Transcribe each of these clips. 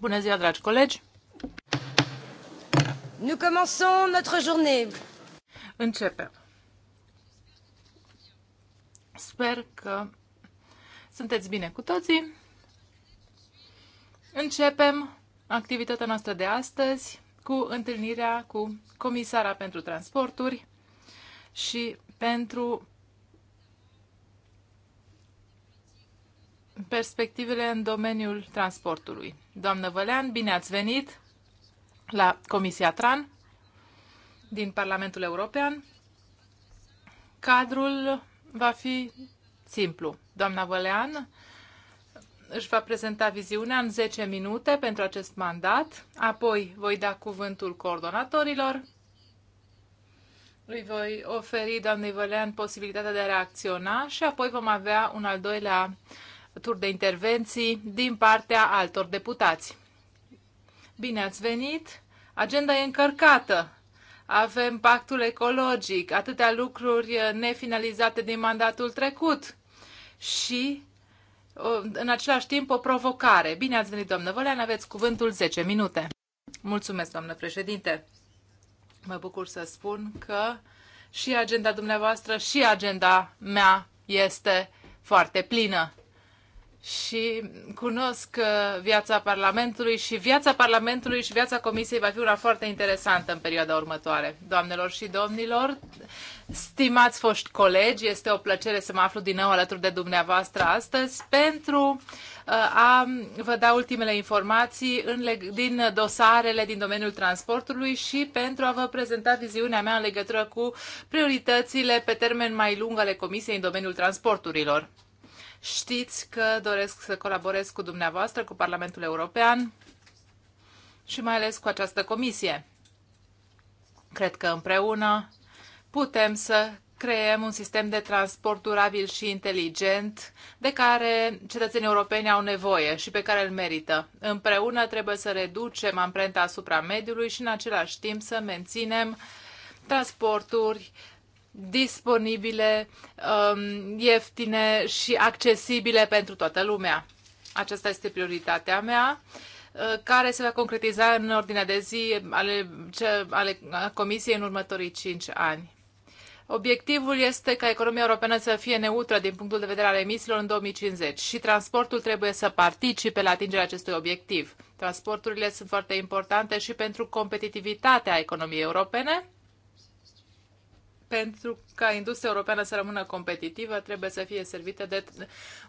Bună ziua, dragi colegi! Nous commençons notre journée. Începem. Sper că sunteți bine cu toții. Începem activitatea noastră de astăzi cu întâlnirea cu Comisara pentru Transporturi și pentru perspectivele în domeniul transportului. Doamnă Vălean, bine ați venit la Comisia TRAN din Parlamentul European. Cadrul va fi simplu. Doamna Vălean își va prezenta viziunea în 10 minute pentru acest mandat, apoi voi da cuvântul coordonatorilor, îi voi oferi doamnei Vălean posibilitatea de a reacționa și apoi vom avea un al doilea tur de intervenții din partea altor deputați. Bine ați venit! Agenda e încărcată. Avem pactul ecologic, atâtea lucruri nefinalizate din mandatul trecut și în același timp o provocare. Bine ați venit, doamnă Vălean, aveți cuvântul 10 minute. Mulțumesc, doamnă președinte. Mă bucur să spun că și agenda dumneavoastră și agenda mea este foarte plină și cunosc uh, viața Parlamentului și viața Parlamentului și viața Comisiei va fi una foarte interesantă în perioada următoare. Doamnelor și domnilor, stimați foști colegi, este o plăcere să mă aflu din nou alături de dumneavoastră astăzi pentru uh, a vă da ultimele informații în din dosarele din domeniul transportului și pentru a vă prezenta viziunea mea în legătură cu prioritățile pe termen mai lung ale Comisiei în domeniul transporturilor. Știți că doresc să colaborez cu dumneavoastră, cu Parlamentul European și mai ales cu această comisie. Cred că împreună putem să creăm un sistem de transport durabil și inteligent de care cetățenii europeni au nevoie și pe care îl merită. Împreună trebuie să reducem amprenta asupra mediului și în același timp să menținem transporturi disponibile, um, ieftine și accesibile pentru toată lumea. Aceasta este prioritatea mea uh, care se va concretiza în ordinea de zi ale, ce, ale Comisiei în următorii 5 ani. Obiectivul este ca economia europeană să fie neutră din punctul de vedere al emisiilor în 2050 și transportul trebuie să participe la atingerea acestui obiectiv. Transporturile sunt foarte importante și pentru competitivitatea economiei europene pentru ca industria europeană să rămână competitivă, trebuie să fie servită de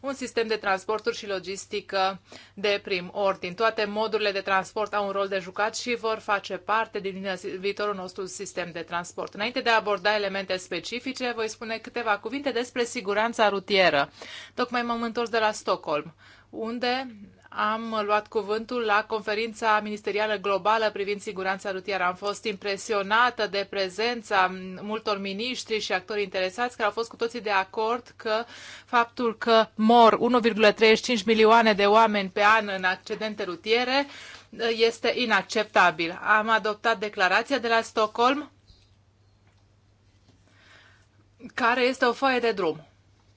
un sistem de transporturi și logistică de prim ordin. Toate modurile de transport au un rol de jucat și vor face parte din viitorul nostru sistem de transport. Înainte de a aborda elemente specifice, voi spune câteva cuvinte despre siguranța rutieră. Tocmai m-am întors de la Stockholm, unde am luat cuvântul la conferința ministerială globală privind siguranța rutieră. Am fost impresionată de prezența multor miniștri și actori interesați care au fost cu toții de acord că faptul că mor 1,35 milioane de oameni pe an în accidente rutiere eh, este inacceptabil. Am adoptat declarația de la Stockholm care este o foaie de drum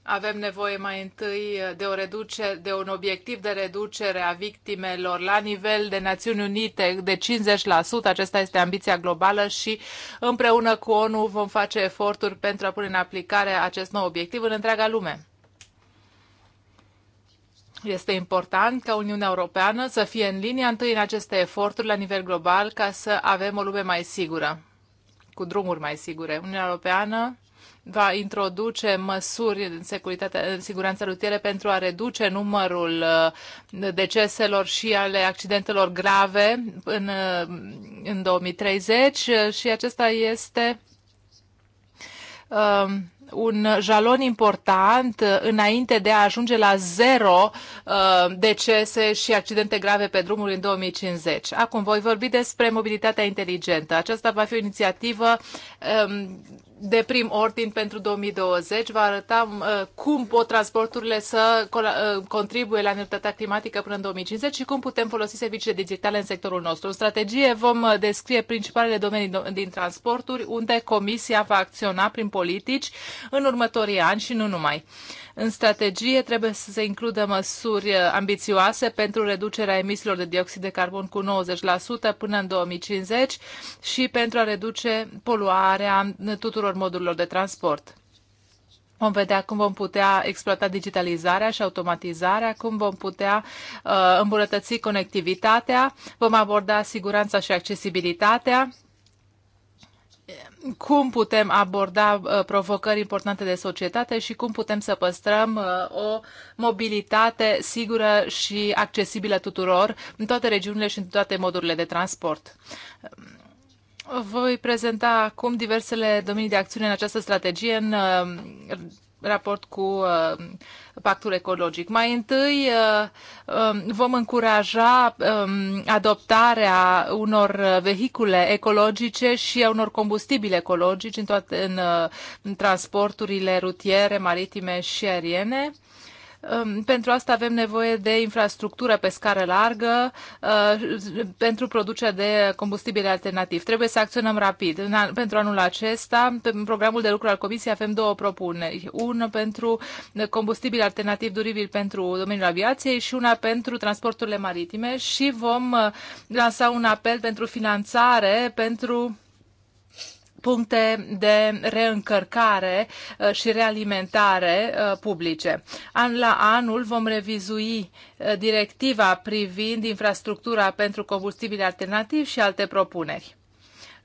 avem nevoie mai întâi de, o reduce, de un obiectiv de reducere a victimelor la nivel de Națiuni Unite de 50%, acesta este ambiția globală și împreună cu ONU vom face eforturi pentru a pune în aplicare acest nou obiectiv în întreaga lume. Este important ca Uniunea Europeană să fie în linia întâi în aceste eforturi la nivel global ca să avem o lume mai sigură, cu drumuri mai sigure. Uniunea Europeană va introduce măsuri în, în siguranță rutieră pentru a reduce numărul uh, deceselor și ale accidentelor grave în, uh, în 2030 uh, și acesta este um, un jalon important înainte de a ajunge la zero uh, decese și accidente grave pe drumuri în 2050. Acum voi vorbi despre mobilitatea inteligentă. Aceasta va fi o inițiativă um, de prim ordin pentru 2020. Vă arătam uh, cum pot transporturile să uh, contribuie la neutralitatea climatică până în 2050 și cum putem folosi serviciile digitale în sectorul nostru. În strategie vom uh, descrie principalele domenii din transporturi unde Comisia va acționa prin politici în următorii ani și nu numai. În strategie trebuie să se includă măsuri ambițioase pentru reducerea emisiilor de dioxid de carbon cu 90% până în 2050 și pentru a reduce poluarea tuturor tuturor modurilor de transport. Vom vedea cum vom putea exploata digitalizarea și automatizarea, cum vom putea uh, îmbunătăți conectivitatea, vom aborda siguranța și accesibilitatea, cum putem aborda uh, provocări importante de societate și cum putem să păstrăm uh, o mobilitate sigură și accesibilă tuturor în toate regiunile și în toate modurile de transport. Uh, voi prezenta acum diversele domenii de acțiune în această strategie în uh, raport cu uh, pactul ecologic. Mai întâi uh, um, vom încuraja um, adoptarea unor vehicule ecologice și a unor combustibili ecologici în, toate, în transporturile rutiere, maritime și aeriene. Ehm, pentru asta avem nevoie de infrastructură pe scară largă ehm, pentru producerea de combustibile alternativi. Trebuie să acționăm rapid. Pentru anul acesta, în programul de lucru al Comisiei avem două propuneri. Una pentru combustibile alternativ durabil pentru domeniul aviației și una pentru transporturile maritime și vom ehm, lansa un apel pentru finanțare pentru puncte de reîncărcare uh, și realimentare uh, publice. An la anul vom revizui uh, directiva privind infrastructura pentru combustibili alternativi și alte propuneri.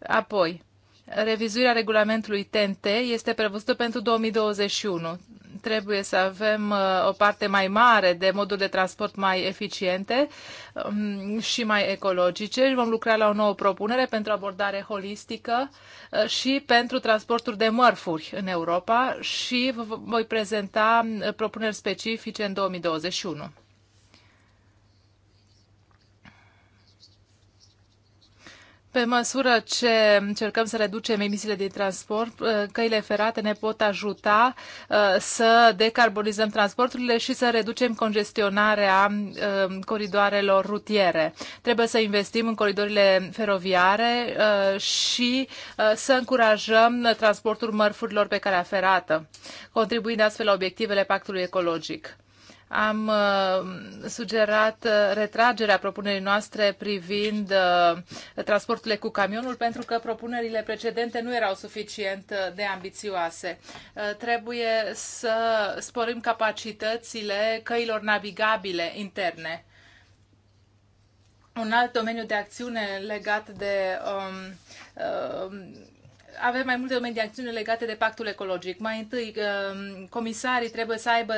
Apoi, revizuirea regulamentului TNT este prevăzută pentru 2021 trebuie să avem uh, o parte mai mare de moduri de transport mai eficiente um, și mai ecologice. Vom lucra la o nouă propunere pentru abordare holistică uh, și pentru transporturi de mărfuri în Europa și voi prezenta uh, propuneri specifice în 2021. Pe măsură ce încercăm să reducem emisiile de transport, uh, căile ferate ne pot ajuta uh, să decarbonizăm transporturile și să reducem congestionarea uh, coridoarelor rutiere. Trebuie să investim în coridorile feroviare și să încurajăm transportul mărfurilor pe calea ferată, contribuind astfel la obiectivele pactului ecologic am uh, sugerat uh, retragerea propunerii noastre privind uh, transporturile cu camionul pentru că propunerile precedente nu erau suficient de ambițioase. Trebuie să sporim capacitățile căilor navigabile interne. Un alt domeniu de acțiune legat de um, um, avem mai multe domenii de acțiune legate de pactul ecologic. Mai întâi, um, comisarii trebuie să aibă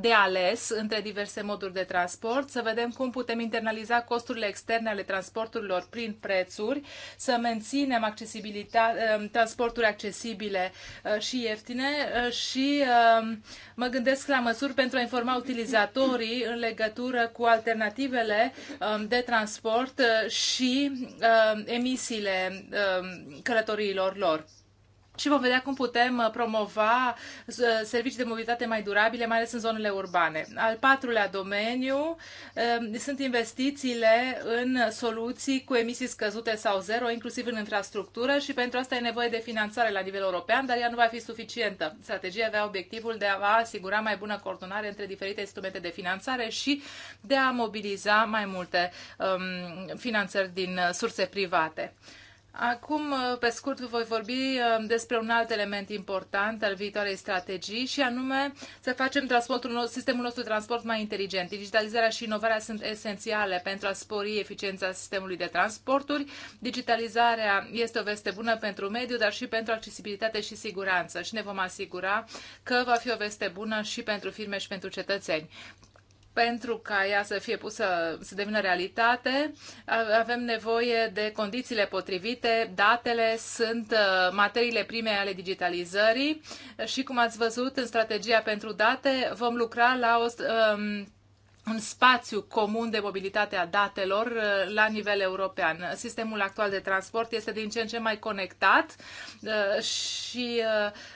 de ales între diverse moduri de transport, să vedem cum putem internaliza costurile externe ale transporturilor prin prețuri, să menținem um, transporturi accesibile uh, și ieftine uh, și um, mă gândesc la măsuri pentru a informa utilizatorii în legătură cu alternativele de transport uh, și emisiile călătoriilor serviciilor lor și vom vedea cum putem uh, promova uh, servicii de mobilitate mai durabile, mai ales în zonele urbane. Al patrulea domeniu um, sunt investițiile în soluții cu emisii scăzute sau zero, inclusiv în infrastructură și pentru asta e nevoie de finanțare la nivel european, dar ea nu va fi suficientă. Strategia avea obiectivul de a asigura mai bună coordonare între diferite instrumente de finanțare și de a mobiliza mai multe um, finanțări din uh, surse private. Acum, pe scurt, voi vorbi um, despre un alt element important al viitoarei strategii și anume să facem transportul, sistemul nostru de transport mai inteligent. Digitalizarea și inovarea sunt esențiale pentru a spori eficiența sistemului de transporturi. Digitalizarea este o veste bună pentru mediu, dar și pentru accesibilitate și siguranță și ne vom asigura că va fi o veste bună și pentru firme și pentru cetățeni pentru ca ea să fie pusă, să devină realitate, avem nevoie de condițiile potrivite, datele sunt uh, materiile prime ale digitalizării și, cum ați văzut, în strategia pentru date vom lucra la o, um, un spațiu comun de mobilitate a datelor uh, la nivel european. Sistemul actual de transport este din ce în ce mai conectat uh, și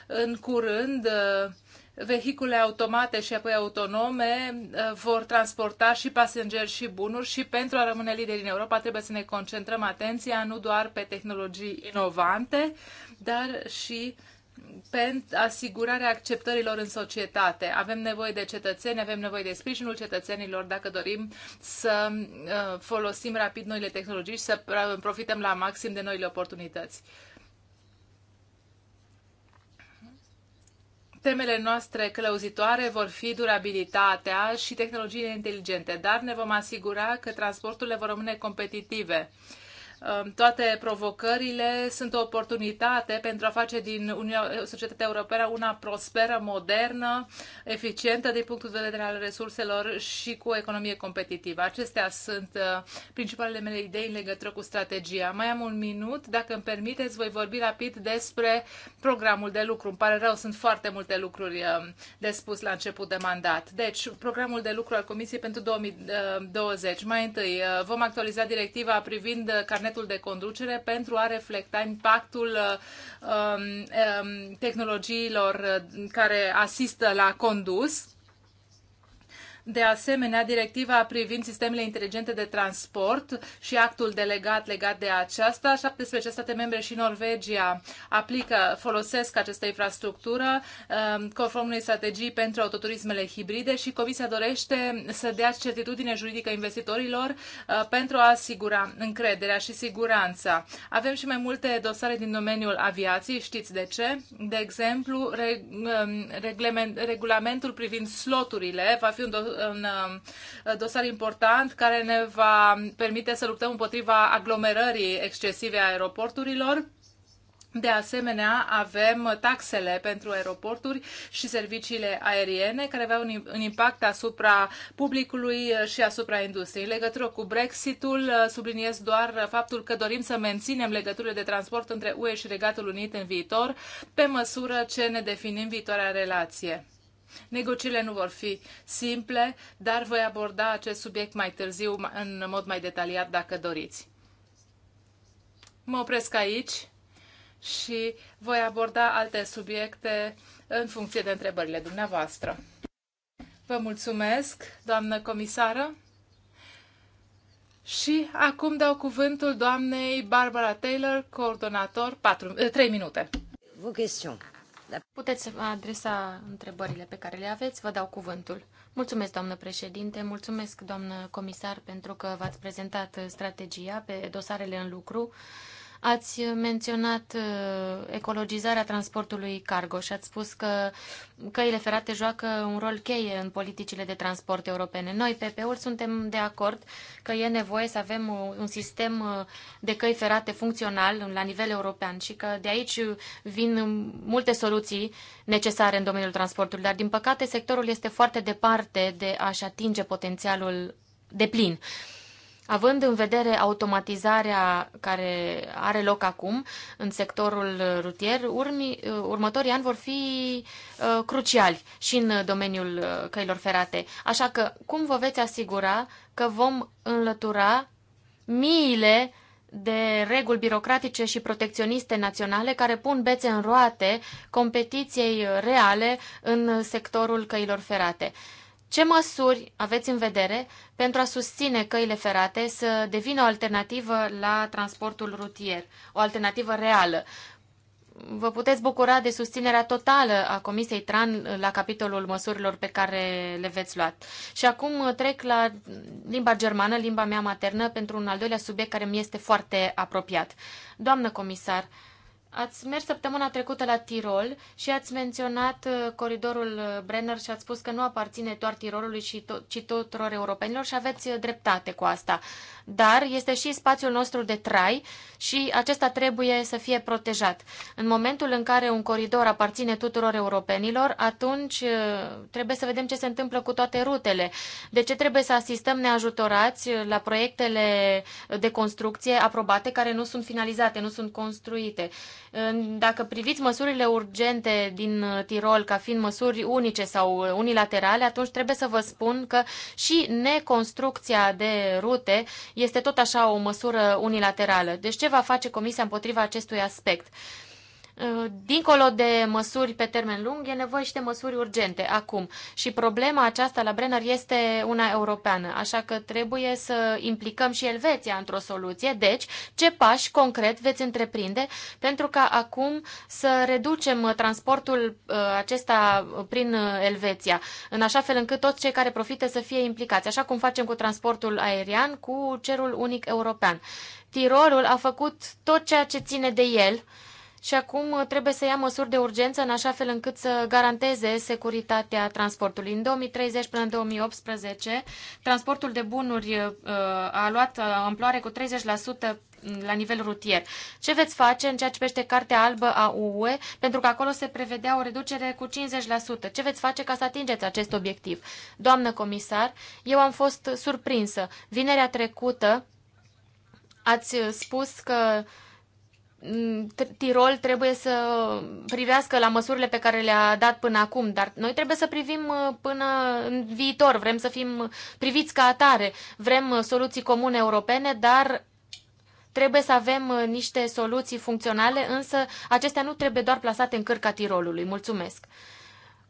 în curând vehicule automate și apoi autonome uh, vor transporta și pasageri și bunuri și pentru a rămâne lideri în Europa trebuie să ne concentrăm atenția nu doar pe tehnologii inovante, dar și pentru asigurarea acceptărilor în societate. Avem nevoie de cetățeni, avem nevoie de sprijinul cetățenilor dacă dorim să uh, folosim rapid noile tehnologii și să uh, profităm la maxim de noile oportunități. Temele noastre călăuzitoare vor fi durabilitatea și tehnologiile inteligente, dar ne vom asigura că transporturile vor rămâne competitive Um, toate provocările sunt o oportunitate pentru a face din Uniunea, societatea europeană una prosperă, modernă, eficientă din punctul de vedere al resurselor și cu o economie competitivă. Acestea sunt uh, principalele mele idei în legătură cu strategia. Mai am un minut, dacă îmi permiteți, voi vorbi rapid despre programul de lucru. Îmi pare rău, sunt foarte multe lucruri um, de spus la început de mandat. Deci, programul de lucru al Comisiei pentru 2020. Uh, Mai întâi, uh, vom actualiza directiva privind carnetul carnetul de conducere pentru a reflecta impactul uh, um, um, tehnologiilor uh, care asistă la condus de asemenea, directiva privind sistemele inteligente de transport și actul delegat legat de aceasta, 17 state membre și Norvegia aplică, folosesc această infrastructură um, conform unei strategii pentru autoturismele hibride și Comisia dorește să dea certitudine juridică investitorilor uh, pentru a asigura încrederea și siguranța. Avem și mai multe dosare din domeniul aviației, știți de ce? De exemplu, um, regulamentul privind sloturile va fi un un um, dosar important care ne va permite să luptăm împotriva aglomerării excesive a aeroporturilor. De asemenea, avem taxele pentru aeroporturi și serviciile aeriene, care aveau un impact asupra publicului și asupra industriei. În legătură cu Brexitul, subliniez doar faptul că dorim să menținem legăturile de transport între UE și Regatul Unit în viitor, pe măsură ce ne definim viitoarea relație. Negocierile nu vor fi simple, dar voi aborda acest subiect mai târziu, în mod mai detaliat, dacă doriți. Mă opresc aici și voi aborda alte subiecte în funcție de întrebările dumneavoastră. Vă mulțumesc, doamnă comisară. Și acum dau cuvântul doamnei Barbara Taylor, coordonator, 4, 3 eh, minute. Vă Puteți adresa întrebările pe care le aveți, vă dau cuvântul. Mulțumesc, doamnă președinte, mulțumesc, doamnă comisar, pentru că v-ați prezentat strategia pe dosarele în lucru. Ați menționat uh, ecologizarea transportului cargo și ați spus că căile ferate joacă un rol cheie în politicile de transport europene. Noi, PP-ul, suntem de acord că e nevoie să avem uh, un sistem uh, de căi ferate funcțional la nivel european și că de aici vin um, multe soluții necesare în domeniul transportului, dar din păcate sectorul este foarte departe de a-și atinge potențialul de plin. Având în vedere automatizarea care are loc acum în sectorul rutier, urmi, următorii ani vor fi uh, cruciali și în domeniul uh, căilor ferate. Așa că cum vă veți asigura că vom înlătura miile de reguli birocratice și protecționiste naționale care pun bețe în roate competiției reale în sectorul căilor ferate. Ce măsuri aveți în vedere pentru a susține căile ferate să devină o alternativă la transportul rutier, o alternativă reală? Vă puteți bucura de susținerea totală a Comisiei TRAN la capitolul măsurilor pe care le veți lua. Și acum trec la limba germană, limba mea maternă, pentru un al doilea subiect care mi este foarte apropiat. Doamnă comisar, uh, Ați mers săptămâna trecută la Tirol și ați menționat uh, coridorul uh, Brenner și ați spus că nu aparține doar Tirolului, ci, to- ci tuturor europenilor și aveți uh, dreptate cu asta. Dar este și spațiul nostru de trai și acesta trebuie să fie protejat. În momentul în care un coridor aparține tuturor europenilor, atunci trebuie să vedem ce se întâmplă cu toate rutele. De ce trebuie să asistăm neajutorați la proiectele de construcție aprobate care nu sunt finalizate, nu sunt construite? Dacă priviți măsurile urgente din uh, Tirol ca fiind măsuri unice sau uh, unilaterale, atunci trebuie să vă spun că și neconstrucția de rute este tot așa o măsură unilaterală. Deci ce va face Comisia împotriva acestui aspect? Uh, dincolo de măsuri pe termen lung, e nevoie și de măsuri urgente acum. Și problema aceasta la Brenner este una europeană, așa că trebuie să implicăm și Elveția într-o soluție. Deci, ce pași concret veți întreprinde pentru ca acum să reducem transportul uh, acesta prin Elveția, în așa fel încât toți cei care profită să fie implicați, așa cum facem cu transportul aerian, cu cerul unic european. Tirolul a făcut tot ceea ce ține de el, și acum uh, trebuie să ia măsuri de urgență în așa fel încât să garanteze securitatea transportului. În 2030 până în 2018, transportul de bunuri uh, a luat uh, amploare cu 30% mm, la nivel rutier. Ce veți face în ceea ce privește Cartea Albă a UE? Pentru că acolo se prevedea o reducere cu 50%. Ce veți face ca să atingeți acest obiectiv? Doamnă comisar, eu am fost surprinsă. Vinerea trecută ați spus că uh, Tirol trebuie să privească la măsurile pe care le-a dat până acum, dar noi trebuie să privim uh, până în viitor. Vrem să fim priviți ca atare. Vrem uh, soluții comune europene, dar trebuie să avem uh, niște soluții funcționale, însă acestea nu trebuie doar plasate în cârca Tirolului. Mulțumesc!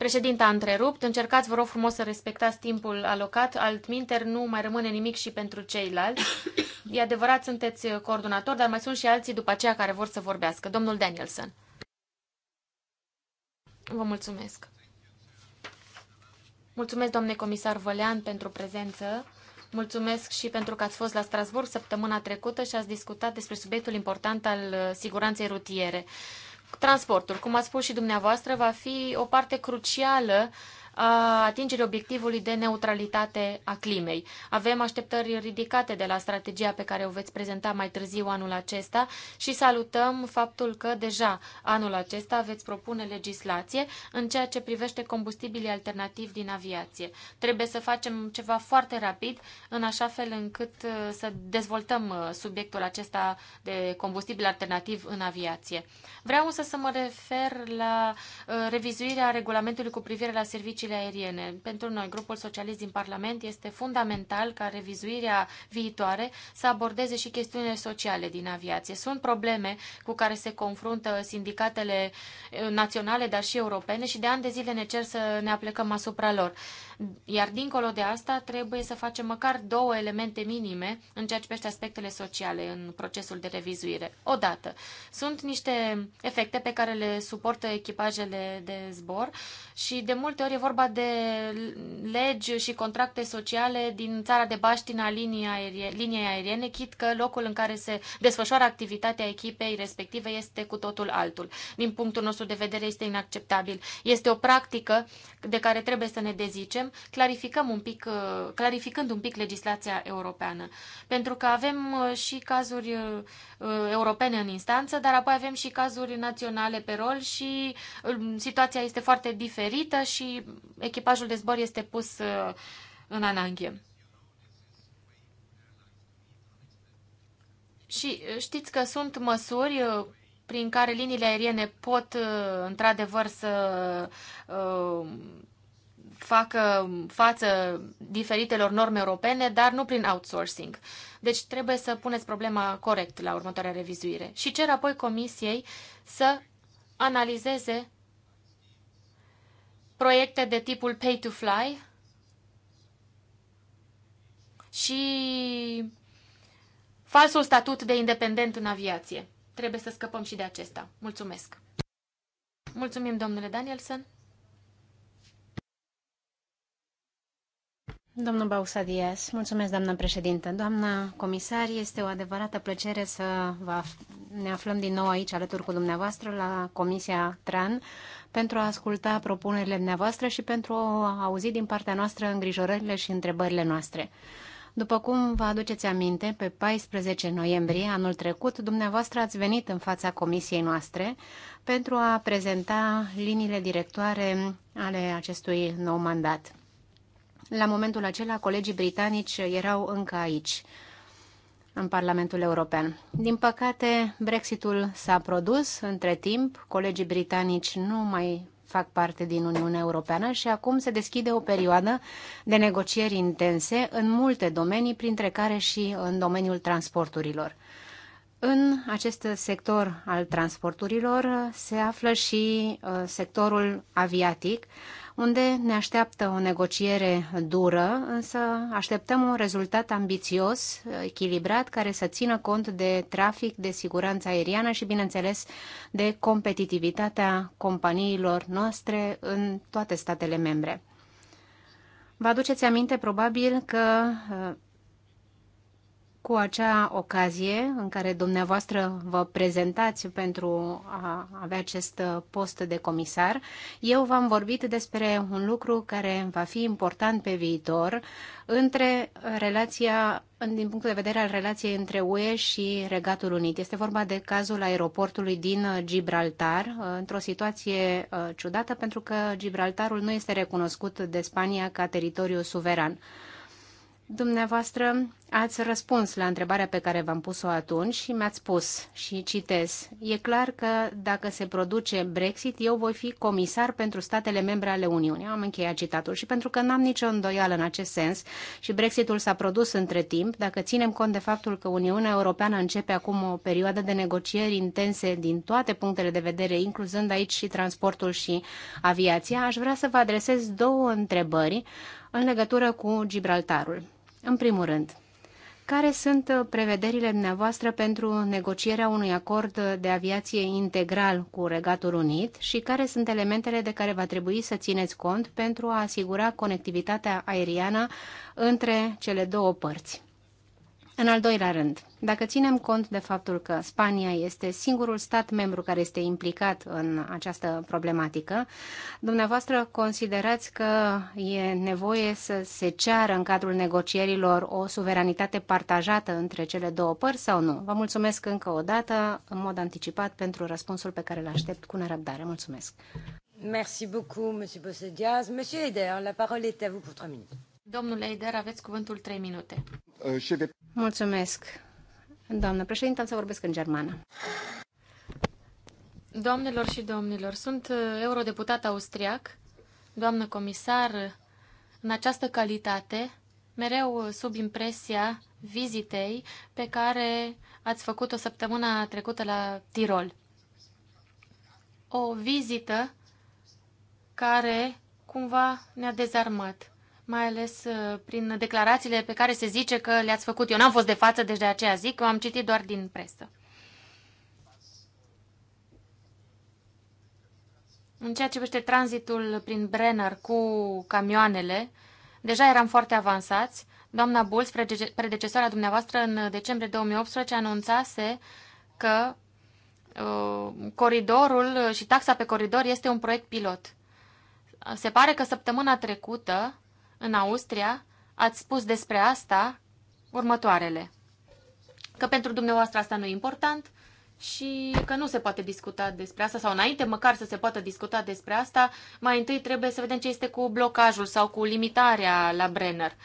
Președinta a întrerupt. Încercați, vă rog frumos, să respectați timpul alocat. Altminter, nu mai rămâne nimic și pentru ceilalți. E adevărat, sunteți coordonator, dar mai sunt și alții după aceea care vor să vorbească. Domnul Danielson. Vă mulțumesc. Mulțumesc, domnule comisar Vălean, pentru prezență. Mulțumesc și pentru că ați fost la Strasburg săptămâna trecută și ați discutat despre subiectul important al uh, siguranței rutiere. Transportul, cum ați spus și dumneavoastră, va fi o parte crucială a atingerii obiectivului de neutralitate a climei. Avem așteptări ridicate de la strategia pe care o veți prezenta mai târziu anul acesta și salutăm faptul că deja anul acesta veți propune legislație în ceea ce privește combustibilii alternativi din aviație. Trebuie să facem ceva foarte rapid în așa fel încât uh, să dezvoltăm uh, subiectul acesta de combustibil alternativ în aviație. Vreau însă să mă refer la uh, revizuirea regulamentului cu privire la servicii serviciile aeriene. Pentru noi, grupul socialist din Parlament, este fundamental ca revizuirea viitoare să abordeze și chestiunile sociale din aviație. Sunt probleme cu care se confruntă sindicatele eh, naționale, dar și europene și de ani de zile ne cer să ne aplecăm asupra lor. Iar dincolo de asta, trebuie să facem măcar două elemente minime în ceea ce privește aspectele sociale în procesul de revizuire. Odată, sunt niște efecte pe care le suportă echipajele de zbor și de multe ori e vorba de legi și contracte sociale din țara de baștina liniei aeriene, linie aeriene chit că locul în care se desfășoară activitatea echipei respective este cu totul altul. Din punctul nostru de vedere este inacceptabil. Este o practică de care trebuie să ne dezicem clarificăm un pic, uh, clarificând un pic legislația europeană. Pentru că avem uh, și cazuri uh, europene în instanță, dar apoi avem și cazuri naționale pe rol și situația este foarte diferită și echipajul de zbor este pus în ananghie. Și știți că sunt măsuri prin care liniile aeriene pot într-adevăr să facă față diferitelor norme europene, dar nu prin outsourcing. Deci trebuie să puneți problema corect la următoarea revizuire. Și cer apoi comisiei să analizeze proiecte de tipul pay to fly și falsul statut de independent în aviație. Trebuie să scăpăm și de acesta. Mulțumesc! Mulțumim, domnule Danielson! Domnul Bausadias, mulțumesc, doamnă președintă. Doamna comisar, este o adevărată plăcere să vă, ne aflăm din nou aici alături cu dumneavoastră la Comisia TRAN pentru a asculta propunerile dumneavoastră și pentru a auzi din partea noastră îngrijorările și întrebările noastre. După cum vă aduceți aminte, pe 14 noiembrie anul trecut, dumneavoastră ați venit în fața comisiei noastre pentru a prezenta liniile directoare ale acestui nou mandat. La momentul acela, colegii britanici erau încă aici, în Parlamentul European. Din păcate, Brexitul s-a produs între timp, colegii britanici nu mai fac parte din Uniunea Europeană și acum se deschide o perioadă de negocieri intense în multe domenii, printre care și în domeniul transporturilor. În acest sector al transporturilor se află și uh, sectorul aviatic, unde ne așteaptă o negociere dură, însă așteptăm un rezultat ambițios, echilibrat, care să țină cont de trafic, de siguranță aeriană și, bineînțeles, de competitivitatea companiilor noastre în toate statele membre. Vă aduceți aminte probabil că cu acea ocazie în care dumneavoastră vă prezentați pentru a avea acest post de comisar, eu v-am vorbit despre un lucru care va fi important pe viitor între relația, din punct de vedere al relației între UE și Regatul Unit. Este vorba de cazul aeroportului din Gibraltar, într-o situație uh, ciudată pentru că Gibraltarul nu este recunoscut de Spania ca teritoriu suveran. Dumneavoastră ați răspuns la întrebarea pe care v-am pus-o atunci și mi-ați spus și citez. E clar că dacă se produce Brexit, eu voi fi comisar pentru statele membre ale Uniunii. Am încheiat citatul și pentru că n-am nicio îndoială în acest sens și Brexitul s-a produs între timp, dacă ținem cont de faptul că Uniunea Europeană începe acum o perioadă de negocieri intense din toate punctele de vedere, incluzând aici și transportul și aviația, aș vrea să vă adresez două întrebări în legătură cu Gibraltarul. În primul rând, care sunt uh, prevederile dumneavoastră pentru negocierea unui acord de aviație integral cu Regatul Unit și care sunt elementele de care va trebui să țineți cont pentru a asigura conectivitatea aeriană între cele două părți? În al doilea rând, dacă ținem cont de faptul că Spania este singurul stat membru care este implicat în această problematică, dumneavoastră considerați că e nevoie să se ceară în cadrul negocierilor o suveranitate partajată între cele două părți sau nu? Vă mulțumesc încă o dată, în mod anticipat, pentru răspunsul pe care îl aștept cu nerăbdare. Mulțumesc! Merci beaucoup, Monsieur Bossé-Diaz. Monsieur Eder, la parole est à vous pour trois minutes. Domnule Eider, aveți cuvântul 3 minute. Mulțumesc. Doamnă președinte, am să vorbesc în germană. Doamnelor și domnilor, sunt uh, eurodeputat austriac, doamnă comisar, în această calitate, mereu sub impresia vizitei pe care ați făcut-o săptămâna trecută la Tirol. O vizită care cumva ne-a dezarmat mai ales uh, prin declarațiile pe care se zice că le-ați făcut. Eu n-am fost de față, deci de aceea zic că am citit doar din presă. În ceea ce privește tranzitul prin Brenner cu camioanele, deja eram foarte avansați. Doamna Bulls, predecesoarea dumneavoastră, în decembrie 2018 anunțase că uh, coridorul și taxa pe coridor este un proiect pilot. Se pare că săptămâna trecută în Austria, ați spus despre asta următoarele. Că pentru dumneavoastră asta nu e important și că nu se poate discuta despre asta sau înainte măcar să se poată discuta despre asta, mai întâi trebuie să vedem ce este cu blocajul sau cu limitarea la Brenner.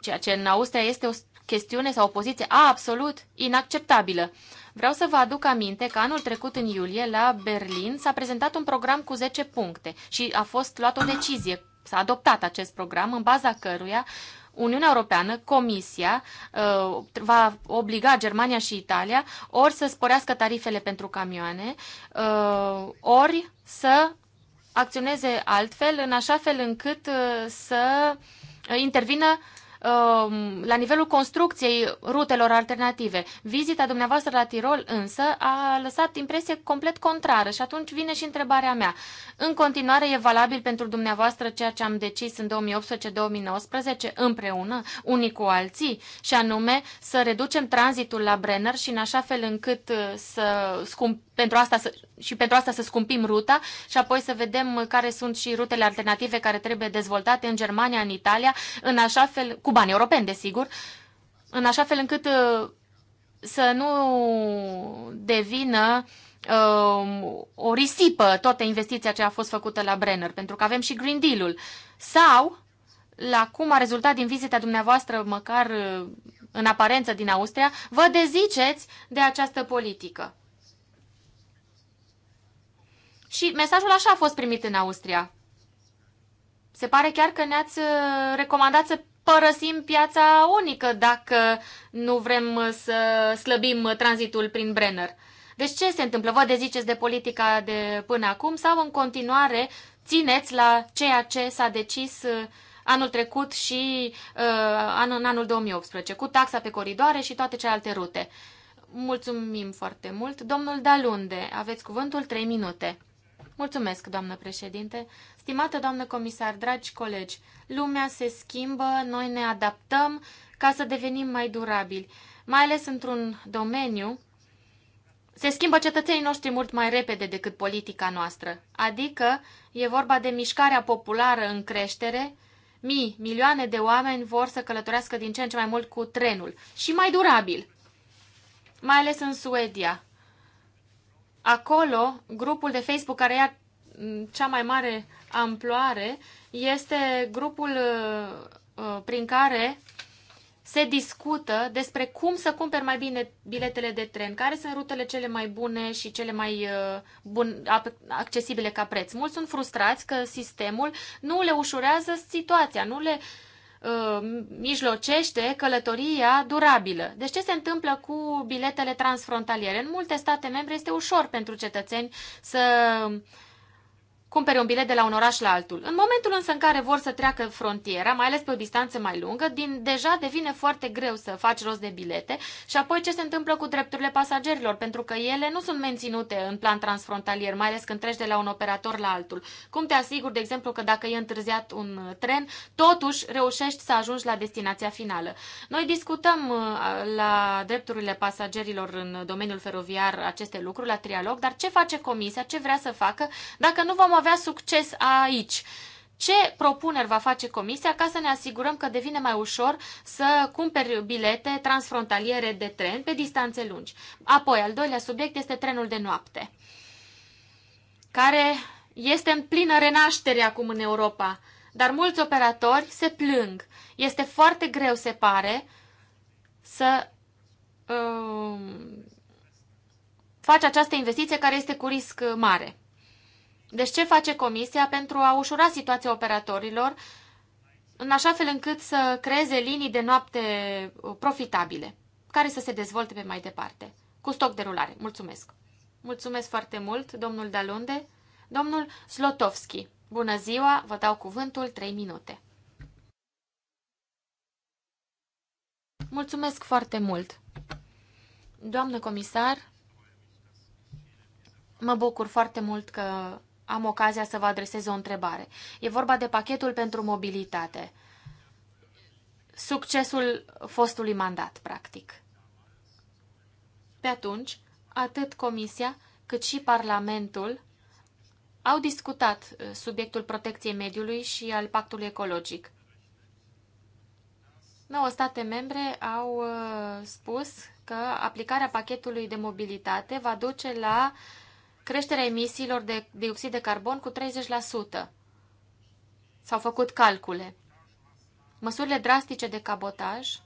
Ceea ce în Austria este o chestiune sau o poziție absolut inacceptabilă. Vreau să vă aduc aminte că anul trecut, în iulie, la Berlin, s-a prezentat un program cu 10 puncte și a fost luat o decizie s-a adoptat acest program în baza căruia Uniunea Europeană, Comisia, uh, va obliga Germania și Italia ori să sporească tarifele pentru camioane, uh, ori să acționeze altfel, în așa fel încât uh, să intervină Um, la nivelul construcției rutelor alternative. Vizita dumneavoastră la Tirol însă a lăsat impresie complet contrară și atunci vine și întrebarea mea. În continuare e valabil pentru dumneavoastră ceea ce am decis în 2018-2019 împreună, unii cu alții, și anume să reducem tranzitul la Brenner și în așa fel încât uh, să scump, pentru asta să, și pentru asta să scumpim ruta și apoi să vedem care sunt și rutele alternative care trebuie dezvoltate în Germania, în Italia, în așa fel, cu bani europeni, desigur, în așa fel încât uh, să nu devină um, o risipă toată investiția ce a fost făcută la Brenner, pentru că avem și Green Deal-ul. Sau, la cum a rezultat din vizita dumneavoastră, măcar uh, în aparență din Austria, vă deziceți de această politică. Și mesajul așa a fost primit în Austria. Se pare chiar că ne-ați uh, recomandat să părăsim piața unică dacă nu vrem să slăbim tranzitul prin Brenner. Deci ce se întâmplă? Vă deziceți de politica de până acum sau în continuare țineți la ceea ce s-a decis uh, anul trecut și uh, anul, în anul 2018, cu taxa pe coridoare și toate celelalte rute. Mulțumim foarte mult. Domnul Dalunde, aveți cuvântul 3 minute. Mulțumesc, doamnă președinte. Stimată doamnă comisar, dragi colegi, lumea se schimbă, noi ne adaptăm ca să devenim mai durabili, mai ales într-un domeniu se schimbă cetățenii noștri mult mai repede decât politica noastră. Adică e vorba de mișcarea populară în creștere. Mii, milioane de oameni vor să călătorească din ce în ce mai mult cu trenul. Și mai durabil. Mai ales în Suedia. Acolo, grupul de Facebook care ia cea mai mare amploare este grupul uh, uh, prin care se discută despre cum să cumperi mai bine biletele de tren, care sunt rutele cele mai bune și cele mai uh, bun, accesibile ca preț. Mulți sunt frustrați că sistemul nu le ușurează situația, nu le mijlocește călătoria durabilă. Deci ce se întâmplă cu biletele transfrontaliere? În multe state membre este ușor pentru cetățeni să uh, cumpere un bilet de la un oraș la altul. În momentul însă în care vor să treacă frontiera, mai ales pe o distanță mai lungă, din, deja devine foarte greu să faci rost de bilete și apoi ce se întâmplă cu drepturile pasagerilor, pentru că ele nu sunt menținute în plan transfrontalier, mai ales când treci de la un operator la altul. Cum te asiguri, de exemplu, că dacă e întârziat un tren, totuși reușești să ajungi la destinația finală. Noi discutăm uh, la drepturile pasagerilor în domeniul feroviar aceste lucruri la trialog, dar ce face comisia, ce vrea să facă dacă nu vom avea avea succes aici? Ce propuneri va face Comisia ca să ne asigurăm că devine mai ușor să cumperi bilete transfrontaliere de tren pe distanțe lungi? Apoi, al doilea subiect este trenul de noapte, care este în plină renaștere acum în Europa, dar mulți operatori se plâng. Este foarte greu, se pare, să um, faci această investiție care este cu risc mare. Deci ce face Comisia pentru a ușura situația operatorilor în așa fel încât să creeze linii de noapte uh, profitabile, care să se dezvolte pe mai departe, cu stoc de rulare. Mulțumesc! Mulțumesc foarte mult, domnul Dalunde. Domnul Slotovski, bună ziua, vă dau cuvântul 3 minute. Mulțumesc foarte mult! Doamnă comisar, mă bucur foarte mult că am ocazia să vă adresez o întrebare. E vorba de pachetul pentru mobilitate. Succesul fostului mandat, practic. Pe atunci, atât Comisia cât și Parlamentul au discutat uh, subiectul protecției mediului și al pactului ecologic. 9 state membre au uh, spus că aplicarea pachetului de mobilitate va duce la uh, creșterea emisiilor de dioxid de carbon cu 30%. S-au făcut calcule. Măsurile drastice de cabotaj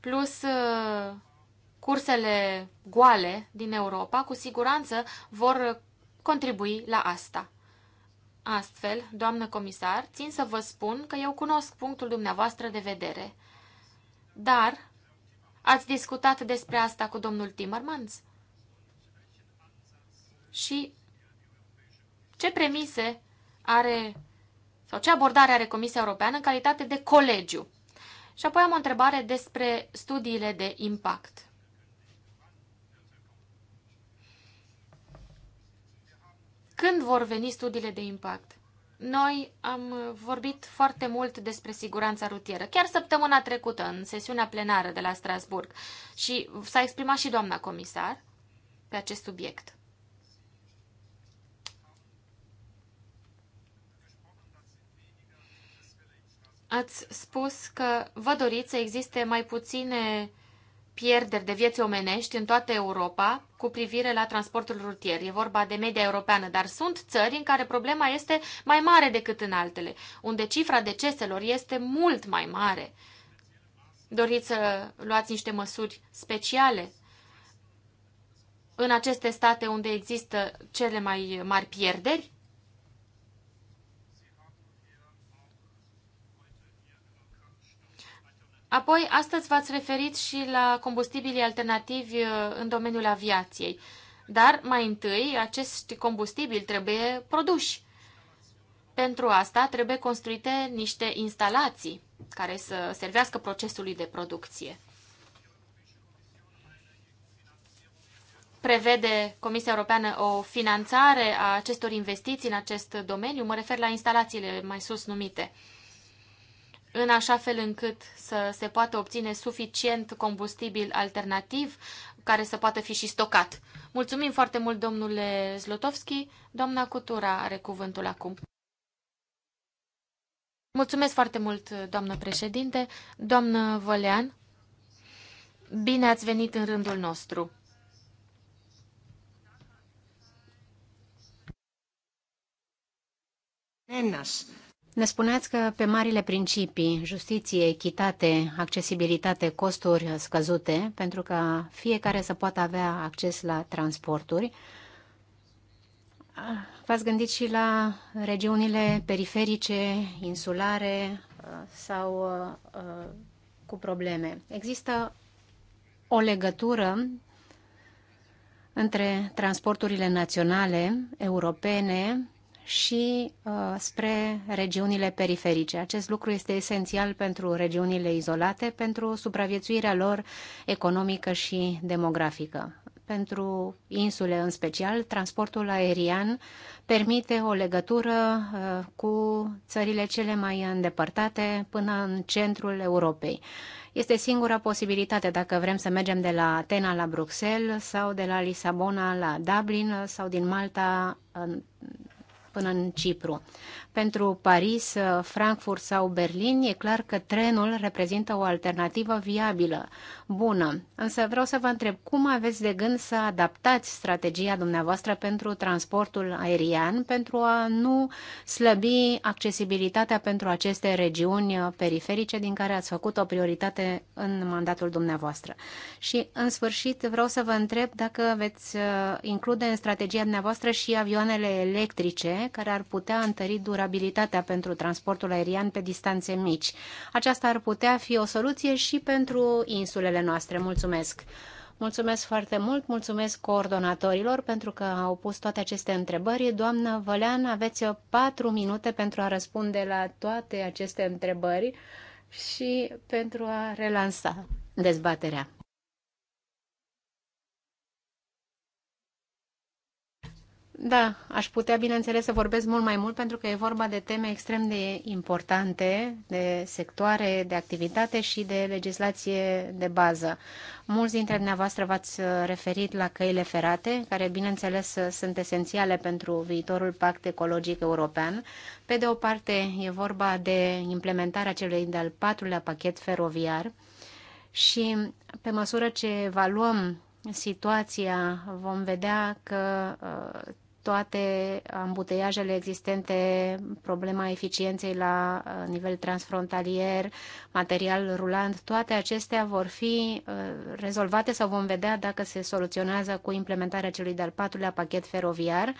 plus uh, cursele goale din Europa, cu siguranță vor contribui la asta. Astfel, doamnă comisar, țin să vă spun că eu cunosc punctul dumneavoastră de vedere. Dar ați discutat despre asta cu domnul Timmermans? și ce premise are sau ce abordare are Comisia Europeană în calitate de colegiu. Și apoi am o întrebare despre studiile de impact. Când vor veni studiile de impact? Noi am vorbit foarte mult despre siguranța rutieră, chiar săptămâna trecută, în sesiunea plenară de la Strasburg, și s-a exprimat și doamna comisar pe acest subiect. ați spus că vă doriți să existe mai puține pierderi de vieți omenești în toată Europa cu privire la transportul rutier. E vorba de media europeană, dar sunt țări în care problema este mai mare decât în altele, unde cifra deceselor este mult mai mare. Doriți să luați niște măsuri speciale în aceste state unde există cele mai mari pierderi? Apoi, astăzi v-ați referit și la combustibilii alternativi uh, în domeniul aviației. Dar, mai întâi, acești combustibili trebuie produși. Pentru asta trebuie construite niște instalații care să servească procesului de producție. Prevede Comisia Europeană o finanțare a acestor investiții în acest domeniu, mă refer la instalațiile mai sus numite în așa fel încât să se poată obține suficient combustibil alternativ care să poată fi și stocat. Mulțumim foarte mult, domnule Zlotovski. Doamna Cutura are cuvântul acum. Mulțumesc foarte mult, doamnă președinte. Doamnă Vălean, bine ați venit în rândul nostru. Ένας ne spuneați că pe marile principii, justiție, echitate, accesibilitate, costuri scăzute, pentru că fiecare să poată avea acces la transporturi, v-ați gândit și la regiunile periferice, insulare uh, sau uh, uh, cu probleme. Există o legătură între transporturile naționale, europene, și uh, spre regiunile periferice. Acest lucru este esențial pentru regiunile izolate, pentru supraviețuirea lor economică și demografică. Pentru insule în special, transportul aerian permite o legătură uh, cu țările cele mai îndepărtate până în centrul Europei. Este singura posibilitate dacă vrem să mergem de la Atena la Bruxelles sau de la Lisabona la Dublin sau din Malta până în Cipru pentru Paris, Frankfurt sau Berlin, e clar că trenul reprezintă o alternativă viabilă, bună. Însă vreau să vă întreb, cum aveți de gând să adaptați strategia dumneavoastră pentru transportul aerian pentru a nu slăbi accesibilitatea pentru aceste regiuni periferice din care ați făcut o prioritate în mandatul dumneavoastră? Și, în sfârșit, vreau să vă întreb dacă veți uh, include în strategia dumneavoastră și avioanele electrice care ar putea întări durabilitatea interoperabilitatea pentru transportul aerian pe distanțe mici. Aceasta ar putea fi o soluție și pentru insulele noastre. Mulțumesc! Mulțumesc foarte mult, mulțumesc coordonatorilor pentru că au pus toate aceste întrebări. Doamnă Vălean, aveți patru minute pentru a răspunde la toate aceste întrebări și pentru a relansa dezbaterea. Da, aș putea, bineînțeles, să vorbesc mult mai mult pentru că e vorba de teme extrem de importante, de sectoare de activitate și de legislație de bază. Mulți dintre dumneavoastră v-ați referit la căile ferate, care, bineînțeles, sunt esențiale pentru viitorul pact ecologic european. Pe de o parte, e vorba de implementarea celui de-al patrulea pachet feroviar și, pe măsură ce evaluăm situația, vom vedea că uh, toate ambuteiajele existente, problema eficienței la uh, nivel transfrontalier, material rulant, toate acestea vor fi uh, rezolvate sau vom vedea dacă se soluționează cu implementarea celui de-al patrulea pachet feroviar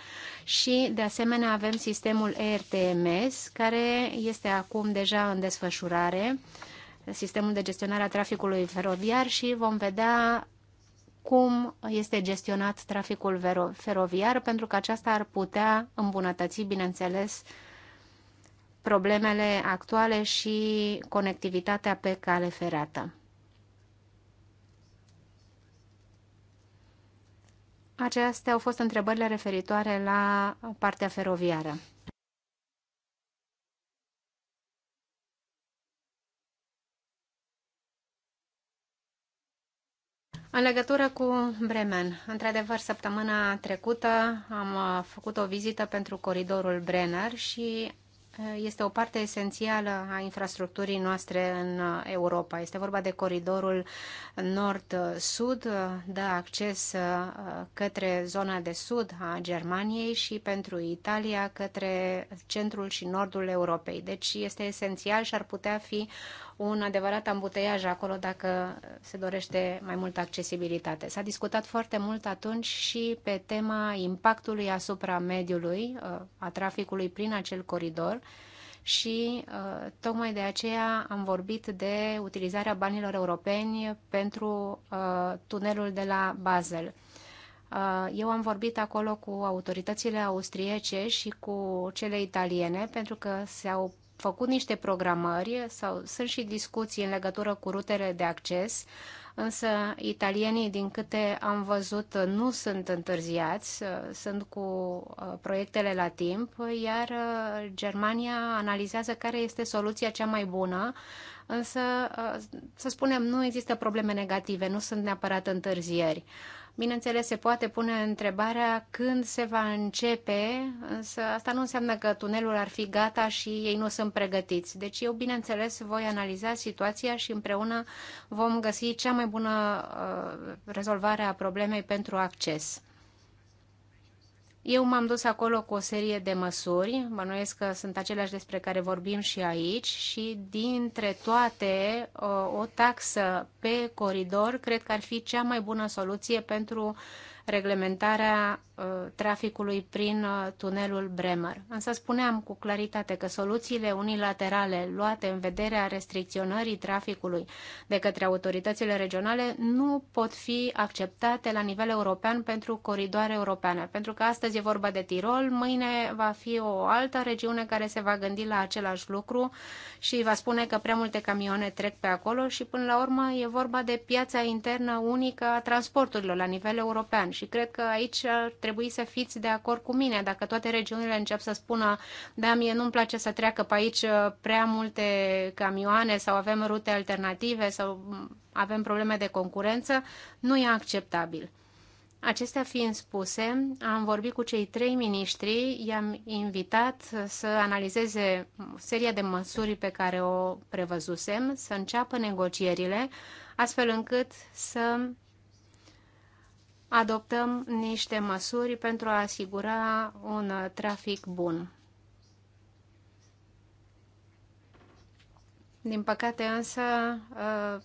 și de asemenea avem sistemul ERTMS care este acum deja în desfășurare sistemul de gestionare a traficului feroviar și vom vedea cum este gestionat traficul feroviar, pentru că aceasta ar putea îmbunătăți, bineînțeles, problemele actuale și conectivitatea pe cale ferată. Acestea au fost întrebările referitoare la partea feroviară. În legătură cu Bremen, într-adevăr, săptămâna trecută am uh, făcut o vizită pentru coridorul Brenner și uh, este o parte esențială a infrastructurii noastre în uh, Europa. Este vorba de coridorul nord-sud, dă acces către zona de sud a Germaniei și pentru Italia către centrul și nordul Europei. Deci este esențial și ar putea fi un adevărat ambuteiaj acolo dacă se dorește mai multă accesibilitate. S-a discutat foarte mult atunci și pe tema impactului asupra mediului, uh, a traficului prin acel coridor și uh, tocmai de aceea am vorbit de utilizarea banilor europeni pentru uh, tunelul de la Basel. Eu am vorbit acolo cu autoritățile austriece și cu cele italiene pentru că se au făcut niște programări sau sunt și discuții în legătură cu rutele de acces, însă italienii, din câte am văzut, nu sunt întârziați, sunt cu uh, proiectele la timp, iar uh, Germania analizează care este soluția cea mai bună, însă, uh, să spunem, nu există probleme negative, nu sunt neapărat întârzieri. Bineînțeles, se poate pune întrebarea când se va începe, însă asta nu înseamnă că tunelul ar fi gata și ei nu sunt pregătiți. Deci eu, bineînțeles, voi analiza situația și împreună vom găsi cea mai bună uh, rezolvare a problemei pentru acces. Eu m-am dus acolo cu o serie de măsuri, bănuiesc că sunt aceleași despre care vorbim și aici și dintre toate o taxă pe coridor cred că ar fi cea mai bună soluție pentru reglementarea uh, traficului prin uh, tunelul Bremer. Însă spuneam cu claritate că soluțiile unilaterale luate în vederea restricționării traficului de către autoritățile regionale nu pot fi acceptate la nivel european pentru coridoare europeane, pentru că astăzi e vorba de Tirol, mâine va fi o altă regiune care se va gândi la același lucru și va spune că prea multe camioane trec pe acolo și până la urmă e vorba de piața internă unică a transporturilor la nivel european și cred că aici ar trebui să fiți de acord cu mine. Dacă toate regiunile încep să spună, da, mie nu-mi place să treacă pe aici prea multe camioane sau avem rute alternative sau avem probleme de concurență, nu e acceptabil. Acestea fiind spuse, am vorbit cu cei trei miniștri, i-am invitat să analizeze seria de măsuri pe care o prevăzusem, să înceapă negocierile, astfel încât să adoptăm niște măsuri pentru a asigura un trafic bun. Din păcate însă uh,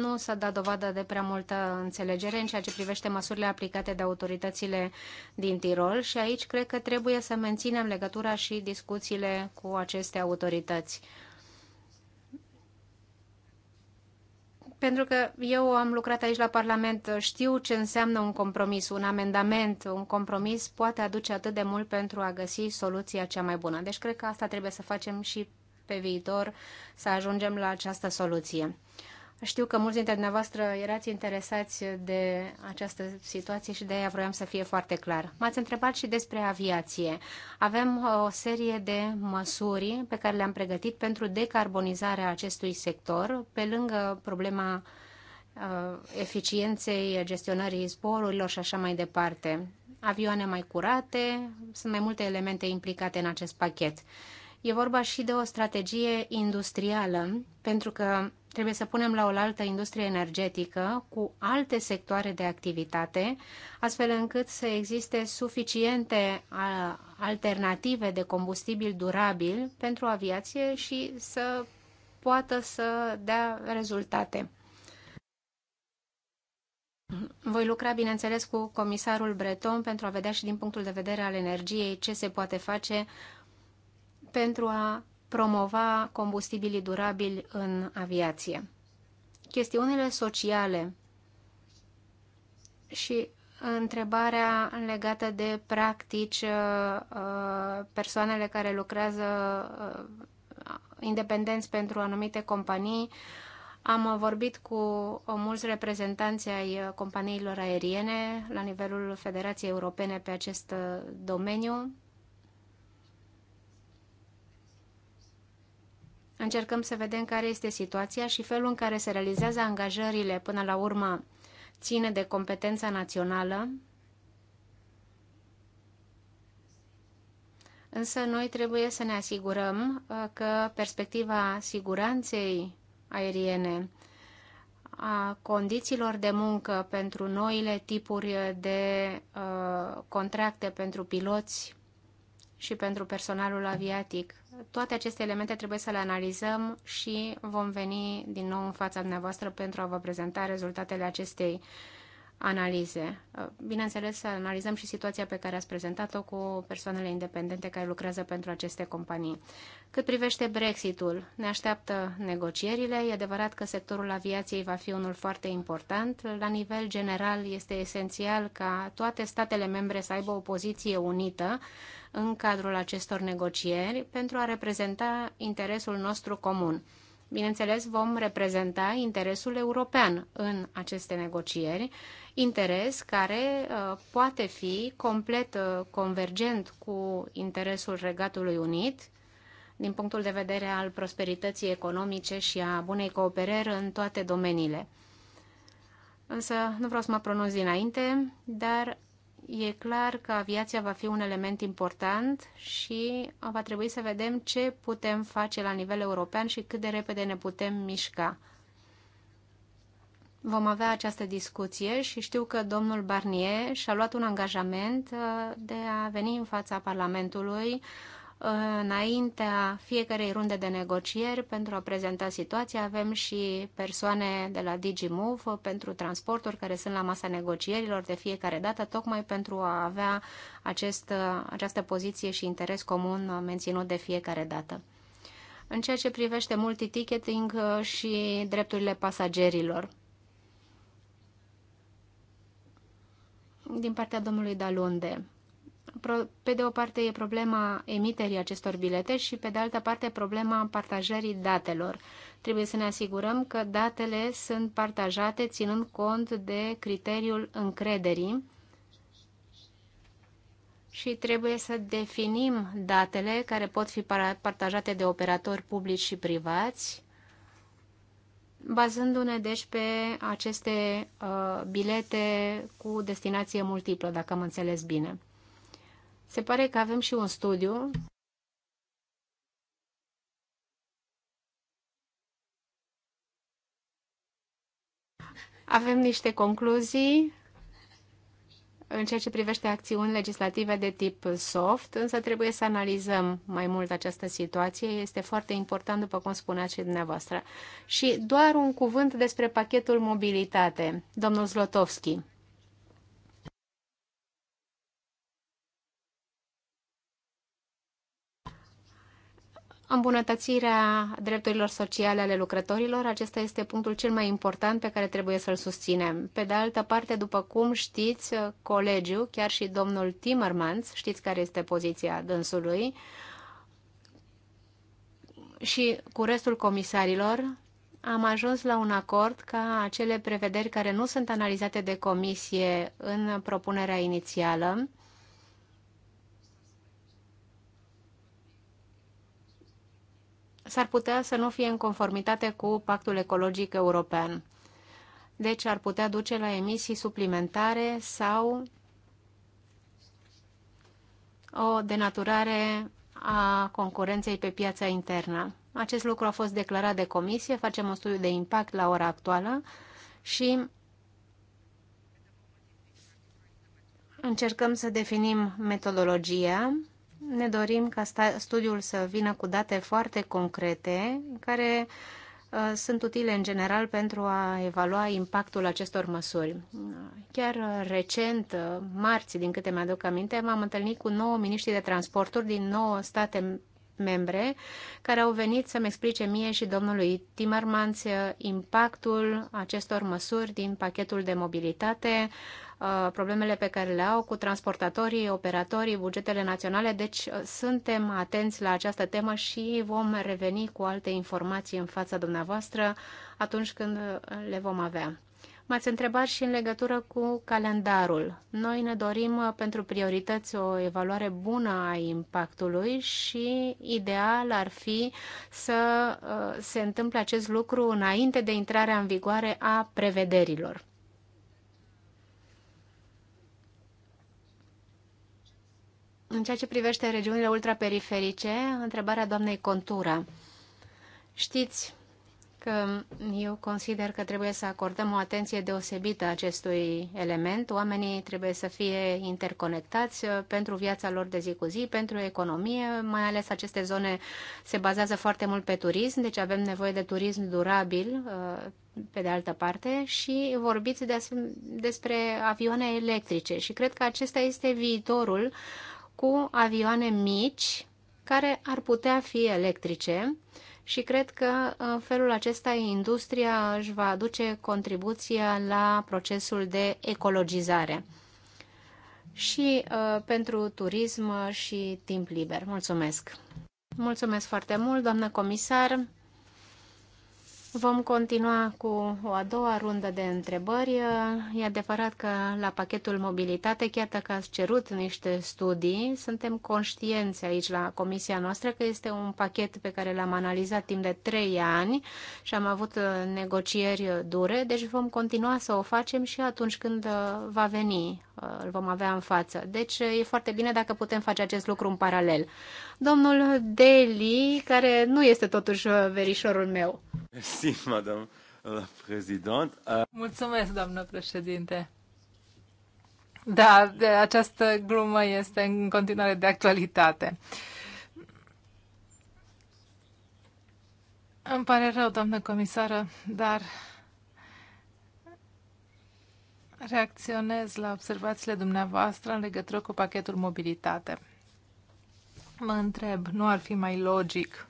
nu s-a dat dovadă de prea multă înțelegere în ceea ce privește măsurile aplicate de autoritățile din Tirol și aici cred că trebuie să menținem legătura și discuțiile cu aceste autorități. pentru că eu am lucrat aici la Parlament, știu ce înseamnă un compromis, un amendament, un compromis poate aduce atât de mult pentru a găsi soluția cea mai bună. Deci cred că asta trebuie să facem și pe viitor, să ajungem la această soluție. Știu că mulți dintre dumneavoastră erați interesați de această situație și de aia vroiam să fie foarte clar. M-ați întrebat și despre aviație. Avem uh, o serie de măsuri pe care le-am pregătit pentru decarbonizarea acestui sector, pe lângă problema uh, eficienței gestionării zborurilor și așa mai departe. Avioane mai curate, sunt mai multe elemente implicate în acest pachet. E vorba și de o strategie industrială, pentru că Trebuie să punem la oaltă industria energetică cu alte sectoare de activitate, astfel încât să existe suficiente alternative de combustibil durabil pentru aviație și să poată să dea rezultate. Voi lucra, bineînțeles, cu comisarul Breton pentru a vedea și din punctul de vedere al energiei ce se poate face pentru a promova combustibilii durabili în aviație. Chestiunile sociale și întrebarea legată de practici, uh, uh, persoanele care lucrează uh, independenți pentru anumite companii. Am vorbit cu mulți reprezentanți ai companiilor aeriene la nivelul Federației Europene pe acest domeniu Încercăm să vedem care este situația și felul în care se realizează angajările până la urmă ține de competența națională, Însă noi trebuie să ne asigurăm uh, că perspectiva siguranței aeriene, a condițiilor de muncă pentru noile tipuri de uh, contracte pentru piloți și pentru personalul aviatic. Toate aceste elemente trebuie să le analizăm și vom veni din nou în fața dumneavoastră pentru a vă prezenta rezultatele acestei uh, analize. Uh, bineînțeles, analizăm și situația pe care ați prezentat-o cu persoanele independente care lucrează pentru aceste companii. Cât privește Brexitul, ne așteaptă negocierile. E adevărat că sectorul aviației va fi unul foarte important. La nivel general, este esențial ca toate statele membre să aibă o poziție unită în cadrul acestor negocieri pentru a reprezenta interesul nostru comun. Bineînțeles, vom reprezenta interesul european în aceste negocieri, interes care uh, poate fi complet uh, convergent cu interesul Regatului Unit din punctul de vedere al prosperității economice și a bunei cooperări în toate domeniile. Însă nu vreau să mă pronunț dinainte, dar E clar că aviația va fi un element important și va trebui să vedem ce putem face la nivel european și cât de repede ne putem mișca. Vom avea această discuție și știu că domnul Barnier și-a luat un angajament uh, de a veni în fața Parlamentului înaintea fiecarei runde de negocieri pentru a prezenta situația. Avem și persoane de la DigiMove pentru transporturi care sunt la masa negocierilor de fiecare dată, tocmai pentru a avea acest, această poziție și interes comun menținut de fiecare dată. În ceea ce privește multiticketing și drepturile pasagerilor. Din partea domnului Dalunde, pe de o parte e problema emiterii acestor bilete și pe de altă parte problema partajării datelor. Trebuie să ne asigurăm că datele sunt partajate ținând cont de criteriul încrederii și trebuie să definim datele care pot fi partajate de operatori publici și privați, bazându-ne deci pe aceste uh, bilete cu destinație multiplă, dacă am înțeles bine. Se pare că avem și un studiu avem niște concluzii în ceea ce privește acțiuni legislative de tip soft, însă trebuie să analizăm mai mult această situație. Este foarte important, după cum spuneați și dumneavoastră. Și doar un cuvânt despre pachetul mobilitate, domnul Zlotovski. Îmbunătățirea drepturilor sociale ale lucrătorilor, acesta este punctul cel mai important pe care trebuie să-l susținem. Pe de altă parte, după cum știți, colegiul, chiar și domnul Timmermans, știți care este poziția dânsului, și cu restul comisarilor am ajuns la un acord ca acele prevederi care nu sunt analizate de comisie în propunerea inițială, s-ar putea să nu fie în conformitate cu Pactul Ecologic European. Deci ar putea duce la emisii suplimentare sau o denaturare a concurenței pe piața internă. Acest lucru a fost declarat de comisie, facem un studiu de impact la ora actuală și încercăm să definim metodologia ne dorim ca studiul să vină cu date foarte concrete care uh, sunt utile în general pentru a evalua impactul acestor măsuri. Chiar uh, recent, uh, marți, din câte mi-aduc aminte, m-am întâlnit cu nouă miniștri de transporturi din nouă state membre care au venit să-mi explice mie și domnului Timmermans uh, impactul acestor măsuri din pachetul de mobilitate, uh, problemele pe care le au cu transportatorii, operatorii, bugetele naționale. Deci uh, suntem atenți la această temă și vom reveni cu alte informații în fața dumneavoastră atunci când le vom avea. M-ați întrebat și în legătură cu calendarul. Noi ne dorim uh, pentru priorități o evaluare bună a impactului și ideal ar fi să uh, se întâmple acest lucru înainte de intrarea în vigoare a prevederilor. În ceea ce privește regiunile ultraperiferice, întrebarea doamnei Contura. Știți că eu consider că trebuie să acordăm o atenție deosebită acestui element. Oamenii trebuie să fie interconectați uh, pentru viața lor de zi cu zi, pentru economie, mai ales aceste zone se bazează foarte mult pe turism, deci avem nevoie de turism durabil, uh, pe de altă parte, și vorbiți despre avioane electrice. Și cred că acesta este viitorul cu avioane mici care ar putea fi electrice și cred că în felul acesta industria își va aduce contribuția la procesul de ecologizare și uh, pentru turism și timp liber. Mulțumesc! Mulțumesc foarte mult, doamnă comisar! Vom continua cu o a doua rundă de întrebări. E adevărat că la pachetul mobilitate, chiar dacă ați cerut niște studii, suntem conștienți aici la comisia noastră că este un pachet pe care l-am analizat timp de trei ani și am avut uh, negocieri dure, deci vom continua să o facem și atunci când uh, va veni, uh, îl vom avea în față. Deci e foarte bine dacă putem face acest lucru în paralel domnul Deli, care nu este totuși uh, verișorul meu. Merci, madame la prezident. Uh, Mulțumesc, doamnă președinte. Da, de această glumă este în continuare de actualitate. Îmi pare rău, doamnă comisară, dar reacționez la observațiile dumneavoastră în legătură cu pachetul mobilitate. Mă întreb, nu ar fi mai logic,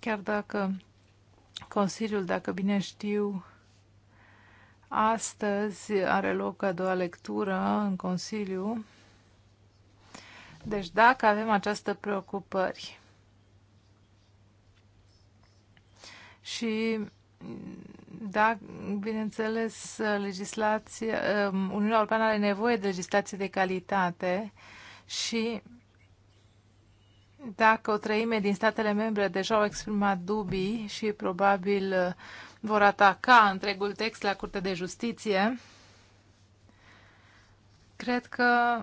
chiar dacă Consiliul, dacă bine știu, astăzi are loc a doua lectură în Consiliu, deci dacă avem această preocupări și da, bineînțeles, legislația, um, Uniunea Europeană are nevoie de legislație de calitate și dacă o treime din statele membre deja au exprimat dubii și probabil uh, vor ataca întregul text la Curtea de Justiție, cred că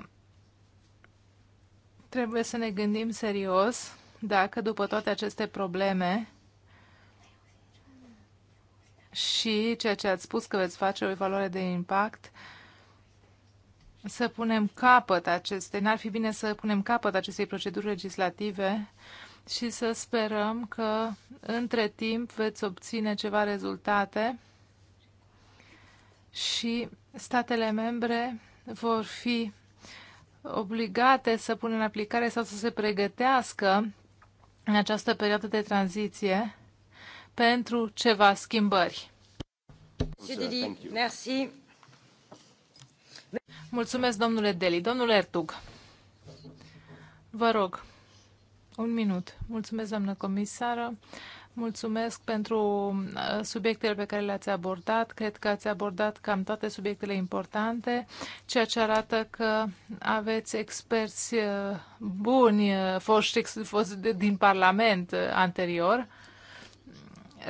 trebuie să ne gândim serios dacă după toate aceste probleme și ceea ce ați spus că veți face o evaluare de impact, să punem capăt aceste, n-ar fi bine să punem capăt acestei proceduri legislative și să sperăm că între timp veți obține ceva rezultate și statele membre vor fi obligate să pună în aplicare sau să se pregătească în această perioadă de tranziție pentru ceva schimbări. Merci. Mulțumesc, domnule Deli. Domnule Ertug, vă rog, un minut. Mulțumesc, doamnă comisară. Mulțumesc pentru uh, subiectele pe care le-ați abordat. Cred că ați abordat cam toate subiectele importante, ceea ce arată că aveți experți uh, buni, uh, foști, foști din Parlament anterior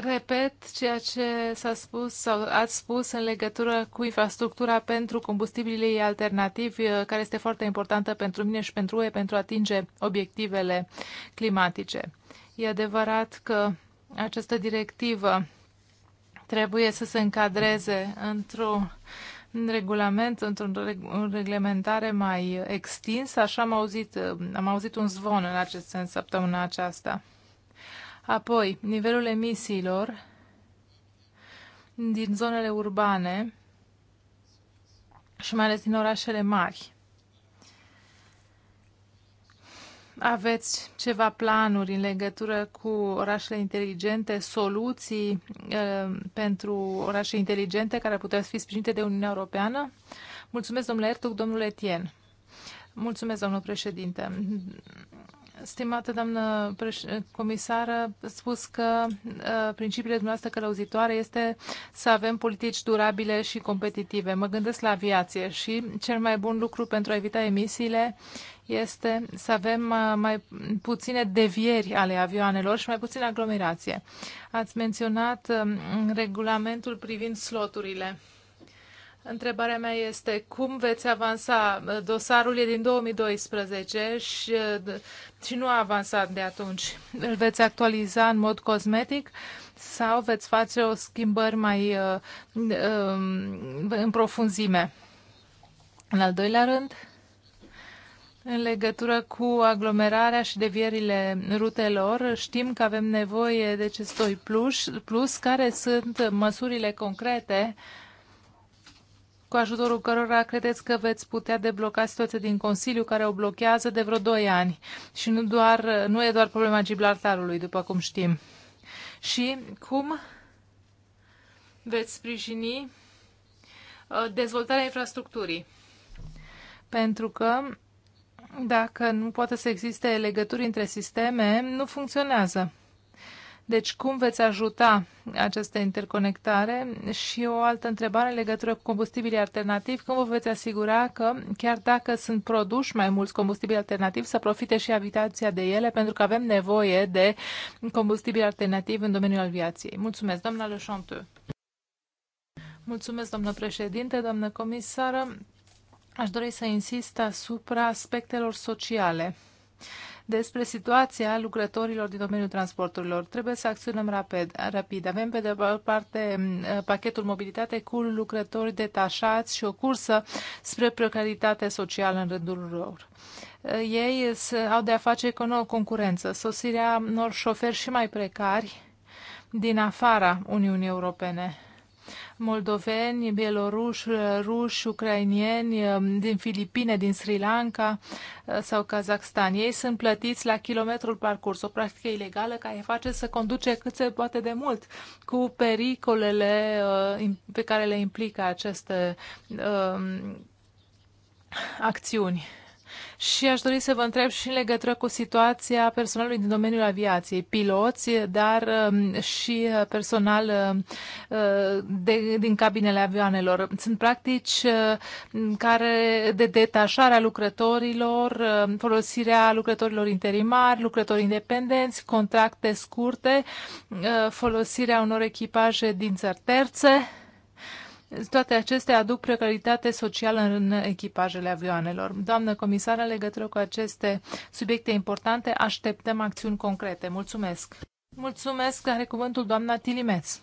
repet ceea ce s-a spus sau ați spus în legătură cu infrastructura pentru combustibilii alternativi, uh, care este foarte importantă pentru mine și pentru UE pentru a atinge obiectivele climatice. E adevărat că această directivă trebuie să se încadreze într un în regulament, într-o reglementare mai extinsă. Așa am auzit, uh, am auzit un zvon în acest sens săptămâna aceasta. Apoi, nivelul emisiilor din zonele urbane și mai ales din orașele mari. Aveți ceva planuri în legătură cu orașele inteligente, soluții e, eh, pentru orașe inteligente care putea fi sprijinite de Uniunea Europeană? Mulțumesc, domnule Ertug, domnule Etienne. Mulțumesc, domnul președinte stimată doamnă comisară, spus că uh, principiile dumneavoastră călăuzitoare este să avem politici durabile și competitive. Mă gândesc la aviație și cel mai bun lucru pentru a evita emisiile este să avem uh, mai puține devieri ale avioanelor și mai puține aglomerație. Ați menționat uh, regulamentul privind sloturile. Întrebarea mea este cum veți avansa? Dosarul e din 2012 și, și nu a avansat de atunci. Îl veți actualiza în mod cosmetic sau veți face o schimbări mai uh, uh, în profunzime? În al doilea rând, în legătură cu aglomerarea și devierile rutelor, știm că avem nevoie de acest plus, plus care sunt măsurile concrete uh, cu ajutorul cărora credeți că veți putea debloca situația din Consiliu care o blochează de vreo 2 ani și nu, doar, nu e doar problema Gibraltarului, după cum știm. Și cum veți sprijini uh, dezvoltarea infrastructurii. Pentru că dacă nu poate să existe legături între sisteme, nu funcționează. Deci, cum veți ajuta această interconectare? Și o altă întrebare în legătură cu combustibilii alternativi. Cum vă veți asigura că, chiar dacă sunt produși mai mulți combustibili alternativi, să profite și aviația de ele, pentru că avem nevoie de combustibili alternativi în domeniul aviației? Mulțumesc, doamna Le Mulțumesc, doamnă președinte, doamnă comisară. Aș dori să insist asupra aspectelor sociale despre situația lucrătorilor din domeniul transporturilor. Trebuie să acționăm rapid. rapid. Avem pe de parte pachetul mobilitate cu lucrători detașați și o cursă spre precaritate socială în rândul lor ei au de a face cu o nouă concurență, sosirea unor șoferi și mai precari din afara Uniunii Europene moldoveni, bieloruși, ruși, ucrainieni, um, din Filipine, din Sri Lanka uh, sau Kazakhstan. Ei sunt plătiți la kilometrul parcurs, o practică ilegală care face să conduce cât se poate de mult cu pericolele uh, pe care le implică aceste um, acțiuni și aș dori să vă întreb și în legătură cu situația personalului din domeniul aviației, piloți, dar um, și uh, personal uh, de, din cabinele avioanelor. Sunt practici uh, care de detașarea lucrătorilor, folosirea lucrătorilor interimari, lucrători independenți, contracte scurte, folosirea unor echipaje din țări terțe toate acestea aduc precaritate socială în echipajele avioanelor. Doamnă comisară, în legătură cu aceste subiecte importante, așteptăm acțiuni concrete. Mulțumesc! Mulțumesc! Are cuvântul doamna Tilimeț.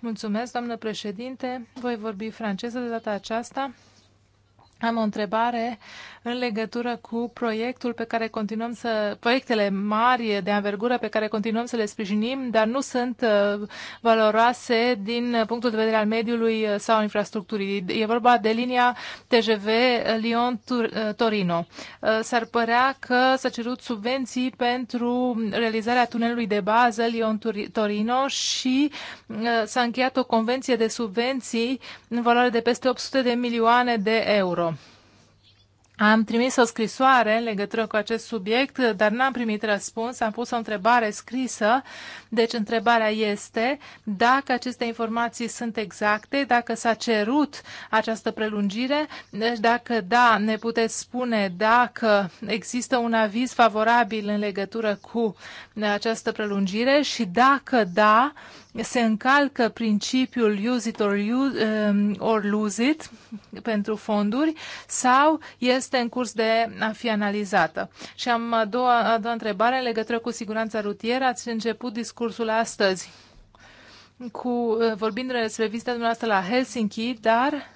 Mulțumesc, doamnă președinte. Voi vorbi franceză de data aceasta. Am o întrebare în legătură cu proiectul pe care continuăm să, proiectele mari de anvergură pe care continuăm să le sprijinim, dar nu sunt uh, valoroase din punctul de vedere al mediului uh, sau infrastructurii. E vorba de linia TGV uh, Lyon-Torino. S-ar părea că s-a cerut subvenții pentru realizarea tunelului de bază Lyon-Torino și s-a încheiat o convenție de subvenții în valoare de peste 800 de milioane de euro. Am trimis o scrisoare în legătură cu acest subiect, dar n-am primit răspuns. Am pus o întrebare scrisă. Deci, întrebarea este dacă aceste informații sunt exacte, dacă s-a cerut această prelungire. Deci, dacă da, ne puteți spune dacă există un aviz favorabil în legătură cu această prelungire și dacă da, se încalcă principiul use it or, use, um, or lose it pentru fonduri sau este în curs de a fi analizată. Și am a doua, a doua întrebare în legătură cu siguranța rutieră. Ați început discursul astăzi cu uh, vorbind despre vizita dumneavoastră la Helsinki, dar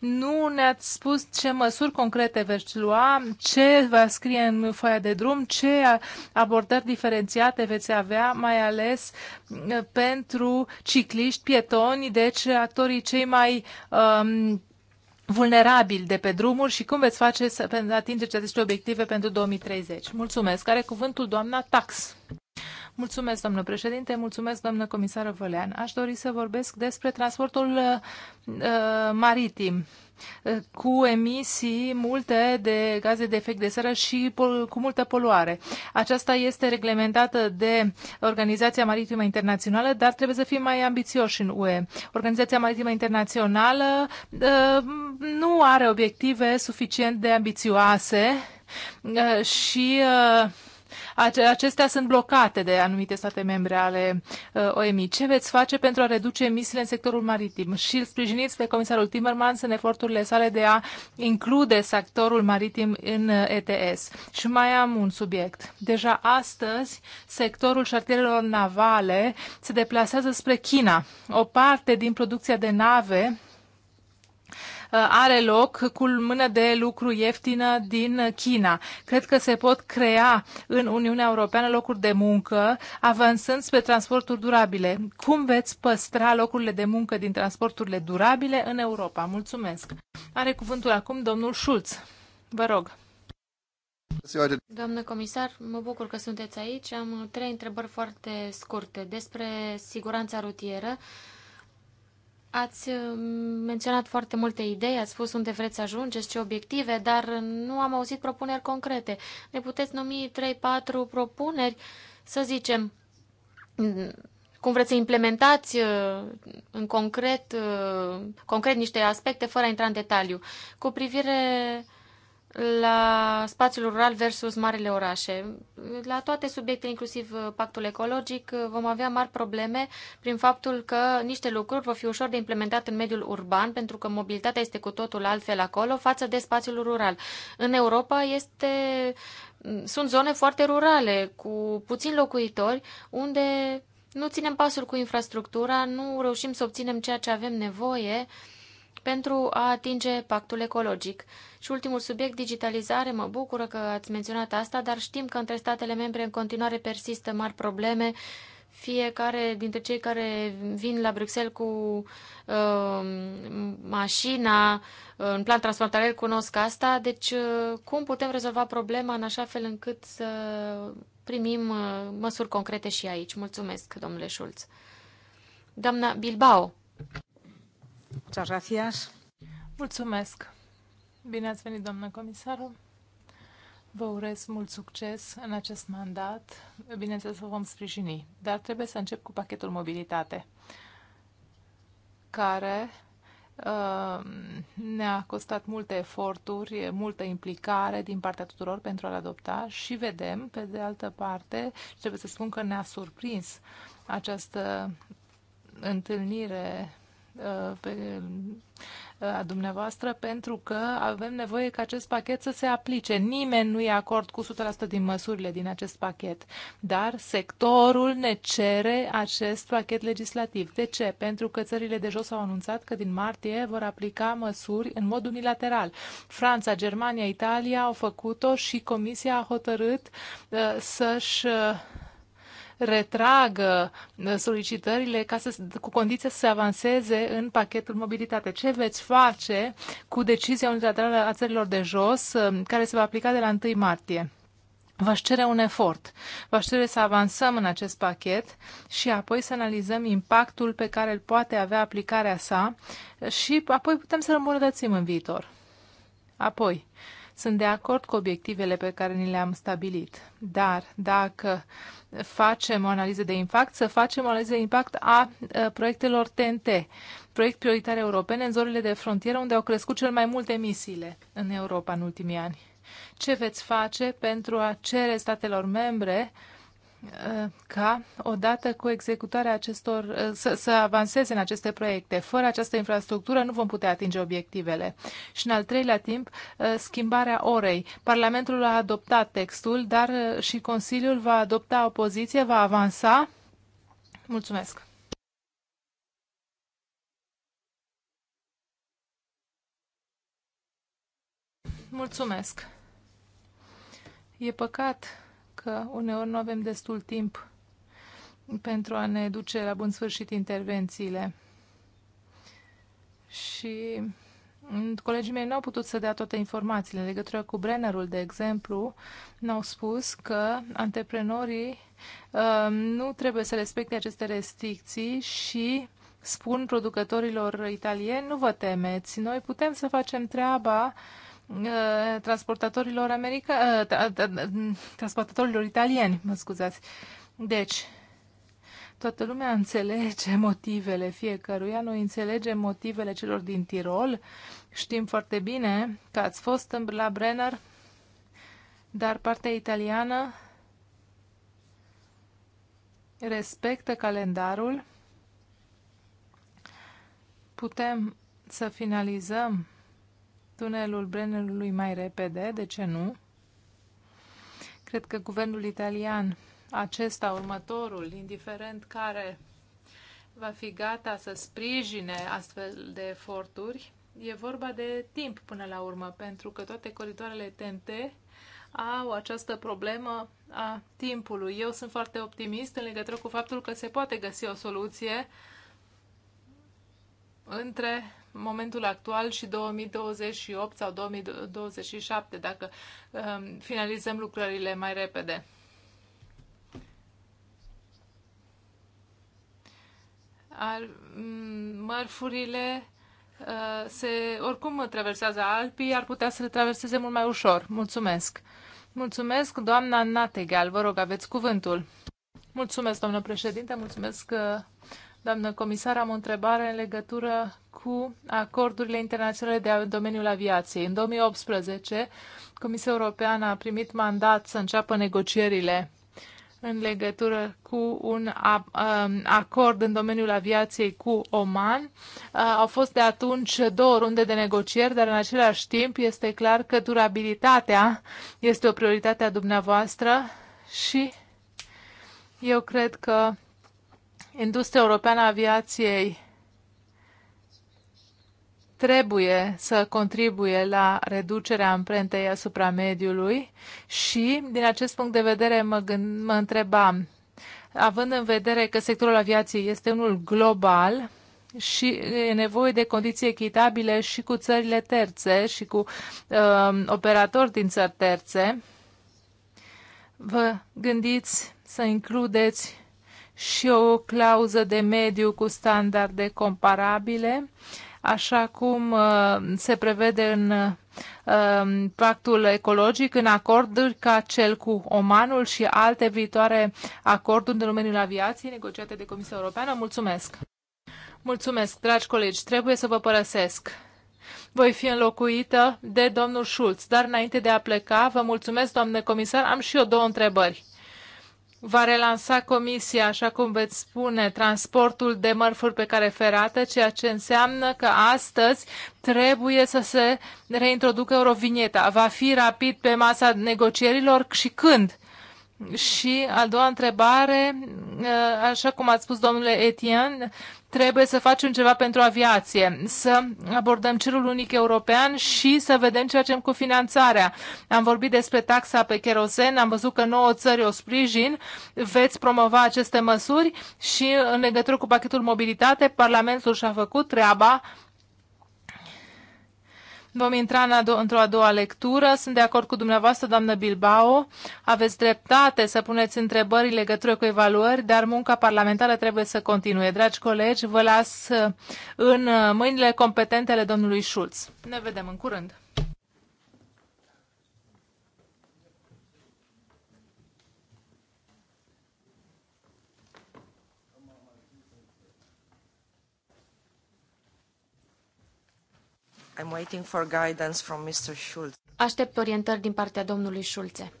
nu ne-ați spus ce măsuri concrete veți lua, ce va scrie în foaia de drum, ce abordări diferențiate veți avea, mai ales eh, pentru cicliști, pietoni, deci actorii cei mai um, vulnerabili de pe drumuri și cum veți face să atingeți aceste obiective pentru 2030. Mulțumesc. Care cuvântul doamna Tax? Mulțumesc, domnule președinte, mulțumesc, doamnă comisară Vălean. Aș dori să vorbesc despre transportul uh, uh maritim cu emisii multe de gaze de efect de seră și cu multă poluare. Aceasta este reglementată de Organizația Maritimă Internațională, dar trebuie să fim mai ambițioși în UE. Organizația Maritimă Internațională ă, nu are obiective suficient de ambițioase ă, și ă, Acestea sunt blocate de anumite state membre ale uh, OMI. Ce veți face pentru a reduce emisiile în sectorul maritim? Și îl sprijiniți pe comisarul Timmermans în eforturile sale de a include sectorul maritim în uh, ETS. Și mai am un subiect. Deja astăzi, sectorul șartierelor navale se deplasează spre China. O parte din producția de nave Uh, are loc cu mână de lucru ieftină din China. Cred că se pot crea în Uniunea Europeană locuri de muncă avansând spre transporturi durabile. Cum veți păstra locurile de muncă din transporturile durabile în Europa? Mulțumesc! Are cuvântul acum domnul Schulz. Vă rog. Doamnă comisar, mă bucur că sunteți aici. Am trei întrebări foarte scurte despre siguranța rutieră. Ați uh, menționat foarte multe idei, ați spus unde vreți să ajungeți, ce obiective, dar nu am auzit propuneri concrete. Ne puteți numi 3-4 propuneri, să zicem, mm, cum vreți să implementați uh, în concret, uh, concret niște aspecte fără a intra în detaliu. Cu privire la spațiul rural versus marile orașe. La toate subiecte, inclusiv uh, pactul ecologic, uh, vom avea mari probleme prin faptul că niște lucruri vor fi ușor de implementat în mediul urban, pentru că mobilitatea este cu totul altfel acolo față de spațiul rural. În Europa este mm, sunt zone foarte rurale, cu puțini locuitori, unde nu ținem pasul cu infrastructura, nu reușim să obținem ceea ce avem nevoie pentru a atinge pactul ecologic. Și ultimul subiect, digitalizare, mă bucură că ați menționat asta, dar știm că între statele membre în continuare persistă mari probleme fiecare dintre cei care vin la Bruxelles cu um, uh, mașina în plan transportare cunosc asta, deci uh, cum putem rezolva problema în așa fel încât să primim uh, măsuri concrete și aici? Mulțumesc, domnule Schulz. Doamna Bilbao. Muchas gracias. Mulțumesc. Bine ați venit, doamnă comisară. Vă urez mult succes în acest mandat. Bineînțeles, vă vom sprijini, dar trebuie să încep cu pachetul mobilitate, care uh, ne-a costat multe eforturi, multă implicare din partea tuturor pentru a-l adopta și vedem, pe de altă parte, trebuie să spun că ne-a surprins această întâlnire Uh, pe, uh, a dumneavoastră pentru că avem nevoie ca acest pachet să se aplice. Nimeni nu e acord cu 100% din măsurile din acest pachet, dar sectorul ne cere acest pachet legislativ. De ce? Pentru că țările de jos au anunțat că din martie vor aplica măsuri în mod unilateral. Franța, Germania, Italia au făcut-o și Comisia a hotărât uh, să-și uh, retragă solicitările ca să, cu condiția să se avanseze în pachetul mobilitate. Ce veți face cu decizia unilaterală a țărilor de jos um, care se va aplica de la 1 martie? V-aș cere un efort. V-aș cere să avansăm în acest pachet și apoi să analizăm impactul pe care îl poate avea aplicarea sa și apoi putem să îl îmbunătățim în viitor. Apoi, uh, sunt de acord cu obiectivele pe care ni le-am stabilit, dar dacă facem o analiză de impact, să facem o analiză de impact a proiectelor TNT, proiect prioritare europene în zonele de frontieră unde au crescut cel mai mult emisiile în Europa în ultimii ani. Ce veți face pentru a cere statelor membre uh, ca odată cu executarea acestor, să, să avanseze în aceste proiecte. Fără această infrastructură nu vom putea atinge obiectivele. Și în al treilea timp, uh, schimbarea orei. Parlamentul a adoptat textul, dar uh, și Consiliul va adopta o poziție, va avansa. Mulțumesc! Mulțumesc! E păcat că uneori nu avem destul timp pentru a ne duce la bun sfârșit intervențiile. Și colegii mei nu au putut să dea toate informațiile. În legătură cu Brennerul, de exemplu, ne-au spus că antreprenorii uh, nu trebuie să respecte aceste restricții și spun producătorilor italieni, nu vă temeți, noi putem să facem treaba uh, Eh, transportatorilor, america, eh, transportatorilor italieni, mă scuzați. Deci, toată lumea înțelege motivele fiecăruia, noi înțelegem motivele celor din Tirol, știm foarte bine că ați fost la Brenner, dar partea italiană respectă calendarul. Putem să finalizăm tunelul Brennelului mai repede, de ce nu? Cred că guvernul italian, acesta, următorul, indiferent care va fi gata să sprijine astfel de eforturi, e vorba de timp până la urmă, pentru că toate coridoarele TNT au această problemă a timpului. Eu sunt foarte optimist în legătură cu faptul că se poate găsi o soluție între momentul actual și 2028 sau 2027, dacă um, finalizăm lucrările mai repede. Ar, mm, mărfurile uh, se, oricum traversează Alpii, ar putea să le traverseze mult mai ușor. Mulțumesc! Mulțumesc, doamna Nategal, vă rog, aveți cuvântul. Mulțumesc, doamnă președinte, mulțumesc uh, Doamnă comisar, am o întrebare în legătură cu acordurile internaționale de domeniul aviației. În 2018, Comisia Europeană a primit mandat să înceapă negocierile în legătură cu un acord în domeniul aviației cu Oman. Au fost de atunci două runde de negocieri, dar în același timp este clar că durabilitatea este o prioritate a dumneavoastră și eu cred că industria europeană a aviației trebuie să contribuie la reducerea amprentei asupra mediului și, din acest punct de vedere, mă, gând, mă întrebam, având în vedere că sectorul aviației este unul global și e nevoie de condiții echitabile și cu țările terțe și cu uh, operatori din țări terțe, vă gândiți să includeți și o clauză de mediu cu standarde comparabile, așa cum uh, se prevede în uh, pactul ecologic, în acorduri ca cel cu Omanul și alte viitoare acorduri în domeniul aviației negociate de Comisia Europeană. Mulțumesc! Mulțumesc, dragi colegi, trebuie să vă părăsesc. Voi fi înlocuită de domnul Schulz, dar înainte de a pleca, vă mulțumesc, doamne comisar, am și eu două întrebări va relansa Comisia, așa cum veți spune, transportul de mărfuri pe care ferată, ceea ce înseamnă că astăzi trebuie să se reintroducă Eurovinieta. Va fi rapid pe masa negocierilor și când? Și a doua întrebare, eh, așa cum ați spus domnule Etienne, trebuie să facem ceva pentru aviație, să abordăm cerul unic european și să vedem ce facem cu finanțarea. Am vorbit despre taxa pe cherosen, am văzut că nouă țări o sprijin, veți promova aceste măsuri și în legătură cu pachetul mobilitate, Parlamentul și-a făcut treaba, Vom intra în a do- într-o a doua lectură. Sunt de acord cu dumneavoastră, doamnă Bilbao. Aveți dreptate să puneți întrebări în legătură cu evaluări, dar munca parlamentară trebuie să continue. Dragi colegi, vă las în mâinile competentele domnului Schulz. Ne vedem în curând. I'm waiting for guidance from Mr. Schulz. Aștept orientări din partea domnului Schulze.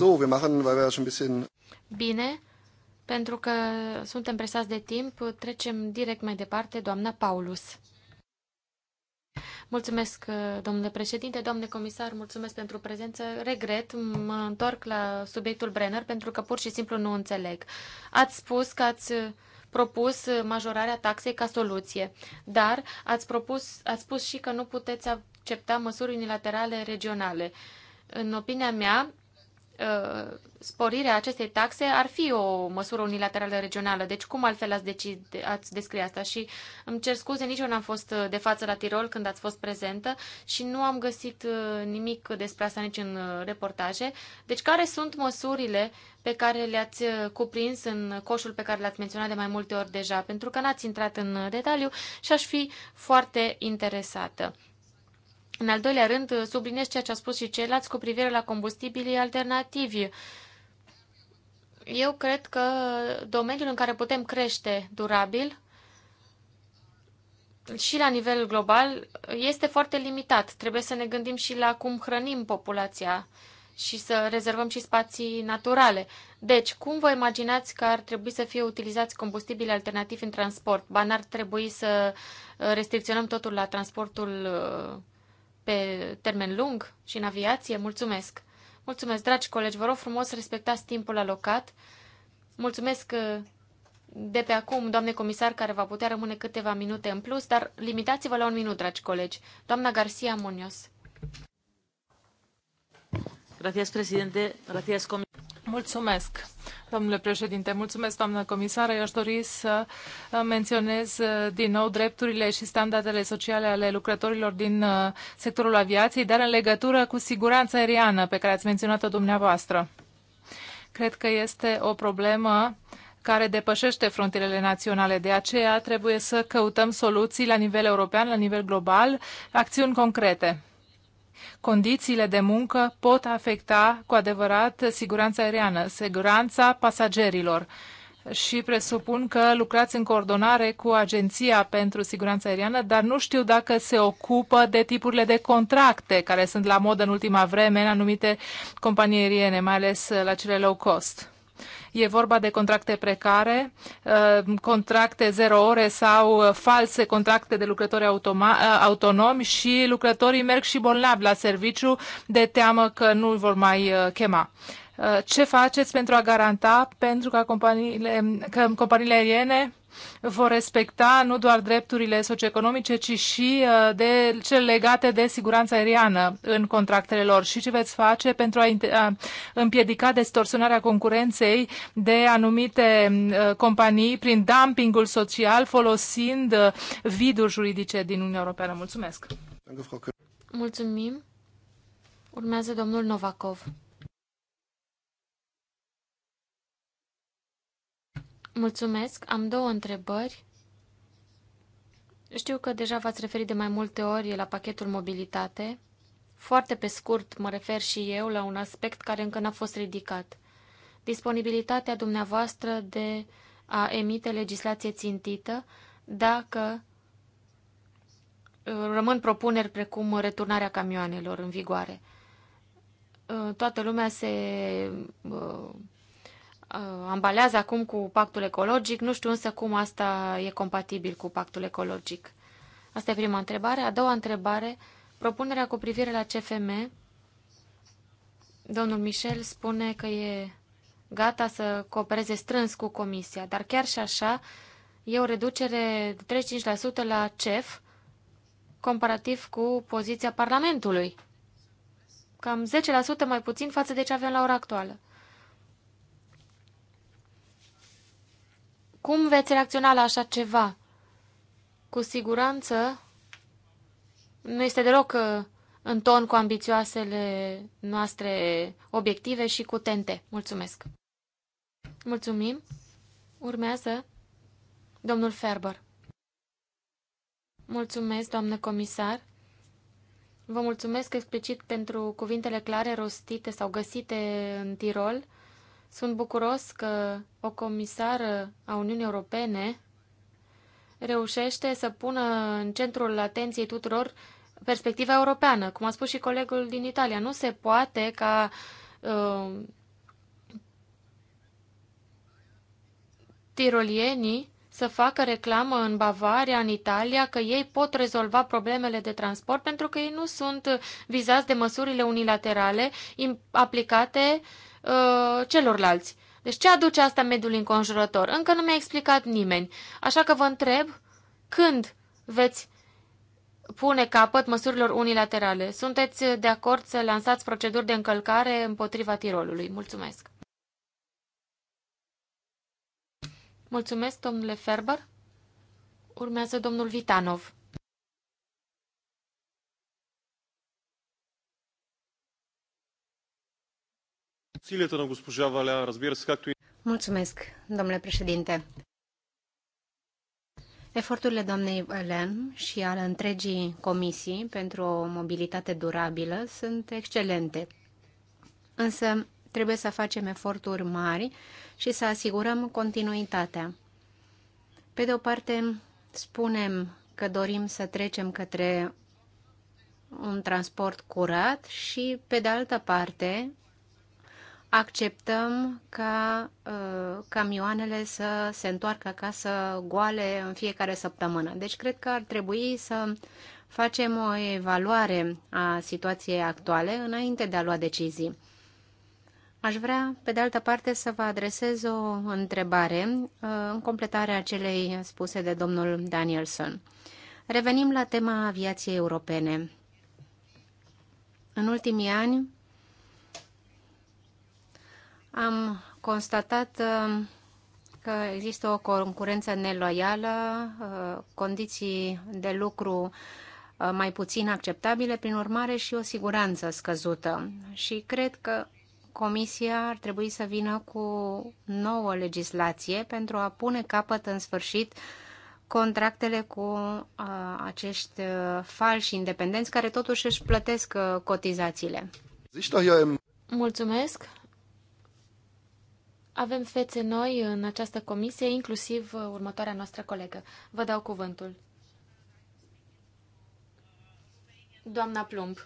So, wir machen, weil wir schon ein bisschen... Bine, pentru că suntem presați de timp, trecem direct mai departe, doamna Paulus. Mulțumesc, domnule președinte, domnule comisar, mulțumesc pentru prezență. Regret, mă întorc la subiectul Brenner pentru că pur și simplu nu înțeleg. Ați spus că ați propus majorarea taxei ca soluție, dar ați, propus, ați spus și că nu puteți accepta măsuri unilaterale regionale. În opinia mea, Uh, sporirea acestei taxe ar fi o măsură unilaterală regională. Deci cum altfel ați, decid, ați descrie asta? Și îmi cer scuze, nici eu n-am fost uh, de față la Tirol când ați fost prezentă și nu am găsit uh, nimic despre asta nici în reportaje. Deci care sunt măsurile pe care le-ați cuprins în coșul pe care l-ați menționat de mai multe ori deja? Pentru că n-ați intrat în detaliu și aș fi foarte interesată. În al doilea rând, subliniez ceea ce au spus și ceilalți cu privire la combustibilii alternativi. Eu cred că domeniul în care putem crește durabil și la nivel global este foarte limitat. Trebuie să ne gândim și la cum hrănim populația și să rezervăm și spații naturale. Deci, cum vă imaginați că ar trebui să fie utilizați combustibili alternativi în transport? Ba n-ar trebui să restricționăm totul la transportul uh, pe termen lung și în aviație? Mulțumesc! Mulțumesc, dragi colegi! Vă rog frumos, respectați timpul alocat. Mulțumesc uh, de pe acum, doamne comisar, care va putea rămâne câteva minute în plus, dar limitați-vă la un minut, dragi colegi. Doamna Garcia Munoz. Gracias, presidente. Gracias, comisar. Mulțumesc, domnule președinte, mulțumesc, doamnă comisară. Eu aș dori să menționez uh, din nou drepturile și standardele sociale ale lucrătorilor din uh, sectorul aviației, dar în legătură cu siguranța aeriană pe care ați menționat-o dumneavoastră. Cred că este o problemă care depășește frontierele naționale. De aceea trebuie să căutăm soluții la nivel european, la nivel global, acțiuni concrete condițiile de muncă pot afecta cu adevărat siguranța aeriană, siguranța pasagerilor. Și presupun că lucrați în coordonare cu Agenția pentru Siguranța Aeriană, dar nu știu dacă se ocupă de tipurile de contracte care sunt la modă în ultima vreme în anumite companii aeriene, mai ales la cele low cost. E vorba de contracte precare, uh, contracte zero ore sau uh, false contracte de lucrători uh, autonomi și lucrătorii merg și bolnavi la serviciu de teamă că nu îi vor mai chema. Ce faceți pentru a garanta pentru ca companiile, că companiile aeriene vor respecta nu doar drepturile socioeconomice, ci și uh, de cele legate de siguranța aeriană în contractele lor și ce veți face pentru a împiedica distorsionarea concurenței de anumite uh, companii prin dumpingul social folosind uh, viduri juridice din Uniunea Europeană. Mulțumesc! Mulțumim! Urmează domnul Novakov. Mulțumesc. Am două întrebări. Știu că deja v-ați referit de mai multe ori la pachetul mobilitate. Foarte pe scurt mă refer și eu la un aspect care încă n-a fost ridicat. Disponibilitatea dumneavoastră de a emite legislație țintită dacă uh, rămân propuneri precum returnarea camioanelor în vigoare. Uh, toată lumea se uh, Uh, ambalează acum cu pactul ecologic. Nu știu însă cum asta e compatibil cu pactul ecologic. Asta e prima întrebare. A doua întrebare, propunerea cu privire la CFM. Domnul Michel spune că e gata să coopereze strâns cu Comisia, dar chiar și așa e o reducere de 35% la CEF comparativ cu poziția Parlamentului. Cam 10% mai puțin față de ce avem la ora actuală. Cum veți reacționa la așa ceva? Cu siguranță nu este deloc uh, în ton cu ambițioasele noastre obiective și cu tente. Mulțumesc! Mulțumim! Urmează domnul Ferber. Mulțumesc, doamnă comisar. Vă mulțumesc explicit pentru cuvintele clare rostite sau găsite în Tirol. Sunt bucuros că o comisară a Uniunii Europene reușește să pună în centrul atenției tuturor perspectiva europeană. Cum a spus și colegul din Italia, nu se poate ca uh, tirolienii să facă reclamă în Bavaria, în Italia, că ei pot rezolva problemele de transport pentru că ei nu sunt vizați de măsurile unilaterale aplicate uh, uh, celorlalți. Deci ce aduce asta mediul înconjurător? Încă nu mi-a explicat nimeni. Așa că vă întreb când veți pune capăt măsurilor unilaterale. Sunteți de acord să lansați proceduri de încălcare împotriva Tirolului? Mulțumesc! Mulțumesc, domnule Ferber. Urmează domnul Vitanov. Mulțumesc, domnule președinte. Eforturile doamnei Elen și ale întregii comisii pentru o mobilitate durabilă sunt excelente. Însă trebuie să facem eforturi mari și să asigurăm continuitatea. Pe de o parte, spunem că dorim să trecem către un transport curat și, pe de altă parte, acceptăm ca uh, camioanele să se întoarcă acasă goale în fiecare săptămână. Deci cred că ar trebui să facem o evaluare a situației actuale înainte de a lua decizii. Aș vrea, pe de altă parte, să vă adresez o întrebare uh, în completarea celei spuse de domnul Danielson. Revenim la tema aviației europene. În ultimii ani, am constatat uh, că există o concurență neloială, uh, condiții de lucru uh, mai puțin acceptabile, prin urmare și o siguranță scăzută. Și cred că Comisia ar trebui să vină cu nouă legislație pentru a pune capăt în sfârșit contractele cu uh, acești uh, falși independenți care totuși își plătesc uh, cotizațiile. Mulțumesc! Avem fețe noi în această comisie, inclusiv uh, următoarea noastră colegă. Vă dau cuvântul. Doamna Plumb.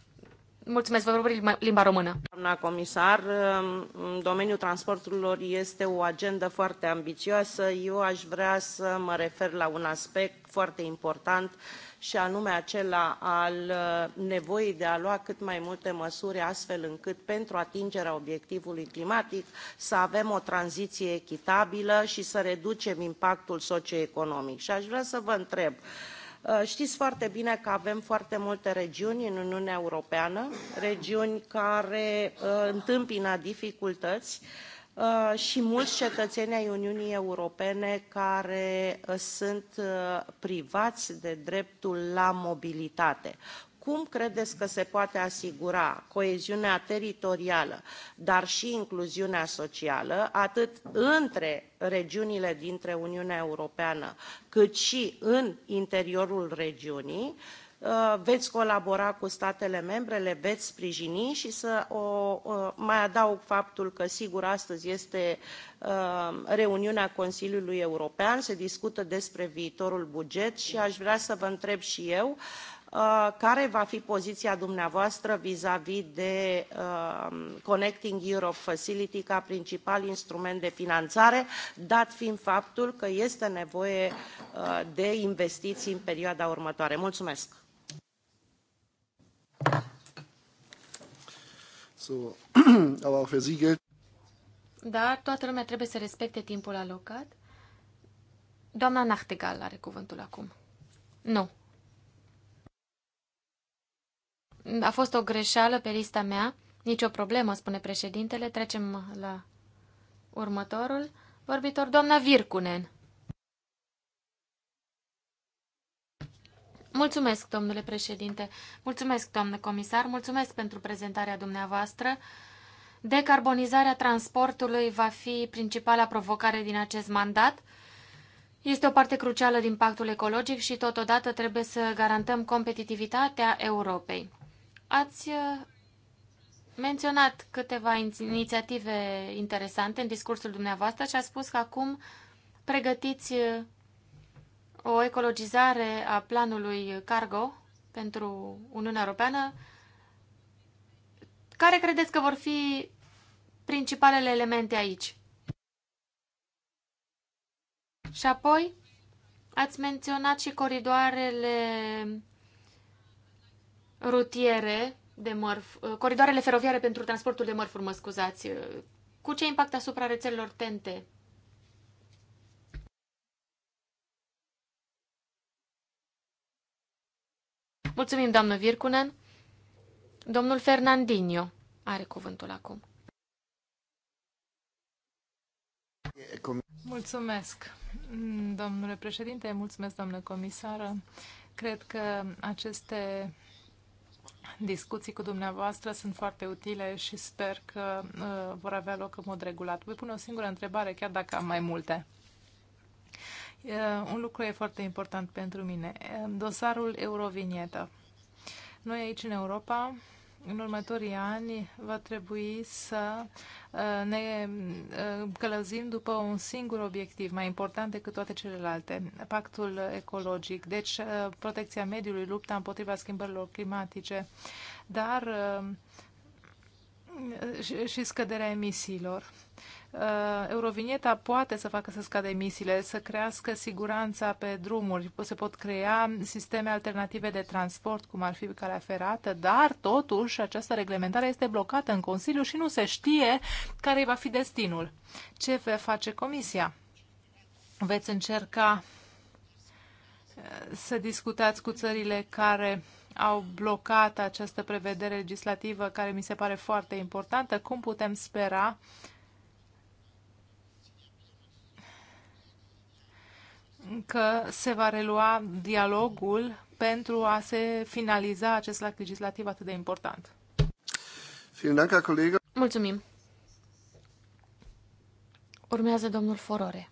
Mulțumesc, vă vorbi limba română. Doamna comisar, um, domeniul transporturilor este o agendă foarte ambițioasă. Eu aș vrea să mă refer la un aspect foarte important și anume acela al uh, nevoii de a lua cât mai multe măsuri astfel încât pentru atingerea obiectivului climatic să avem o tranziție echitabilă și să reducem impactul socioeconomic. Și aș vrea să vă întreb, uh, Știți foarte bine că avem foarte multe regiuni în Uniunea Europeană, regiuni care uh, întâmpină dificultăți Uh, și mulți cetățeni ai Uniunii Europene care uh, sunt uh, privați de dreptul la mobilitate. Cum credeți că se poate asigura coeziunea teritorială, dar și incluziunea socială, atât între regiunile dintre Uniunea Europeană, cât și în interiorul regiunii, Uh, veți colabora cu statele membre, le veți sprijini și să o, mai adaug faptul că, sigur, astăzi este uh, reuniunea Consiliului European, se discută despre viitorul buget și aș vrea să vă întreb și eu uh, care va fi poziția dumneavoastră vizavi de Connecting Europe Facility ca principal instrument de finanțare, dat fiind faptul că este nevoie de investiții în perioada următoare. Mulțumesc! So, aber auch für Sie gilt. Dar toată lumea trebuie să respecte timpul alocat. Doamna Nachtegal are cuvântul acum. Nu. A fost o greșeală pe lista mea. Nicio problemă, spune președintele. Trecem la următorul vorbitor, doamna Virkunen. Mulțumesc, domnule președinte, mulțumesc, doamnă comisar, mulțumesc pentru prezentarea dumneavoastră. Decarbonizarea transportului va fi principala provocare din acest mandat. Este o parte crucială din pactul ecologic și totodată trebuie să garantăm competitivitatea Europei. Ați uh, menționat câteva inițiative interesante în discursul dumneavoastră și a spus că acum pregătiți uh, o ecologizare a planului cargo pentru Uniunea Europeană. Care credeți că vor fi principalele elemente aici? Și apoi, ați menționat și coridoarele rutiere de mărf, coridoarele feroviare pentru transportul de mărfuri, mă scuzați. Cu ce impact asupra rețelelor tente? Mulțumim, doamnă Virkunen. Domnul Fernandinho are cuvântul acum. Mulțumesc, domnule președinte, mulțumesc, doamnă comisară. Cred că aceste discuții cu dumneavoastră sunt foarte utile și sper că uh, vor avea loc în mod regulat. Voi pune o singură întrebare, chiar dacă am mai multe un lucru e foarte important pentru mine, dosarul Eurovinietă. Noi aici în Europa, în următorii ani, va trebui să ne călăzim după un singur obiectiv, mai important decât toate celelalte, pactul ecologic, deci protecția mediului, lupta împotriva schimbărilor climatice, dar și scăderea emisiilor. Uh, Eurovinieta poate să facă să scadă emisiile, să crească siguranța pe drumuri, se pot crea sisteme alternative de transport, cum ar fi calea ferată, dar totuși această reglementare este blocată în Consiliu și nu se știe care va fi destinul. Ce va face Comisia? Veți încerca uh, să discutați cu țările care au blocat această prevedere legislativă care mi se pare foarte importantă. Cum putem spera uh, că se va relua dialogul pentru a se finaliza acest act legislativ atât de important. Mulțumim. Urmează domnul Forore.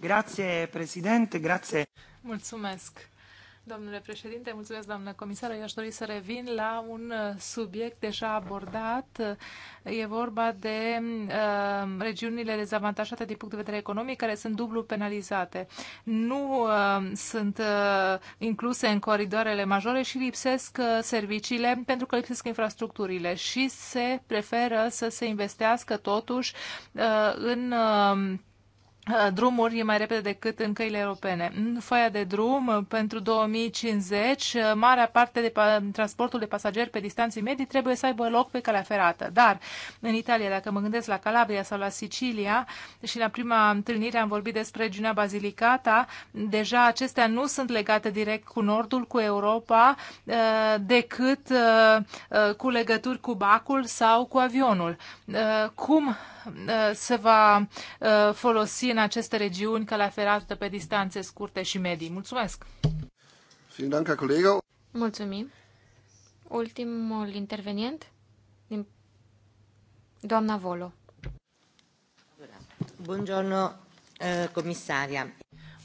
Grazie, președinte, grazie. Mulțumesc, Domnule președinte, mulțumesc, doamnă comisară. Eu aș dori să revin la un uh, subiect deja abordat. E vorba de uh, regiunile dezavantajate din punct de vedere economic, care sunt dublu penalizate. Nu uh, sunt uh, incluse în coridoarele majore și lipsesc uh, serviciile pentru că lipsesc infrastructurile și se preferă să se investească totuși uh, în. Uh, Uh, drumuri mai repede decât în căile europene. În foaia de drum uh, pentru 2050, uh, marea parte de transportul de pasageri pe distanțe medii trebuie să aibă loc pe calea ferată. Dar în Italia, dacă mă gândesc la Calabria sau la Sicilia și la prima întâlnire am vorbit despre regiunea Basilicata, deja acestea nu sunt legate direct cu nordul, cu Europa, decât cu legături cu bacul sau cu avionul. Cum Eh, se va eh, folosi în aceste regiuni la ferată pe distanțe scurte și medii. Mulțumesc! Mulțumim! Ultimul intervenient din doamna Volo. Buongiorno, eh, comisaria.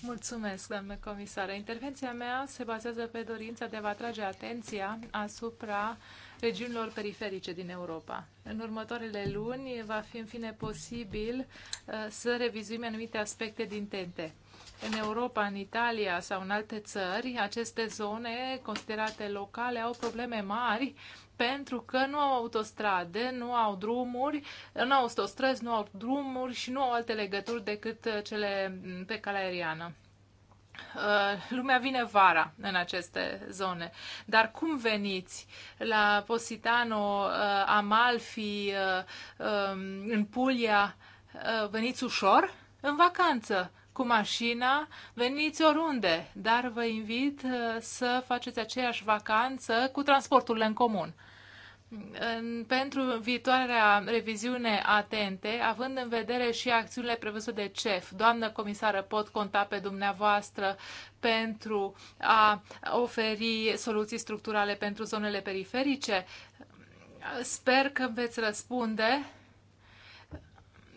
Mulțumesc, doamnă comisară. Intervenția mea se bazează pe dorința de a vă atrage atenția asupra uh, regiunilor periferice din Europa. În următoarele luni va fi în fine posibil uh, să revizuim anumite aspecte din TNT. În Europa, în Italia sau în alte țări, aceste zone considerate locale au probleme mari pentru că nu au autostrade, nu au drumuri, nu au autostrăzi, nu au drumuri și nu au alte legături decât uh, cele mm, pe calea aeriană. Uh, lumea vine vara în aceste zone. Dar cum veniți la Positano, uh, Amalfi, uh, um, în Puglia, veniți ușor? În vacanță, cu mașina, veniți oriunde, dar vă invit să faceți aceeași vacanță cu transporturile în comun în, pentru viitoarea reviziune atente, având în vedere și acțiunile prevăzute de CEF. Doamnă comisară, pot conta pe dumneavoastră pentru a oferi soluții structurale pentru zonele periferice? Sper că veți răspunde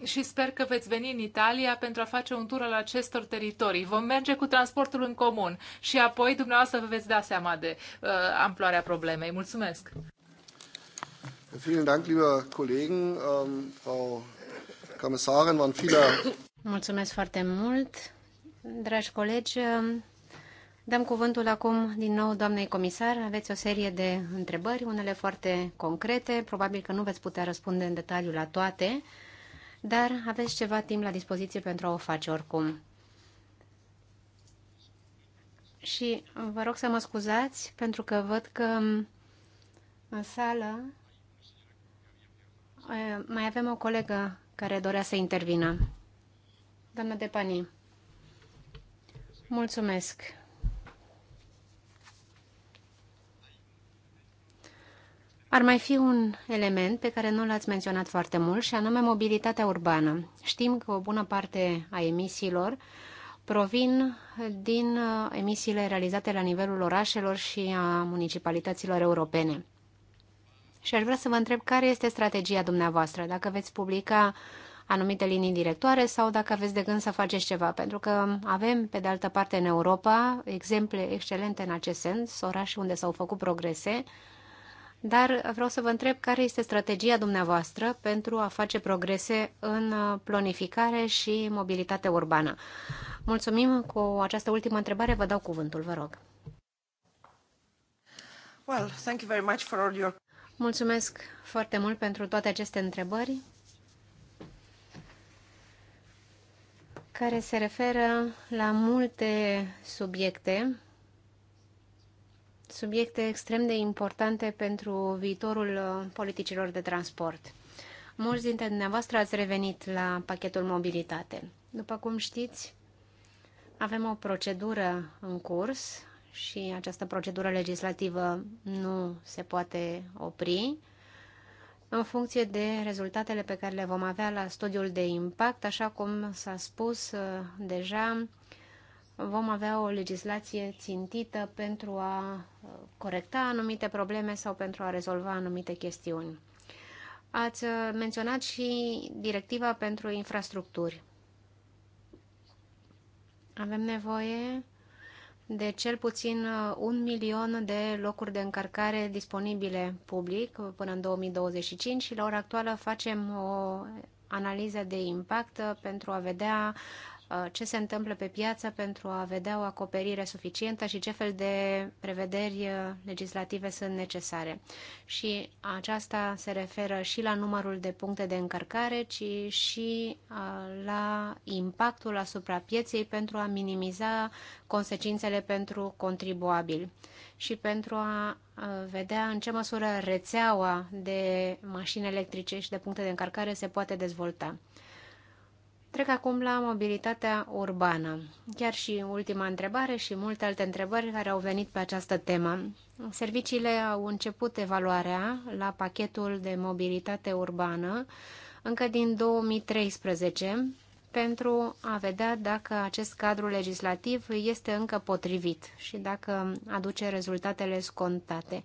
și sper că veți veni în Italia pentru a face un tur al acestor teritorii. Vom merge cu transportul în comun și apoi dumneavoastră vă veți da seama de uh, amploarea problemei. Mulțumesc! Vielen Dank, liebe Kollegen. Ähm, Frau Kommissarin, waren viele. Mulțumesc foarte mult, dragi colegi. Um, dăm cuvântul acum din nou doamnei comisar. Aveți o serie de întrebări, unele foarte concrete. Probabil că nu veți putea răspunde în detaliu la toate, dar aveți ceva timp la dispoziție pentru a o face oricum. Și vă rog să mă scuzați pentru că văd că um, în sală Ă, mai avem o colegă care dorea să intervină. Doamna Depani. Mulțumesc. Ar mai fi un element pe care nu l-ați menționat foarte mult și anume mobilitatea urbană. Știm că o bună parte a emisiilor provin din uh, emisiile realizate la nivelul orașelor și a municipalităților europene. Și aș vrea să vă întreb care este strategia dumneavoastră, dacă veți publica anumite linii directoare sau dacă aveți de gând să faceți ceva, pentru că avem, pe de altă parte, în Europa exemple excelente în acest sens, orașe unde s-au făcut progrese, dar vreau să vă întreb care este strategia dumneavoastră pentru a face progrese în planificare și mobilitate urbană. Mulțumim cu această ultimă întrebare, vă dau cuvântul, vă rog. Well, thank you very much for all your... Mulțumesc foarte mult pentru toate aceste întrebări care se referă la multe subiecte, subiecte extrem de importante pentru viitorul uh, politicilor de transport. Mulți dintre dumneavoastră ați revenit la pachetul mobilitate. După cum știți, avem o procedură în curs și această procedură legislativă nu se poate opri. În funcție de rezultatele pe care le vom avea la studiul de impact, așa cum s-a spus uh, deja, vom avea o legislație țintită pentru a uh, corecta anumite probleme sau pentru a rezolva anumite chestiuni. Ați uh, menționat și directiva pentru infrastructuri. Avem nevoie de cel puțin uh, un milion de locuri de încărcare disponibile public uh, până în 2025 și la ora actuală facem o analiză de impact uh, pentru a vedea Uh, ce se întâmplă pe piață pentru a vedea o acoperire suficientă și ce fel de prevederi uh, legislative sunt necesare. Și aceasta se referă și la numărul de puncte de încărcare, ci și uh, la impactul asupra pieței pentru a minimiza consecințele pentru contribuabil și pentru a vedea în ce măsură rețeaua de mașini electrice și de puncte de încărcare se poate dezvolta. Trec acum la mobilitatea urbană. Chiar și ultima întrebare și multe alte întrebări care au venit pe această temă. Serviciile au început evaluarea la pachetul de mobilitate urbană încă din 2013 pentru a vedea dacă acest cadru legislativ este încă potrivit și dacă aduce rezultatele scontate.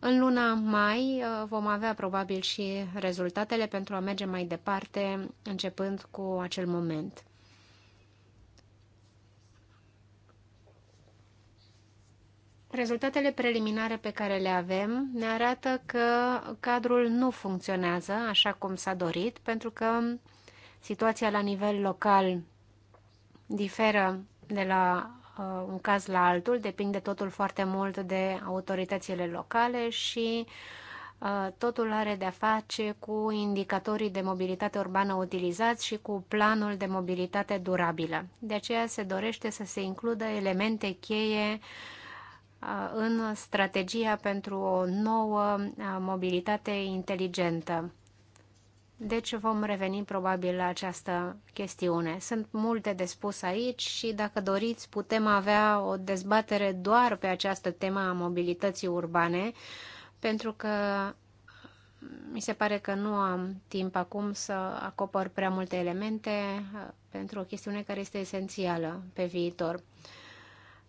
În luna mai uh, vom avea probabil și rezultatele pentru a merge mai departe, începând cu acel moment. Rezultatele preliminare pe care le avem ne arată că cadrul nu funcționează așa cum s-a dorit, pentru că situația la nivel local diferă de la Uh, un caz la altul, depinde totul foarte mult de autoritățile locale și uh, totul are de-a face cu indicatorii de mobilitate urbană utilizați și cu planul de mobilitate durabilă. De aceea se dorește să se includă elemente cheie uh, în strategia pentru o nouă mobilitate inteligentă deci vom reveni probabil la această chestiune. Sunt multe de spus aici și dacă doriți putem avea o dezbatere doar pe această temă a mobilității urbane, pentru că mi se pare că nu am timp acum să acopăr prea multe elemente uh, pentru o chestiune care este esențială pe viitor.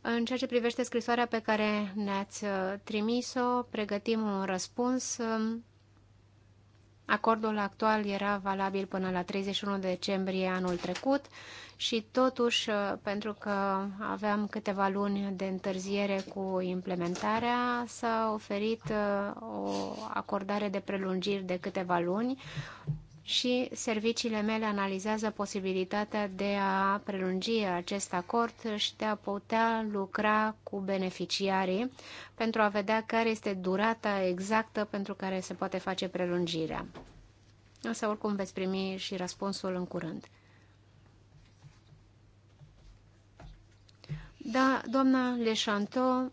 În ceea ce privește scrisoarea pe care ne-ați uh, trimis-o, pregătim un răspuns um, Acordul actual era valabil până la 31 decembrie anul trecut și totuși, uh, pentru că aveam câteva luni de întârziere cu implementarea, s-a oferit uh, o acordare de prelungiri de câteva luni și serviciile mele analizează posibilitatea de a prelungi acest acord și de a putea lucra cu beneficiarii pentru a vedea care este durata exactă pentru care se poate face prelungirea. Însă oricum veți primi și răspunsul în curând. Da, doamna Leșanto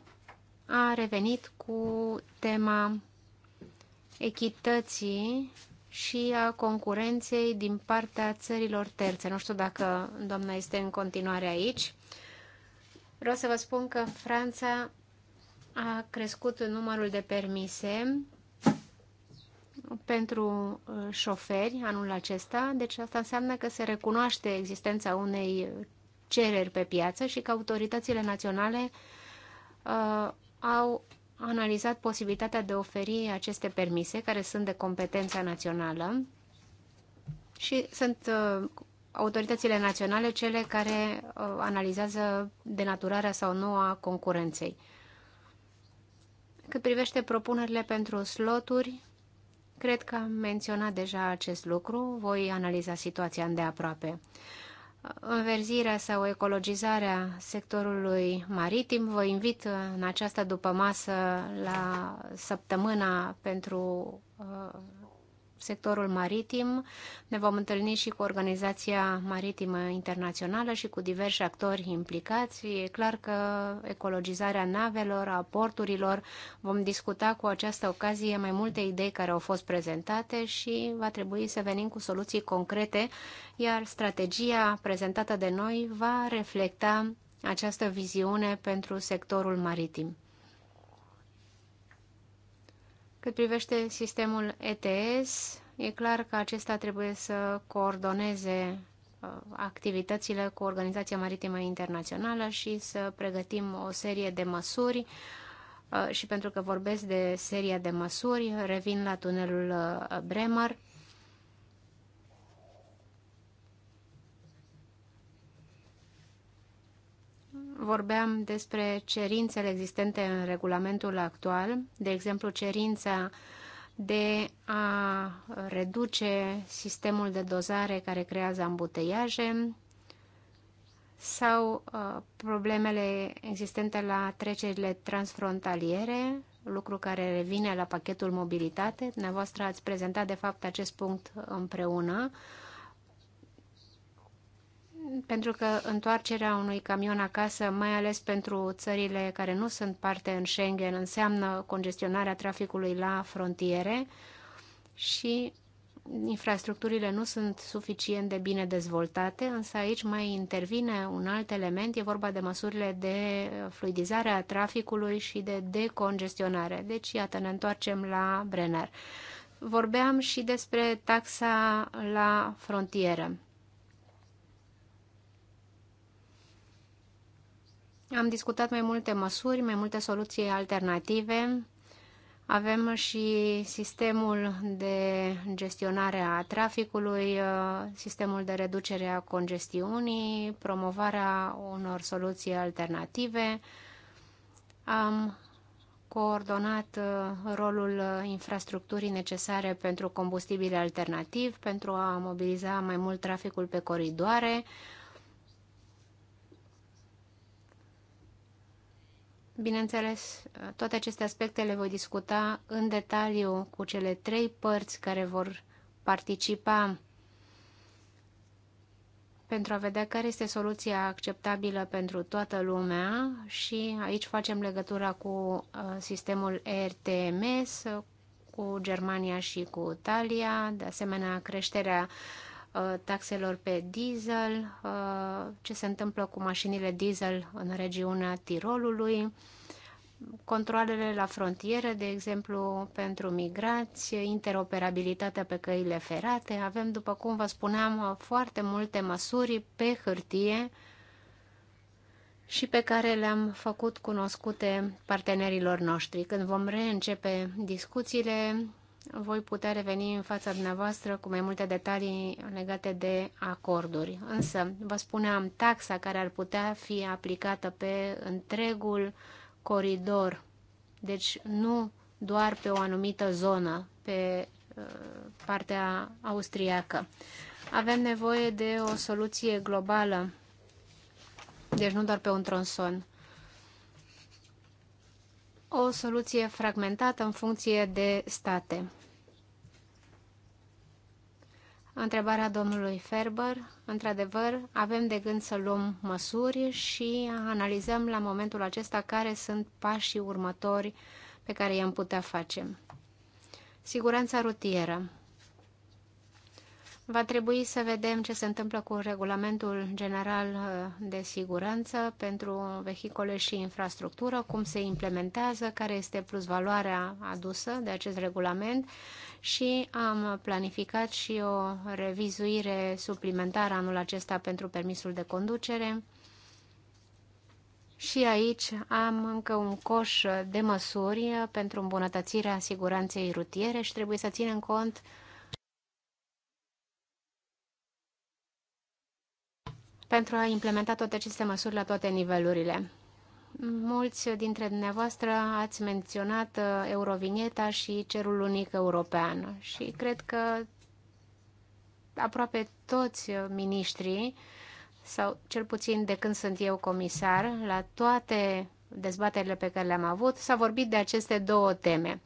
a revenit cu tema echității și a concurenței din partea țărilor terțe. Nu știu dacă doamna este în continuare aici. Vreau să vă spun că Franța a crescut numărul de permise pentru uh, șoferi anul acesta, deci asta înseamnă că se recunoaște existența unei cereri pe piață și că autoritățile naționale uh, au a analizat posibilitatea de a oferi aceste permise, care sunt de competența națională, și sunt uh, autoritățile naționale cele care uh, analizează denaturarea sau nu a concurenței. Cât privește propunerile pentru sloturi, cred că am menționat deja acest lucru, voi analiza situația îndeaproape înverzirea sau ecologizarea sectorului maritim. Vă invit în această dupămasă la săptămâna pentru uh, sectorul maritim. Ne vom întâlni și cu Organizația Maritimă Internațională și cu diversi actori implicați. E clar că ecologizarea navelor, a porturilor, vom discuta cu această ocazie mai multe idei care au fost prezentate și va trebui să venim cu soluții concrete, iar strategia prezentată de noi va reflecta această viziune pentru sectorul maritim. Cât privește sistemul ETS, e clar că acesta trebuie să coordoneze uh, activitățile cu Organizația Maritimă Internațională și să pregătim o serie de măsuri uh, și pentru că vorbesc de seria de măsuri, revin la tunelul uh, Bremer, vorbeam despre cerințele existente în regulamentul actual, de exemplu cerința de a reduce sistemul de dozare care creează ambuteiaje sau uh, problemele existente la trecerile transfrontaliere, lucru care revine la pachetul mobilitate. Dumneavoastră ați prezentat, de fapt, acest punct împreună. Uh, pentru că întoarcerea unui camion acasă, mai ales pentru țările care nu sunt parte în Schengen, înseamnă congestionarea traficului la frontiere și infrastructurile nu sunt suficient de bine dezvoltate, însă aici mai intervine un alt element, e vorba de măsurile de fluidizare a traficului și de decongestionare. Deci, iată, ne întoarcem la Brenner. Vorbeam și despre taxa la frontieră. Am discutat mai multe măsuri, mai multe soluții alternative. Avem și sistemul de gestionare a traficului, uh, sistemul de reducere a congestiunii, promovarea unor soluții alternative. Am coordonat uh, rolul infrastructurii necesare pentru combustibile alternativ, pentru a mobiliza mai mult traficul pe coridoare, Bineînțeles, toate aceste aspecte le voi discuta în detaliu cu cele trei părți care vor participa pentru a vedea care este soluția acceptabilă pentru toată lumea și aici facem legătura cu uh, sistemul ERTMS, cu Germania și cu Italia, de asemenea creșterea Uh, taxelor pe diesel, uh, ce se întâmplă cu mașinile diesel în regiunea Tirolului, controlele la frontieră, de exemplu, pentru migrați, interoperabilitatea pe căile ferate. Avem, după cum vă spuneam, uh, foarte multe măsuri pe hârtie și pe care le-am făcut cunoscute partenerilor noștri. Când vom reîncepe discuțiile, voi putea reveni în fața dumneavoastră cu mai multe detalii legate de acorduri. Însă, vă spuneam, taxa care ar putea fi aplicată pe întregul coridor, deci nu doar pe o anumită zonă, pe uh, partea austriacă. Avem nevoie de o soluție globală, deci nu doar pe un tronson o soluție fragmentată în funcție de state. Întrebarea domnului Ferber, într-adevăr, avem de gând să luăm măsuri și analizăm la momentul acesta care sunt pașii următori pe care i-am putea face. Siguranța rutieră. Va trebui să vedem ce se întâmplă cu regulamentul general uh, de siguranță pentru vehicole și infrastructură, cum se implementează, care este plusvaloarea adusă de acest regulament și am planificat și o revizuire suplimentară anul acesta pentru permisul de conducere. Și aici am încă un coș de măsuri pentru îmbunătățirea siguranței rutiere și trebuie să ținem cont pentru a implementa toate aceste măsuri la toate nivelurile. Mulți dintre dumneavoastră ați menționat uh, Eurovinieta și Cerul Unic European și cred că aproape toți miniștrii, sau cel puțin de când sunt eu comisar, la toate dezbaterile pe care le-am avut, s-a vorbit de aceste două teme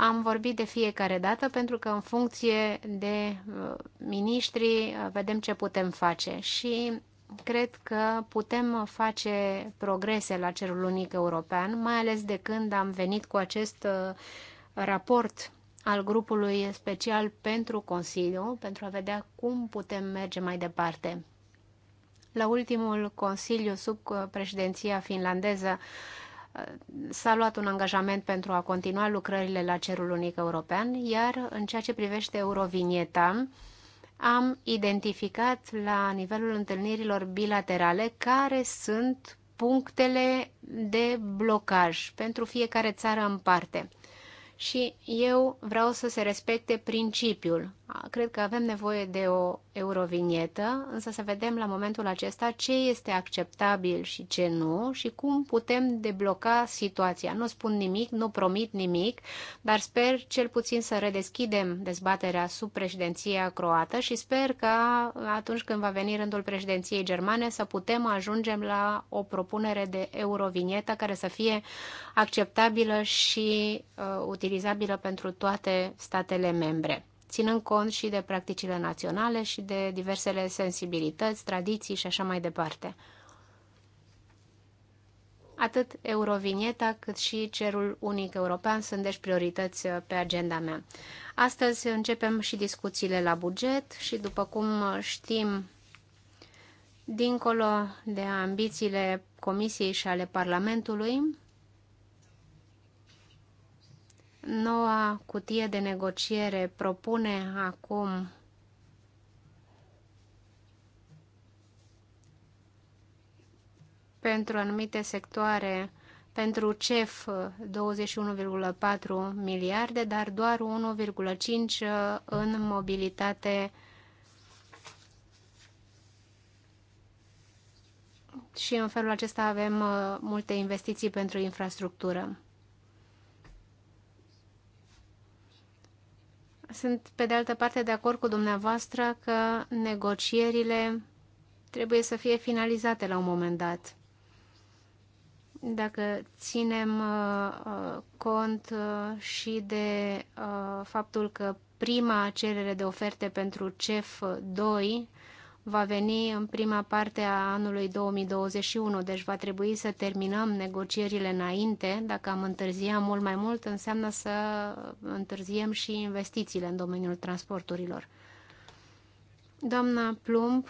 am vorbit de fiecare dată pentru că în funcție de uh, miniștri uh, vedem ce putem face și cred că putem face progrese la cerul unic european, mai ales de când am venit cu acest uh, raport al grupului special pentru Consiliu, pentru a vedea cum putem merge mai departe. La ultimul Consiliu sub președinția finlandeză s-a luat un angajament pentru a continua lucrările la cerul unic european, iar în ceea ce privește Eurovinieta, am identificat la nivelul întâlnirilor bilaterale care sunt punctele de blocaj pentru fiecare țară în parte. Și eu vreau să se respecte principiul cred că avem nevoie de o eurovinietă, însă să vedem la momentul acesta ce este acceptabil și ce nu și cum putem debloca situația. Nu spun nimic, nu promit nimic, dar sper cel puțin să redeschidem dezbaterea sub președinția croată și sper că atunci când va veni rândul președinției germane să putem ajungem la o propunere de eurovinietă care să fie acceptabilă și uh, utilizabilă pentru toate statele membre ținând cont și de practicile naționale și de diversele sensibilități, tradiții și așa mai departe. Atât Eurovinieta cât și Cerul Unic European sunt deci priorități uh, pe agenda mea. Astăzi începem și discuțiile la buget și după cum știm, dincolo de ambițiile Comisiei și ale Parlamentului, Noua cutie de negociere propune acum pentru anumite sectoare pentru CEF 21,4 miliarde, dar doar 1,5 în mobilitate și în felul acesta avem uh, multe investiții pentru infrastructură. Sunt, pe de altă parte, de acord cu dumneavoastră că negocierile trebuie să fie finalizate la un moment dat. Dacă ținem uh, uh cont uh, și de uh, faptul că prima cerere de oferte pentru CEF 2 va veni în prima parte a anului 2021, deci va trebui să terminăm negocierile înainte. Dacă am întârzia mult mai mult, înseamnă să întârziem și investițiile în domeniul transporturilor. Doamna Plumb,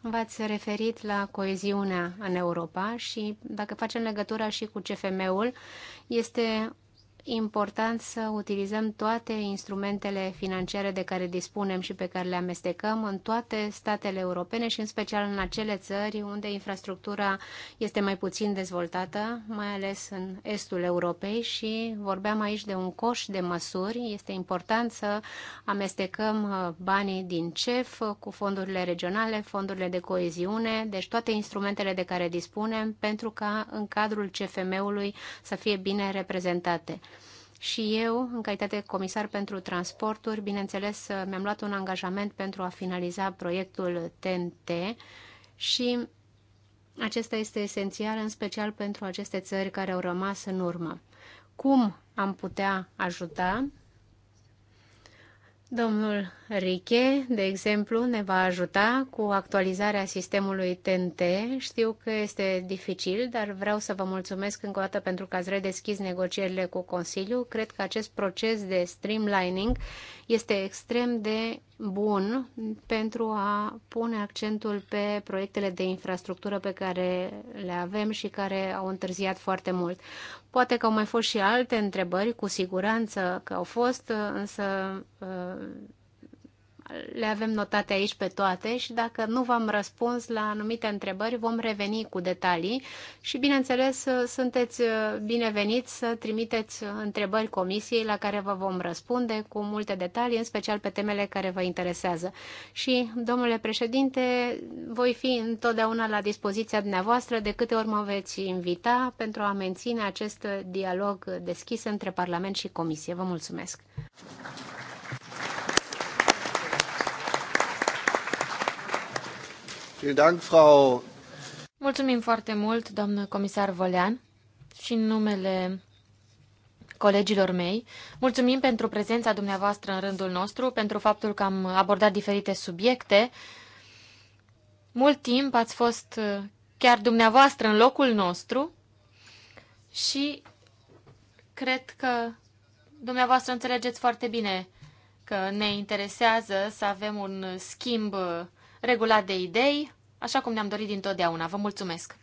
v-ați referit la coeziunea în Europa și dacă facem legătura și cu CFM-ul, este important să utilizăm toate instrumentele financiare de care dispunem și pe care le amestecăm în toate statele europene și în special în acele țări unde infrastructura este mai puțin dezvoltată, mai ales în estul Europei și vorbeam aici de un coș de măsuri. Este important să amestecăm uh, banii din CEF cu fondurile regionale, fondurile de coeziune, deci toate instrumentele de care dispunem pentru ca în cadrul CFM-ului să fie bine reprezentate și eu, în calitate de comisar pentru transporturi, bineînțeles, mi-am luat un angajament pentru a finaliza proiectul TNT și acesta este esențial, în special pentru aceste țări care au rămas în urmă. Cum am putea ajuta Domnul Riche, de exemplu, ne va ajuta cu actualizarea sistemului TNT. Știu că este dificil, dar vreau să vă mulțumesc încă o dată pentru că ați redeschis negocierile cu Consiliul. Cred că acest proces de streamlining este extrem de bun pentru a pune accentul pe proiectele de infrastructură pe care le avem și care au întârziat foarte mult. Poate că au mai fost și alte întrebări, cu siguranță că au fost, însă le avem notate aici pe toate și dacă nu v-am răspuns la anumite întrebări, vom reveni cu detalii și, bineînțeles, sunteți uh, bineveniți să trimiteți întrebări comisiei la care vă vom răspunde cu multe detalii, în special pe temele care vă interesează. Și, domnule președinte, voi fi întotdeauna la dispoziția dumneavoastră de câte ori mă veți invita pentru a menține acest dialog deschis între Parlament și Comisie. Vă mulțumesc! Mulțumim foarte mult, doamnă comisar Volean, și în numele colegilor mei. Mulțumim pentru prezența dumneavoastră în rândul nostru, pentru faptul că am abordat diferite subiecte. Mult timp ați fost chiar dumneavoastră în locul nostru și cred că dumneavoastră înțelegeți foarte bine că ne interesează să avem un schimb regulat de idei, așa cum ne-am dorit dintotdeauna. Vă mulțumesc!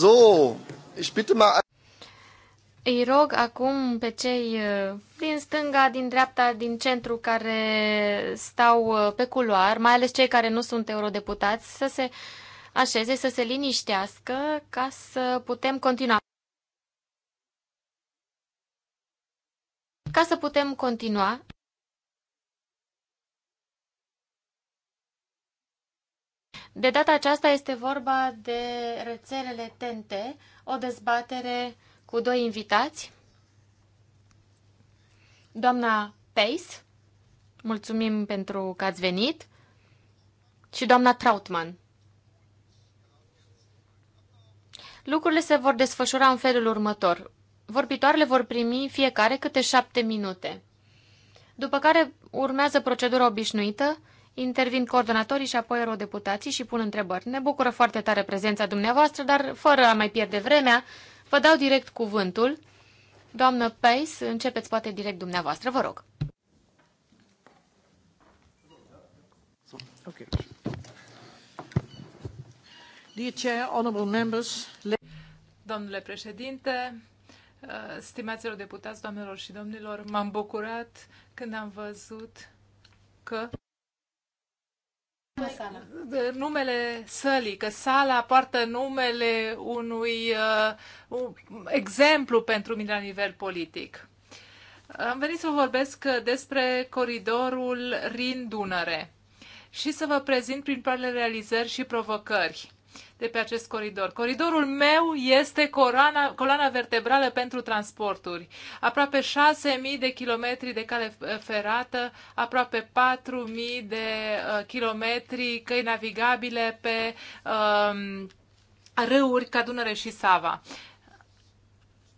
So, ich bitte mal... Îi rog acum pe cei uh, din stânga, din dreapta, din centru care stau uh, pe culoar, mai ales cei care nu sunt eurodeputați, să se așeze, să se liniștească ca să putem continua. Ca să putem continua, De data aceasta este vorba de rețelele TNT, o dezbatere cu doi invitați. Doamna Pace, mulțumim pentru că ați venit, și doamna Trautman. Lucrurile se vor desfășura în felul următor. Vorbitoarele vor primi fiecare câte șapte minute. După care urmează procedura obișnuită, intervin coordonatorii și apoi eurodeputații și pun întrebări. Ne bucură foarte tare prezența dumneavoastră, dar fără a mai pierde vremea, vă dau direct cuvântul. Doamnă Peis, începeți poate direct dumneavoastră, vă rog. members, Domnule președinte, stimaților deputați, doamnelor și domnilor, m-am bucurat când am văzut că numele sălii, că sala poartă numele unui uh, un exemplu pentru mine la nivel politic. Am venit să vă vorbesc despre coridorul Rin-Dunăre și să vă prezint principalele realizări și provocări de pe acest coridor. Coridorul meu este corana, colana vertebrală pentru transporturi. Aproape 6.000 de kilometri de cale ferată, aproape 4.000 de uh, kilometri căi navigabile pe uh, râuri ca Dunăre și Sava.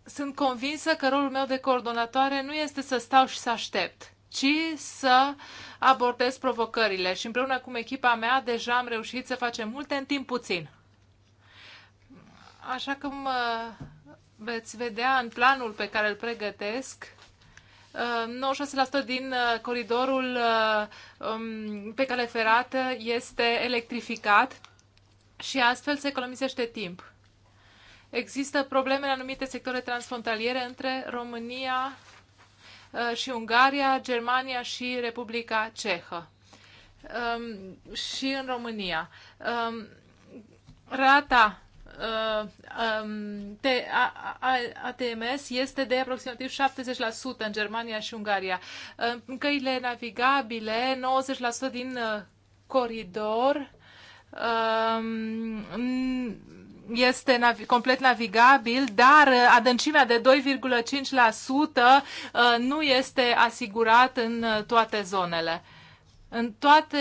Sunt convinsă că rolul meu de coordonatoare nu este să stau și să aștept ci să abordez provocările. Și împreună cu echipa mea deja am reușit să facem multe în timp puțin. Așa că mă uh, veți vedea în planul pe care îl pregătesc, 96% uh, din uh, coridorul um, pe cale ferată este electrificat și astfel se economisește timp. Există probleme în anumite sectoare transfrontaliere între România Uh, și Ungaria, Germania și Republica Cehă um, și în România. Um, rata de uh, um, ATMS este de aproximativ 70% în Germania și Ungaria. În căile navigabile, 90% din uh, coridor este nav- complet navigabil, dar uh, adâncimea de 2,5% uh, nu este asigurat în uh, toate zonele. În toate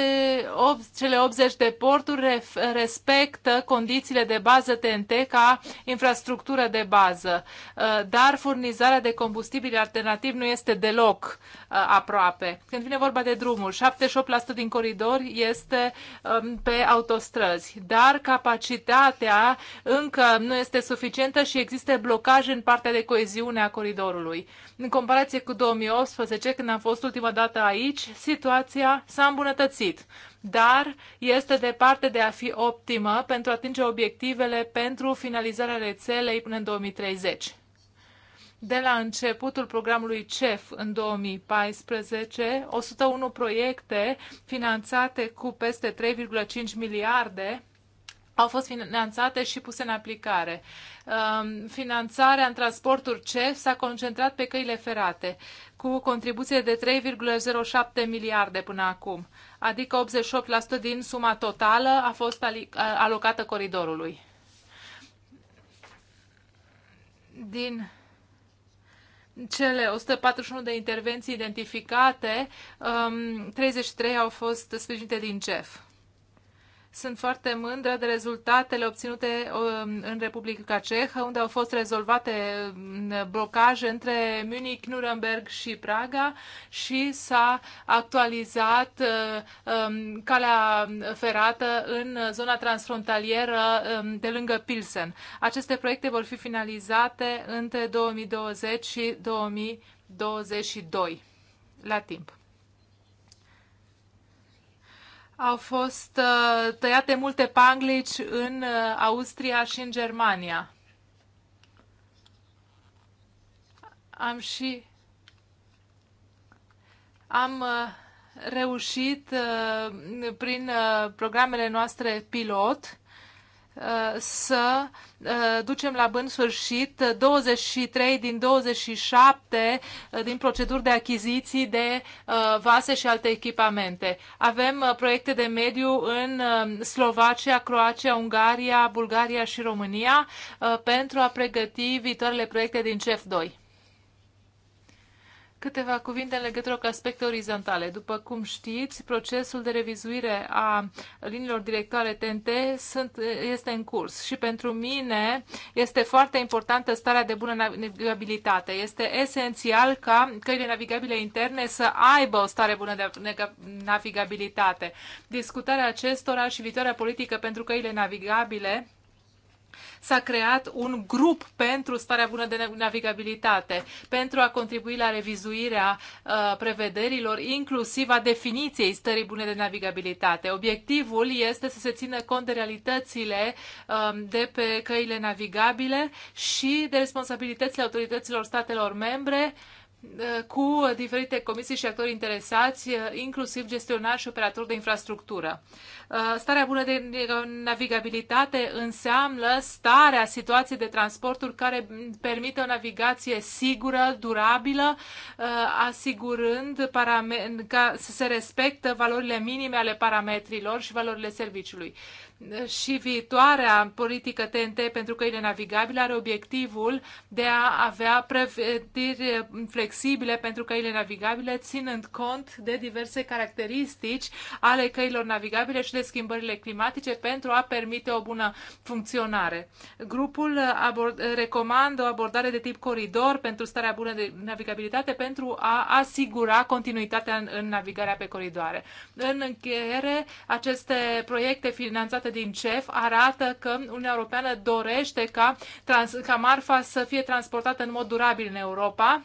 cele 80 de porturi respectă condițiile de bază TNT ca infrastructură de bază, uh, dar furnizarea de combustibili alternativ nu este deloc uh, aproape. Când vine vorba de drumul, 78% din coridor este um, pe autostrăzi, dar capacitatea încă nu este suficientă și există blocaj în partea de coeziune a coridorului. În comparație cu 2018, când am fost ultima dată aici, situația s-a s-a îmbunătățit, dar este departe de a fi optimă pentru a atinge obiectivele pentru finalizarea rețelei până în 2030. De la începutul programului CEF în 2014, 101 proiecte finanțate cu peste 3,5 miliarde au fost finanțate și puse în aplicare. Um, finanțarea în transportul CEF s-a concentrat pe căile ferate, cu contribuție de 3,07 miliarde până acum, adică 88% din suma totală a fost alocată coridorului. Din cele 141 de intervenții identificate, 33 um, au fost sprijinite din CEF. Sunt foarte mândră de rezultatele obținute um, în Republica Cehă, unde au fost rezolvate um, blocaje între Munich, Nuremberg și Praga și s-a actualizat uh, um, calea ferată în zona transfrontalieră de lângă Pilsen. Aceste proiecte vor fi finalizate între 2020 și 2022, la timp. Au fost uh, tăiate multe panglici în uh, Austria și în Germania. Am și am uh, reușit prin programele noastre pilot Uh, să uh, ducem la bun sfârșit 23 din 27 uh, din proceduri de achiziții de vase și alte echipamente. Avem proiecte de mediu în Slovacia, Croația, Ungaria, Bulgaria și România pentru a pregăti viitoarele proiecte din CEF 2. Câteva cuvinte în legătură cu aspecte orizontale. După cum știți, procesul de revizuire a liniilor directoare TNT sunt, este în curs și pentru mine este foarte importantă starea de bună navigabilitate. Este esențial ca căile navigabile interne să aibă o stare bună de navigabilitate. Discutarea acestora și viitoarea politică pentru căile navigabile s-a creat un grup pentru starea bună de navigabilitate, pentru a contribui la revizuirea uh, prevederilor, inclusiv a definiției stării bune de navigabilitate. Obiectivul este să se țină cont de realitățile um, de pe căile navigabile și de responsabilitățile autorităților statelor membre uh, cu diferite comisii și actori interesați, inclusiv gestionari și operatori de infrastructură. Uh, starea bună de navigabilitate înseamnă starea situației de transporturi care permite o navigație sigură, durabilă, uh, asigurând ca să se respectă valorile minime ale parametrilor și valorile serviciului și viitoarea politică TNT pentru căile navigabile are obiectivul de a avea prevederi flexibile pentru căile navigabile, ținând cont de diverse caracteristici ale căilor navigabile și de schimbările climatice pentru a permite o bună funcționare. Grupul abord, recomandă o abordare de tip coridor pentru starea bună de navigabilitate pentru a asigura continuitatea în, în navigarea pe coridoare. În încheiere, aceste proiecte finanțate din CEF arată că Uniunea Europeană dorește ca, trans, ca marfa să fie transportată în mod durabil în Europa,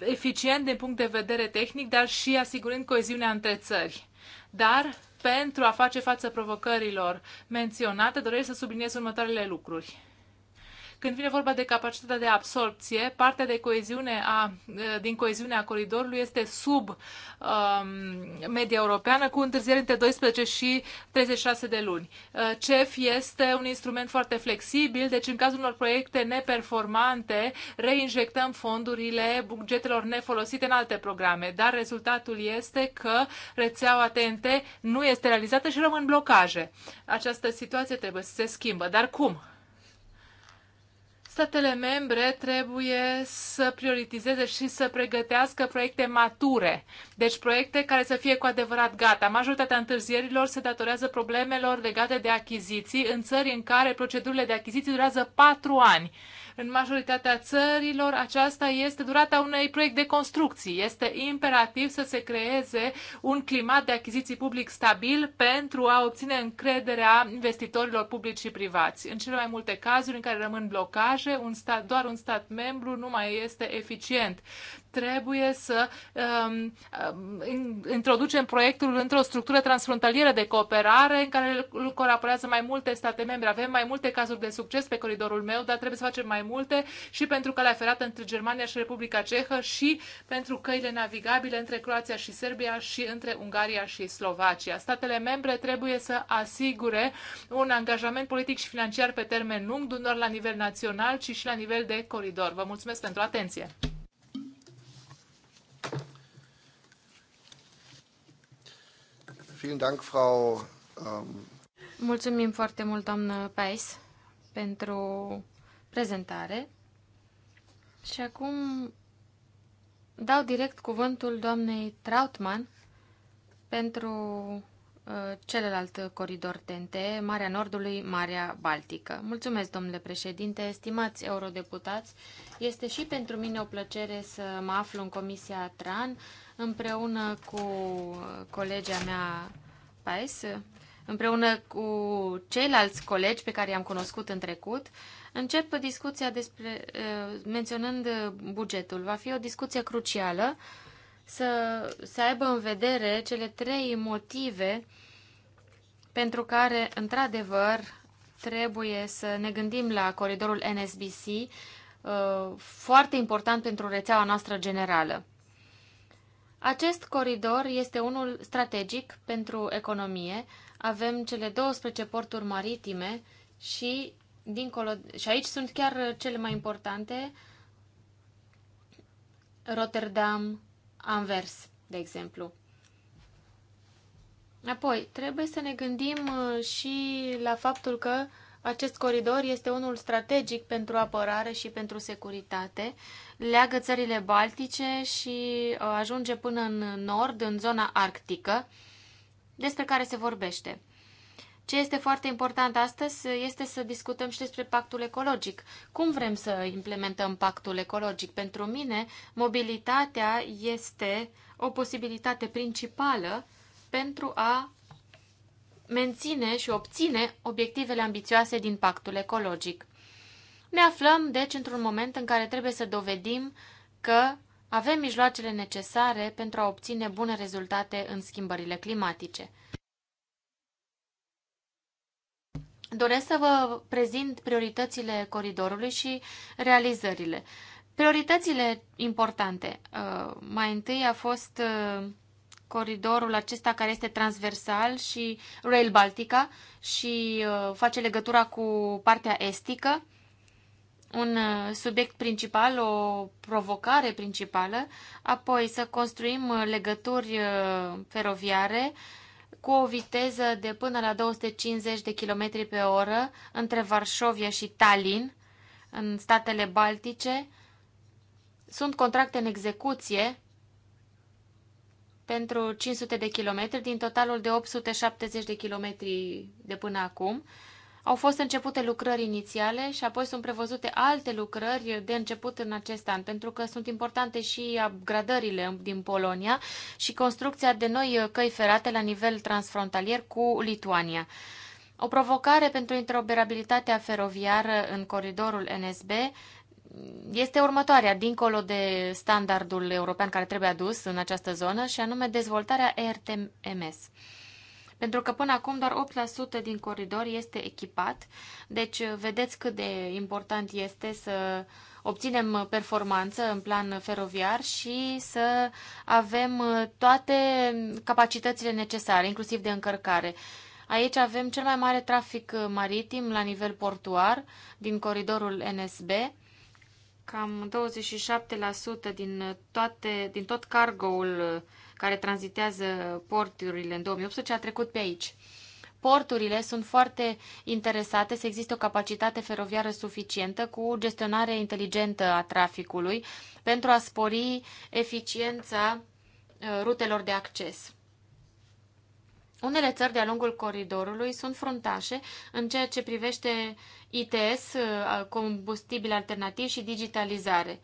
eficient din punct de vedere tehnic, dar și asigurând coeziunea între țări. Dar, pentru a face față provocărilor menționate, doresc să subliniez următoarele lucruri. Când vine vorba de capacitatea de absorpție, partea de coeziune a, din coeziunea coridorului este sub um, media europeană, cu întârziere între 12 și 36 de luni. CEF este un instrument foarte flexibil, deci în cazul unor proiecte neperformante, reinjectăm fondurile bugetelor nefolosite în alte programe, dar rezultatul este că rețeaua TNT nu este realizată și rămân blocaje. Această situație trebuie să se schimbă. Dar cum? statele membre trebuie să prioritizeze și să pregătească proiecte mature, deci proiecte care să fie cu adevărat gata. Majoritatea întârzierilor se datorează problemelor legate de achiziții în țări în care procedurile de achiziții durează patru ani în majoritatea țărilor, aceasta este durata unui proiect de construcții. Este imperativ să se creeze un climat de achiziții public stabil pentru a obține încrederea investitorilor publici și privați. În cele mai multe cazuri în care rămân blocaje, un stat, doar un stat membru nu mai este eficient trebuie să um, um introducem proiectul într-o structură transfrontalieră de cooperare în care colaborează mai multe state membre. Avem mai multe cazuri de succes pe coridorul meu, dar trebuie să facem mai multe și pentru calea ferată între Germania și Republica Cehă și pentru căile navigabile între Croația și Serbia și între Ungaria și Slovacia. Statele membre trebuie să asigure un angajament politic și financiar pe termen lung, nu doar la nivel național, ci și la nivel de coridor. Vă mulțumesc pentru atenție! Vielen Dank, Frau. Ähm, Mulțumim foarte mult, doamnă Pais, pentru prezentare. Și acum dau direct cuvântul doamnei Trautman pentru uh, celălalt coridor TNT, Marea Nordului, Marea Baltică. Mulțumesc, domnule președinte, estimați eurodeputați. Este și pentru mine o plăcere să mă aflu în Comisia TRAN împreună cu colegia mea Pais, împreună cu ceilalți colegi pe care i-am cunoscut în trecut, încep discuția despre, uh, menționând bugetul. Va fi o discuție crucială să, să aibă în vedere cele trei motive pentru care, într-adevăr, trebuie să ne gândim la coridorul NSBC, uh, foarte important pentru rețeaua noastră generală. Acest coridor este unul strategic pentru economie. Avem cele 12 porturi maritime și, dincolo, și aici sunt chiar cele mai importante, Rotterdam, Anvers, de exemplu. Apoi, trebuie să ne gândim uh, și la faptul că acest coridor este unul strategic pentru apărare și pentru securitate. Leagă țările baltice și uh, ajunge până în nord, în zona arctică, despre care se vorbește. Ce este foarte important astăzi este să discutăm și despre pactul ecologic. Cum vrem să implementăm pactul ecologic? Pentru mine, mobilitatea este o posibilitate principală pentru a menține și obține obiectivele ambițioase din pactul ecologic. Ne aflăm, deci, într-un moment în care trebuie să dovedim că avem mijloacele necesare pentru a obține bune rezultate în schimbările climatice. Doresc să vă prezint prioritățile coridorului și realizările. Prioritățile importante. Uh, mai întâi a fost uh, coridorul acesta care este transversal și Rail Baltica și uh, face legătura cu partea estică, un uh, subiect principal, o provocare principală, apoi să construim uh, legături feroviare cu o viteză de până la 250 de km pe oră între Varșovia și Tallinn, în statele Baltice. Sunt contracte în execuție pentru 500 de kilometri din totalul de 870 de kilometri de până acum. Au fost începute lucrări inițiale și apoi sunt prevăzute alte lucrări de început în acest an, pentru că sunt importante și upgradările din Polonia și construcția de noi căi ferate la nivel transfrontalier cu Lituania. O provocare pentru interoperabilitatea feroviară în coridorul NSB este următoarea, dincolo de standardul european care trebuie adus în această zonă, și anume dezvoltarea ERTMS. Pentru că până acum doar 8% din coridor este echipat, deci uh, vedeți cât de important este să obținem performanță în plan feroviar și să avem uh, toate capacitățile necesare, inclusiv de încărcare. Aici avem cel mai mare trafic uh, maritim la nivel portuar din coridorul NSB Cam 27% din, toate, din tot cargoul uh, care tranzitează porturile în 2018 a trecut pe aici. Porturile sunt foarte interesate să existe o capacitate feroviară suficientă cu gestionare inteligentă a traficului pentru a spori eficiența uh, rutelor de acces. Unele țări de-a lungul coridorului sunt fruntașe în ceea ce privește ITS, uh, combustibili alternativi și digitalizare.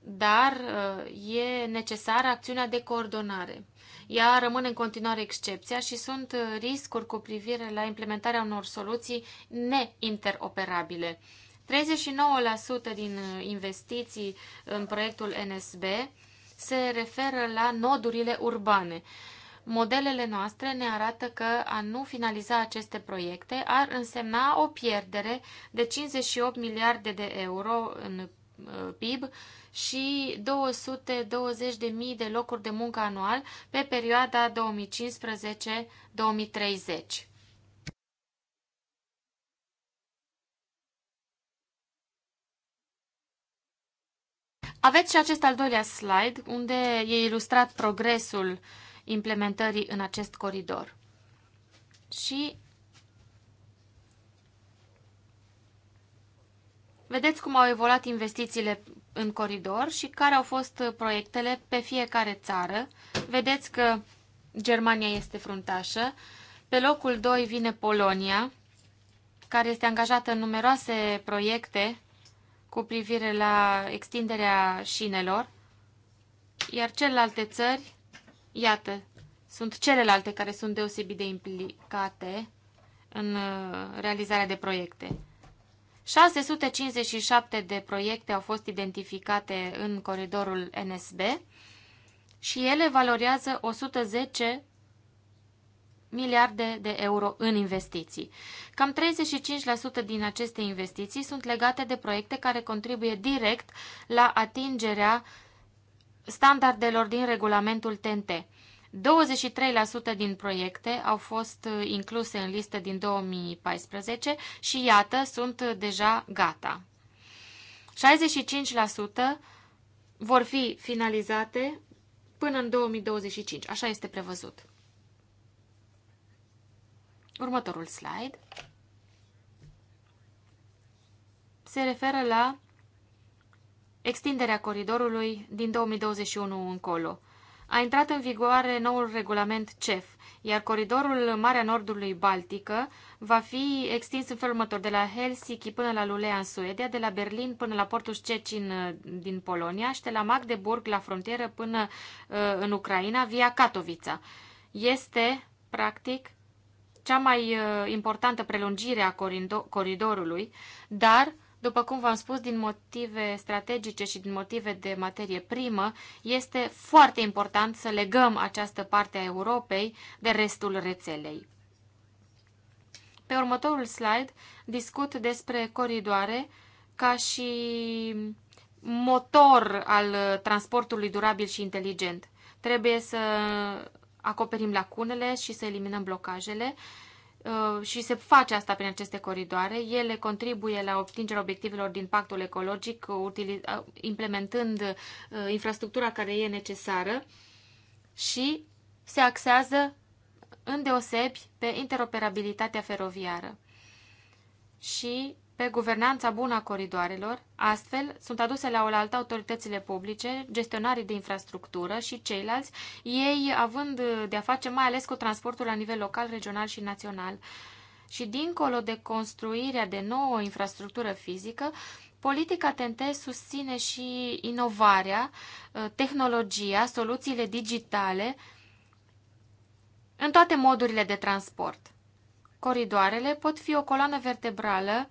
Dar uh, e necesară acțiunea de coordonare. Ea rămâne în continuare excepția și sunt uh, riscuri cu privire la implementarea unor soluții neinteroperabile. 39% din investiții în proiectul NSB se referă la nodurile urbane. Modelele noastre ne arată că a nu finaliza aceste proiecte ar însemna o pierdere de 58 miliarde de euro în uh, PIB și 220.000 de locuri de muncă anual pe perioada 2015-2030. Aveți și acest al doilea slide, unde e ilustrat progresul uh, implementării în acest coridor. Și vedeți cum au evoluat investițiile în coridor și care au fost proiectele pe fiecare țară. Vedeți că Germania este fruntașă, pe locul 2 vine Polonia, care este angajată în numeroase proiecte cu privire la extinderea șinelor, iar celelalte țări Iată, sunt celelalte care sunt deosebit de implicate în uh, realizarea de proiecte. 657 de proiecte au fost identificate în coridorul NSB și ele valorează 110 miliarde de euro în investiții. Cam 35% din aceste investiții sunt legate de proiecte care contribuie direct la atingerea standardelor din regulamentul TNT. 23% din proiecte au fost uh, incluse în listă din 2014 și iată, sunt deja gata. 65% vor fi finalizate până în 2025. Așa este prevăzut. Următorul slide se referă la extinderea coridorului din 2021 încolo. A intrat în vigoare noul regulament CEF, iar coridorul Marea Nordului Baltică va fi extins în felul următor de la Helsinki până la Lulea în Suedia, de la Berlin până la portul Szczecin din Polonia și de la Magdeburg la frontieră până uh, în Ucraina via Katowica. Este, practic, cea mai uh, importantă prelungire a coridorului, dar după cum v-am spus, din motive strategice și din motive de materie primă, este foarte important să legăm această parte a Europei de restul rețelei. Pe următorul slide discut despre coridoare ca și motor al transportului durabil și inteligent. Trebuie să acoperim lacunele și să eliminăm blocajele Uh, și se face asta prin aceste coridoare. Ele contribuie la obtingerea obiectivelor din pactul ecologic, uh, uh, implementând infrastructura care e necesară și se axează îndeosebi pe interoperabilitatea feroviară. Și pe guvernanța bună a coridoarelor, astfel sunt aduse la oaltă autoritățile publice, gestionarii de infrastructură și ceilalți, ei având de-a face mai ales cu transportul la nivel local, regional și național. Și dincolo de construirea de nouă infrastructură fizică, politica TNT susține și inovarea, uh, tehnologia, soluțiile digitale în toate modurile de transport. Coridoarele pot fi o coloană vertebrală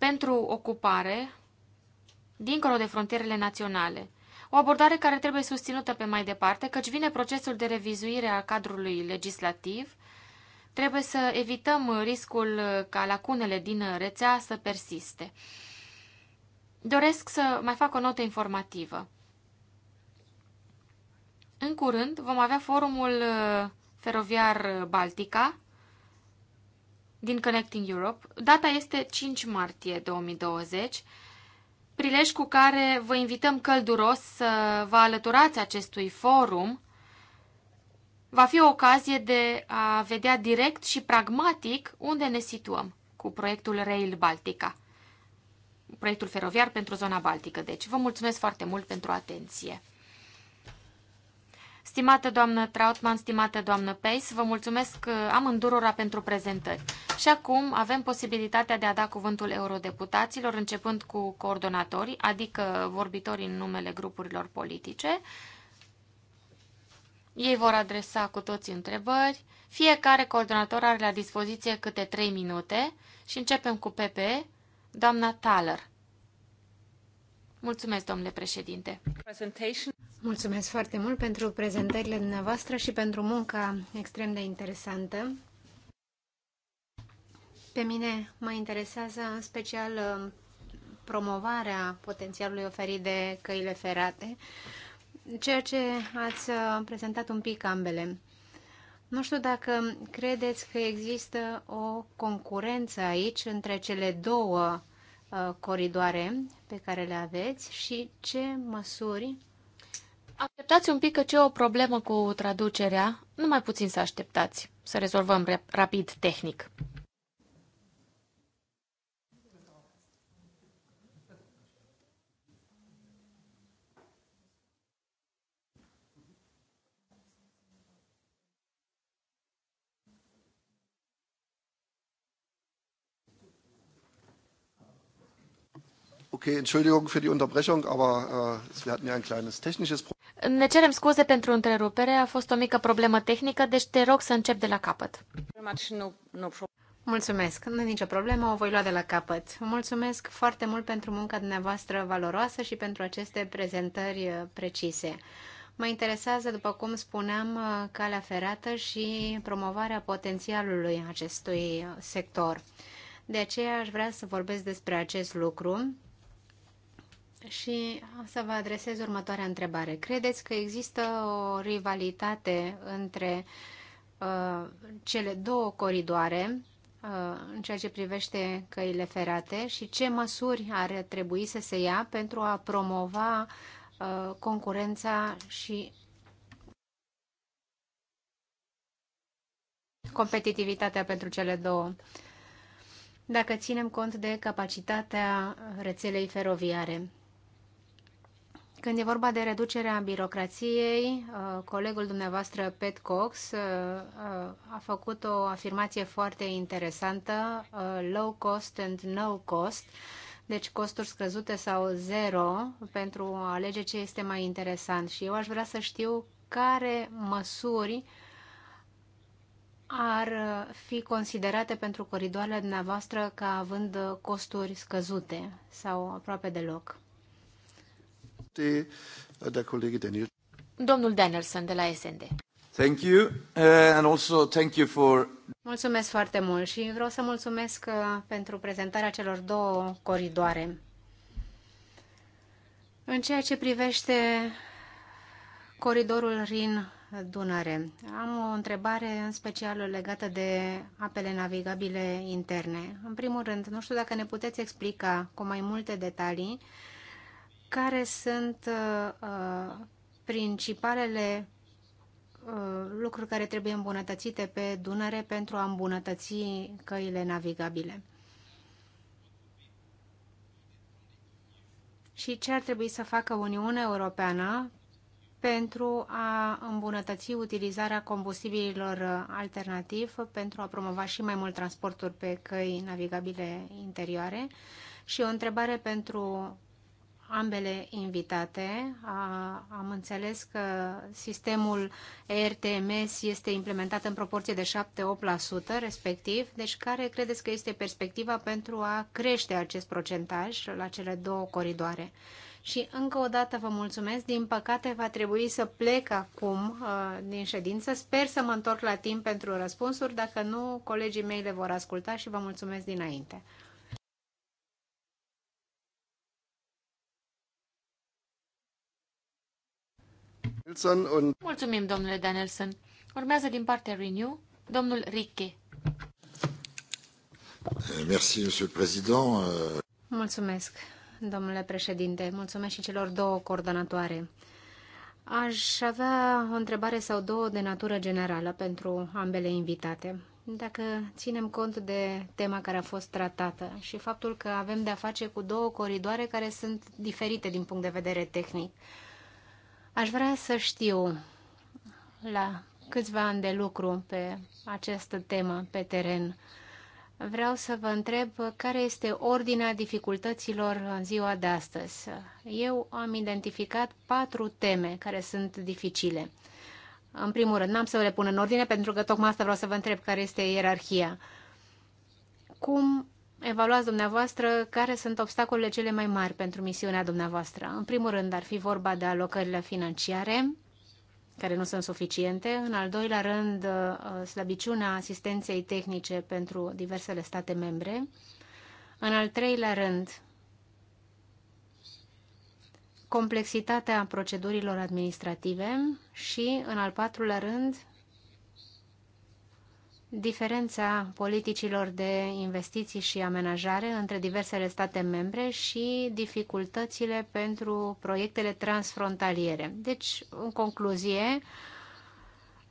pentru ocupare, dincolo de frontierele naționale. O abordare care trebuie susținută pe mai departe, căci vine procesul de revizuire a cadrului legislativ, trebuie să evităm riscul ca lacunele din rețea să persiste. Doresc să mai fac o notă informativă. În curând vom avea forumul uh, feroviar Baltica, din Connecting Europe. Data este 5 martie 2020, prilej cu care vă invităm călduros să vă alăturați acestui forum. Va fi o ocazie de a vedea direct și pragmatic unde ne situăm cu proiectul Rail Baltica, proiectul feroviar pentru zona Baltică. Deci, vă mulțumesc foarte mult pentru atenție. Stimată doamnă Trautman, stimată doamnă Pace, vă mulțumesc uh, amândurora pentru prezentări. Și acum avem posibilitatea de a da cuvântul eurodeputaților, începând cu coordonatorii, adică vorbitorii în numele grupurilor politice. Ei vor adresa cu toți întrebări. Fiecare coordonator are la dispoziție câte 3 minute și începem cu PP, doamna Thaler. Mulțumesc, domnule președinte. Mulțumesc foarte mult pentru prezentările dumneavoastră și pentru munca extrem de interesantă. Pe mine mă interesează în special uh, promovarea potențialului oferit de căile ferate, ceea ce ați uh, prezentat un pic ambele. Nu știu dacă credeți că există o concurență aici între cele două Uh, coridoare pe care le aveți și ce măsuri. Așteptați un pic că ce o problemă cu traducerea, numai puțin să așteptați, să rezolvăm rapid tehnic. Okay, Entschuldigung für die Unterbrechung, aber uh, wir hatten ja ein kleines technisches Problem. Ne cerem scuze pentru întrerupere, a fost o mică problemă tehnică, deci te rog să încep de la capăt. Mulțumesc, nu nicio problemă, o voi lua de la capăt. Mulțumesc foarte mult pentru munca dumneavoastră valoroasă și pentru aceste prezentări uh, precise. Mă interesează, după cum spuneam, uh, calea ferată și promovarea potențialului acestui sector. De aceea aș vrea să vorbesc despre acest lucru și am să vă adresez următoarea întrebare. Credeți că există o rivalitate între uh, cele două coridoare uh, în ceea ce privește căile ferate și ce măsuri ar trebui să se ia pentru a promova uh, concurența și competitivitatea pentru cele două? Dacă ținem cont de capacitatea rețelei feroviare. Când e vorba de reducerea birocrației, uh, colegul dumneavoastră Pet Cox uh, uh, a făcut o afirmație foarte interesantă, low cost and no cost, deci costuri scăzute sau zero pentru a alege ce este mai interesant. Și eu aș vrea să știu care măsuri ar fi considerate pentru coridoarele dumneavoastră ca având costuri scăzute sau aproape deloc. De, de Daniel. Domnul Danielson de la SND. Thank you uh, and also thank you for Mulțumesc foarte mult și vreau să mulțumesc uh, pentru prezentarea celor două coridoare. În ceea ce privește coridorul Rin-Dunăre, am o întrebare în special legată de apele navigabile interne. În primul rând, nu știu dacă ne puteți explica cu mai multe detalii care sunt uh, uh, principalele uh, lucruri care trebuie îmbunătățite pe Dunăre pentru a îmbunătăți căile navigabile. Și ce ar trebui să facă Uniunea Europeană pentru a îmbunătăți utilizarea combustibililor alternativ, pentru a promova și mai mult transportul pe căi navigabile interioare. Și o întrebare pentru ambele invitate. Am înțeles că sistemul ERTMS este implementat în proporție de 7-8%, respectiv. Deci, care credeți că este perspectiva pentru a crește acest procentaj la cele două coridoare? Și încă o dată vă mulțumesc. Din păcate va trebui să plec acum uh, din ședință. Sper să mă întorc la timp pentru răspunsuri. Dacă nu, colegii mei le vor asculta și vă mulțumesc dinainte. Mulțumim, domnule Danielson. Urmează din partea Renew, domnul Rike. Merci, monsieur le président. Mulțumesc, domnule președinte. Mulțumesc și celor două coordonatoare. Aș avea o întrebare sau două de natură generală pentru ambele invitate. Dacă ținem cont de tema care a fost tratată și faptul că avem de-a face cu două coridoare care sunt diferite din punct de vedere tehnic, Aș vrea să știu la câțiva ani de lucru pe această temă pe teren. Vreau să vă întreb care este ordinea dificultăților în ziua de astăzi. Eu am identificat patru teme care sunt dificile. În primul rând, n-am să le pun în ordine pentru că tocmai asta vreau să vă întreb care este ierarhia. Cum evaluați dumneavoastră care sunt obstacolele cele mai mari pentru misiunea dumneavoastră. În primul rând ar fi vorba de alocările financiare, care nu sunt suficiente. În al doilea rând, uh, slăbiciunea asistenței tehnice pentru diversele state membre. În al treilea rând, complexitatea procedurilor administrative și, în al patrulea rând, diferența politicilor de investiții și amenajare între diversele state membre și dificultățile pentru proiectele transfrontaliere. Deci, în concluzie,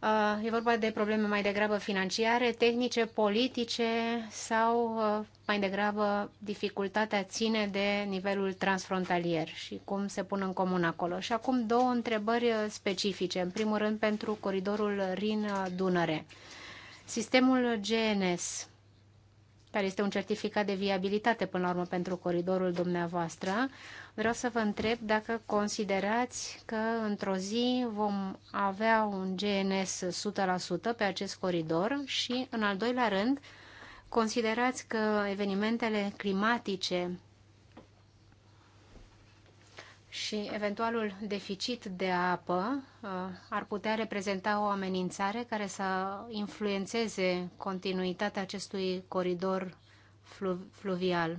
uh, e vorba de probleme mai degrabă financiare, tehnice, politice sau uh, mai degrabă dificultatea ține de nivelul transfrontalier și cum se pun în comun acolo. Și acum două întrebări uh, specifice. În primul rând pentru coridorul Rin-Dunăre. Sistemul GNS, care este un certificat de viabilitate până la urmă pentru coridorul dumneavoastră, vreau să vă întreb dacă considerați că într-o zi vom avea un GNS 100% pe acest coridor și, în al doilea rând, considerați că evenimentele climatice și eventualul deficit de apă uh, ar putea reprezenta o amenințare care să influențeze continuitatea acestui coridor flu fluvial.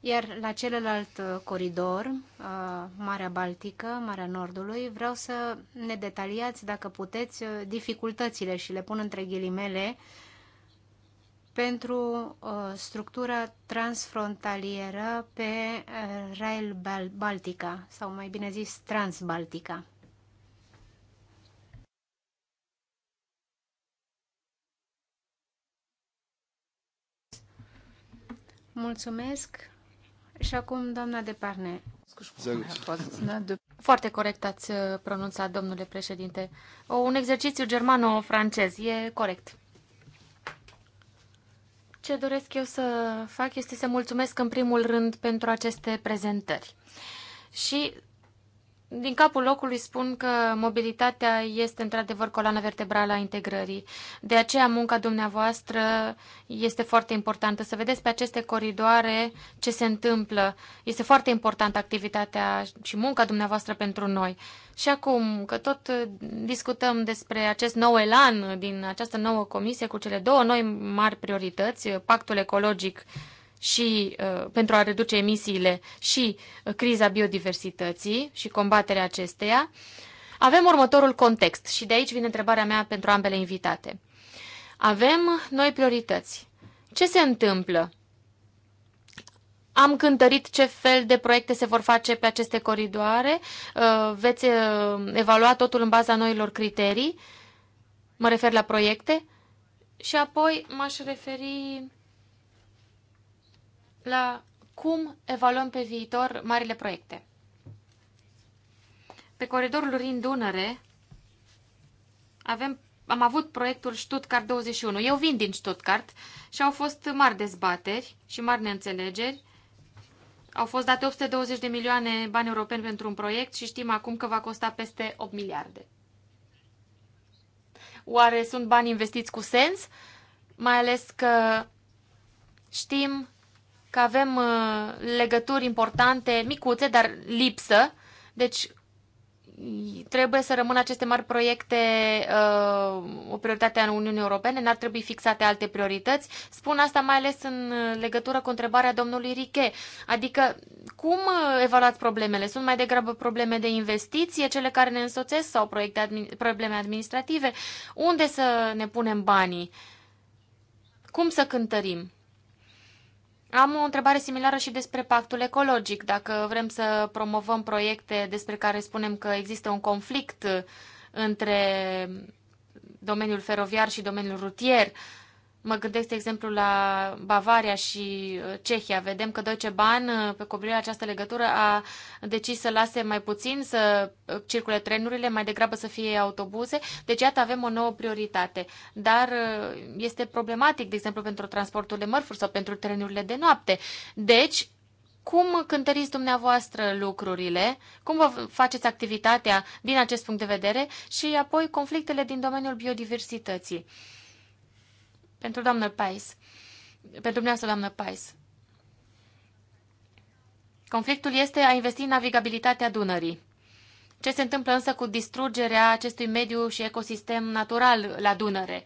Iar la celălalt uh, coridor, uh, Marea Baltică, Marea Nordului, vreau să ne detaliați, dacă puteți, dificultățile și le pun între ghilimele pentru o uh, structură transfrontalieră pe uh, Rail Baltica, sau mai bine zis Transbaltica. Mulțumesc. Și acum, doamna Parne. Foarte corect ați uh, pronunțat, domnule președinte. Un exercițiu germano-francez, e corect. Ce doresc eu să fac este să mulțumesc în primul rând pentru aceste prezentări și din capul locului spun că mobilitatea este într-adevăr coloana vertebrală a integrării. De aceea munca dumneavoastră este foarte importantă. Să vedeți pe aceste coridoare ce se întâmplă. Este foarte importantă activitatea și munca dumneavoastră pentru noi. Și acum că tot discutăm despre acest nou elan din această nouă comisie cu cele două noi mari priorități, pactul ecologic și uh, pentru a reduce emisiile și uh, criza biodiversității și combaterea acesteia, avem următorul context și de aici vine întrebarea mea pentru ambele invitate. Avem noi priorități. Ce se întâmplă? Am cântărit ce fel de proiecte se vor face pe aceste coridoare? Uh, veți uh, evalua totul în baza noilor criterii? Mă refer la proiecte. Și apoi m-aș referi la cum evaluăm pe viitor marile proiecte. Pe coridorul Rin-Dunăre avem, am avut proiectul Stuttgart 21. Eu vin din Stuttgart și au fost mari dezbateri și mari neînțelegeri. Au fost date 820 de milioane bani europeni pentru un proiect și știm acum că va costa peste 8 miliarde. Oare sunt bani investiți cu sens? Mai ales că știm că avem uh, legături importante, micuțe, dar lipsă. Deci trebuie să rămână aceste mari proiecte uh, o prioritate a Uniunii Europene, n-ar trebui fixate alte priorități. Spun asta mai ales în uh, legătură cu întrebarea domnului Riche. Adică, cum uh, evaluați problemele? Sunt mai degrabă probleme de investiție, cele care ne însoțesc, sau proiecte admi- probleme administrative? Unde să ne punem banii? Cum să cântărim? Am o întrebare similară și despre pactul ecologic. Dacă vrem să promovăm proiecte despre care spunem că există un conflict între domeniul feroviar și domeniul rutier, Mă gândesc, de exemplu, la Bavaria și uh, Cehia. Vedem că Deutsche Bahn, uh, pe cobrirea această legătură, a decis să lase mai puțin, să uh, circule trenurile, mai degrabă să fie autobuze. Deci, iată, avem o nouă prioritate. Dar este problematic, de exemplu, pentru transportul de mărfuri sau pentru trenurile de noapte. Deci, cum cântăriți dumneavoastră lucrurile, cum vă faceți activitatea din acest punct de vedere și apoi conflictele din domeniul biodiversității. Pentru doamnă Pais. Pentru dumneavoastră, doamnă Pais. Conflictul este a investi în navigabilitatea Dunării. Ce se întâmplă însă cu distrugerea acestui mediu și ecosistem natural la Dunăre?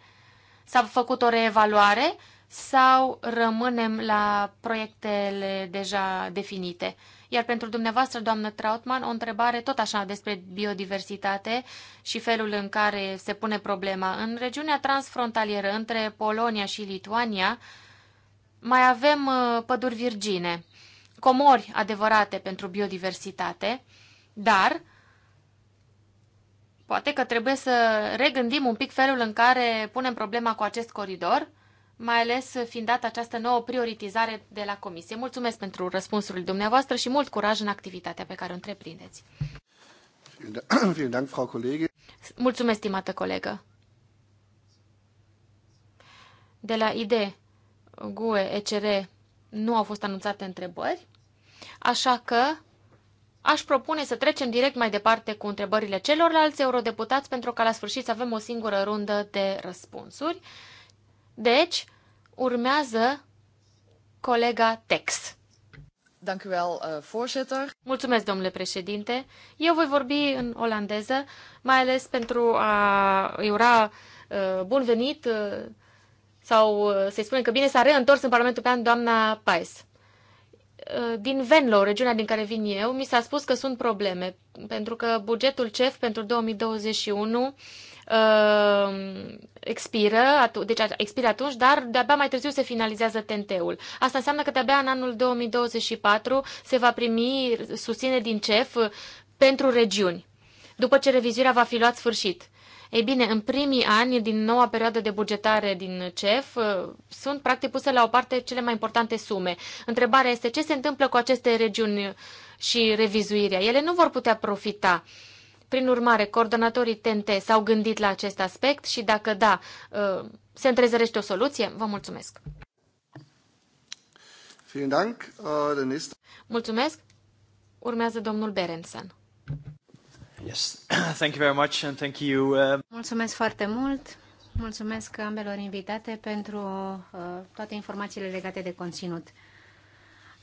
S-a făcut o reevaluare sau rămânem la proiectele deja definite? Iar pentru dumneavoastră, doamnă Trautman, o întrebare tot așa despre biodiversitate și felul în care se pune problema. În regiunea transfrontalieră între Polonia și Lituania mai avem uh, păduri virgine, comori adevărate pentru biodiversitate, dar poate că trebuie să regândim un pic felul în care punem problema cu acest coridor mai ales fiind dată această nouă prioritizare de la Comisie. Mulțumesc pentru răspunsul dumneavoastră și mult curaj în activitatea pe care o întreprindeți. Mulțumesc, stimată colegă. De la ID, GUE, ECR nu au fost anunțate întrebări, așa că aș propune să trecem direct mai departe cu întrebările celorlalți eurodeputați pentru ca la sfârșit să avem o singură rundă de răspunsuri. Deci, urmează colega Tex. Eh, Mulțumesc, domnule președinte. Eu voi vorbi în olandeză, mai ales pentru a îi ura eh, bun venit eh, sau să-i spunem că bine s-a reîntors în Parlamentul European doamna Paes. Din Venlo, regiunea din care vin eu, mi s-a spus că sunt probleme, pentru că bugetul CEF pentru 2021 uh, expiră, deci expiră atunci, dar de-abia mai târziu se finalizează TNT-ul. Asta înseamnă că de-abia în anul 2024 se va primi susține din CEF pentru regiuni, după ce revizuirea va fi luat sfârșit. Ei bine, în primii ani din noua perioadă de bugetare din CEF uh, sunt practic puse la o parte cele mai importante sume. Întrebarea este ce se întâmplă cu aceste regiuni și revizuirea. Ele nu vor putea profita uh, prin urmare, coordonatorii TNT s-au gândit la acest aspect și dacă da, uh, se întrezărește o soluție? Vă mulțumesc! Äh, mulțumesc! Urmează domnul Berenson. Yes. Thank you very much and thank you. Uh, mulțumesc foarte mult. Mulțumesc ambelor invitate pentru uh, toate informațiile legate de conținut.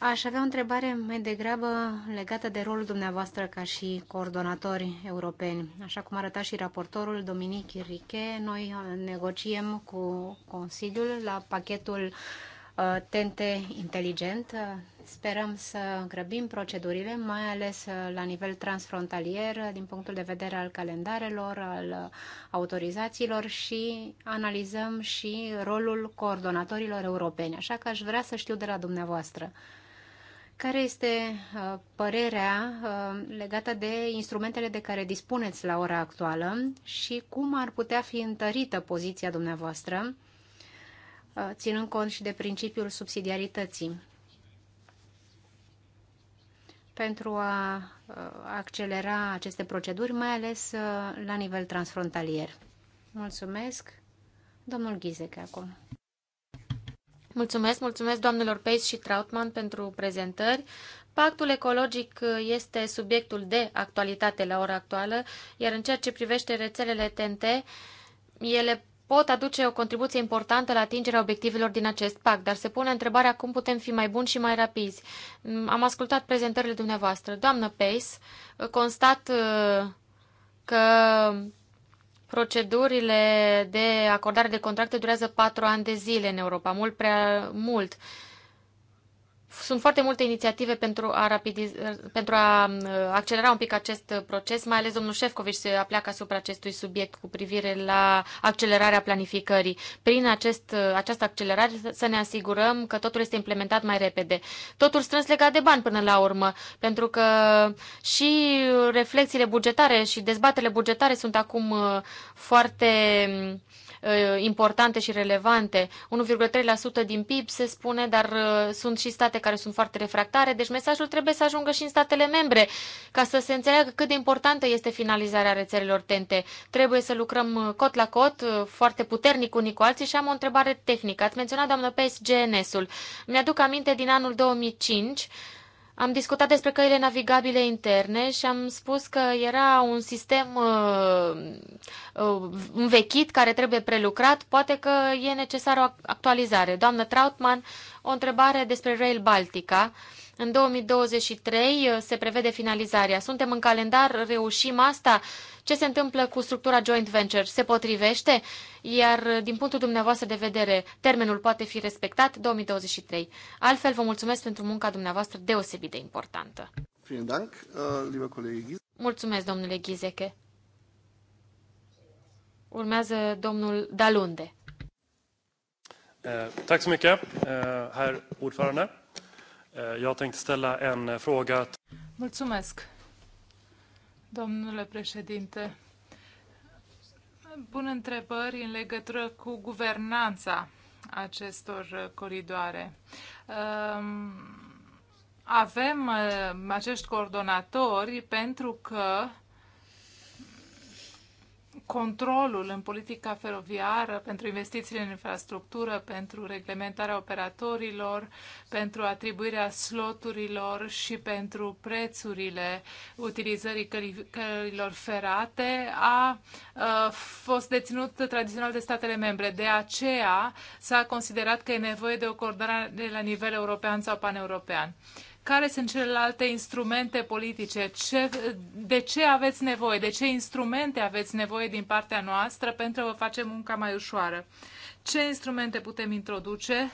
Aș avea o întrebare mai degrabă legată de rolul dumneavoastră ca și coordonatori europeni. Așa cum arăta și raportorul Dominic Riche, noi negociem cu Consiliul la pachetul uh, Tente Inteligent. Sperăm să grăbim procedurile, mai ales uh, la nivel transfrontalier, uh, din punctul de vedere al calendarelor, al autorizațiilor și analizăm și rolul coordonatorilor europeni. Așa că aș vrea să știu de la dumneavoastră. Care este uh, părerea uh, legată de instrumentele de care dispuneți la ora actuală și cum ar putea fi întărită poziția dumneavoastră, uh, ținând cont și de principiul subsidiarității? pentru a accelera aceste proceduri, mai ales la nivel transfrontalier. Mulțumesc. Domnul Ghizec acum. Mulțumesc, mulțumesc doamnelor Pace și Trautman pentru prezentări. Pactul ecologic este subiectul de actualitate la ora actuală, iar în ceea ce privește rețelele TNT, ele pot aduce o contribuție importantă la atingerea obiectivelor din acest pact, dar se pune întrebarea cum putem fi mai buni și mai rapizi. Am ascultat prezentările dumneavoastră. Doamnă Pace, constat uh, că Procedurile de acordare de contracte durează patru ani de zile în Europa, mult prea mult. Sunt foarte multe inițiative pentru a, rapidiz, pentru a uh, accelera un pic acest proces, mai ales domnul Șefcoviș se apleacă asupra acestui subiect cu privire la accelerarea planificării. Prin acest, uh, această accelerare să ne asigurăm că totul este implementat mai repede. Totul strâns legat de bani până la urmă, pentru că și reflexiile bugetare și dezbatele bugetare sunt acum uh, foarte Uh, importante și relevante. 1,3% din PIB se spune, dar uh, sunt și state care sunt foarte refractare, deci mesajul trebuie să ajungă și în statele membre ca să se înțeleagă cât de importantă este finalizarea rețelelor tente. Trebuie să lucrăm uh, cot la cot, foarte puternic unii cu alții și am o întrebare tehnică. Ați menționat, doamnă Pace, GNS-ul. Mi-aduc aminte din anul 2005 am discutat despre căile navigabile interne și am spus că era un sistem uh, uh, învechit care trebuie prelucrat. Poate că e necesară o actualizare. Doamnă Trautmann, uh, o întrebare despre Rail Baltica. În 2023 uh, se prevede finalizarea. Suntem în calendar, reușim asta? Ce se întâmplă cu structura joint venture? Se potrivește? Iar uh, din punctul dumneavoastră de vedere, termenul poate fi respectat 2023. Altfel, vă mulțumesc pentru munca dumneavoastră deosebit de importantă. Uh, mulțumesc, domnule Ghizeche. Urmează domnul Dalunde. Eh, tack så mycket, eh, herr ordförande. Eh, jag tänkte ställa en fråga. Mulțumesc, domnule președinte. Pun întrebări în legătură cu guvernanța acestor coridoare. Ehm, avem acești coordonatori pentru că controlul în politica feroviară, pentru investițiile în infrastructură, pentru reglementarea operatorilor, pentru atribuirea sloturilor și pentru prețurile utilizării cărilor ferate a, a fost deținut tradițional de statele membre. De aceea s-a considerat că e nevoie de o coordonare la nivel european sau paneuropean. european care sunt celelalte instrumente politice, ce, de ce aveți nevoie, de ce instrumente aveți nevoie din partea noastră pentru a vă face munca mai ușoară, ce instrumente putem introduce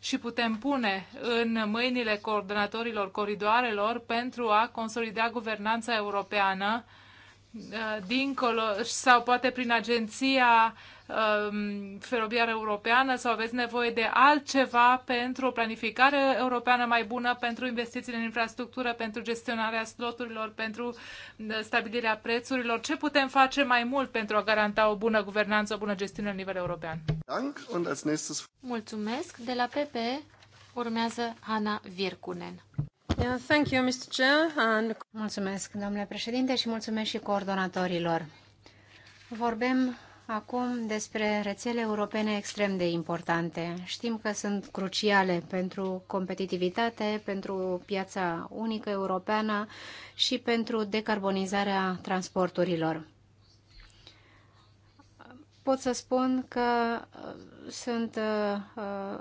și putem pune în mâinile coordonatorilor coridoarelor pentru a consolida guvernanța europeană Uh, dincolo sau poate prin agenția um, feroviară europeană sau aveți nevoie de altceva pentru o planificare europeană mai bună, pentru investițiile în infrastructură, pentru gestionarea sloturilor, pentru uh, stabilirea prețurilor. Ce putem face mai mult pentru a garanta o bună guvernanță, o bună gestiune la nivel european? Mulțumesc. De la PP urmează Hanna Virkunen thank you, Mr. Chair, and... Mulțumesc, domnule președinte, și mulțumesc și coordonatorilor. Vorbim acum despre rețele europene extrem de importante. Știm că sunt cruciale pentru competitivitate, pentru piața unică europeană și pentru decarbonizarea transporturilor. Pot să spun că sunt uh,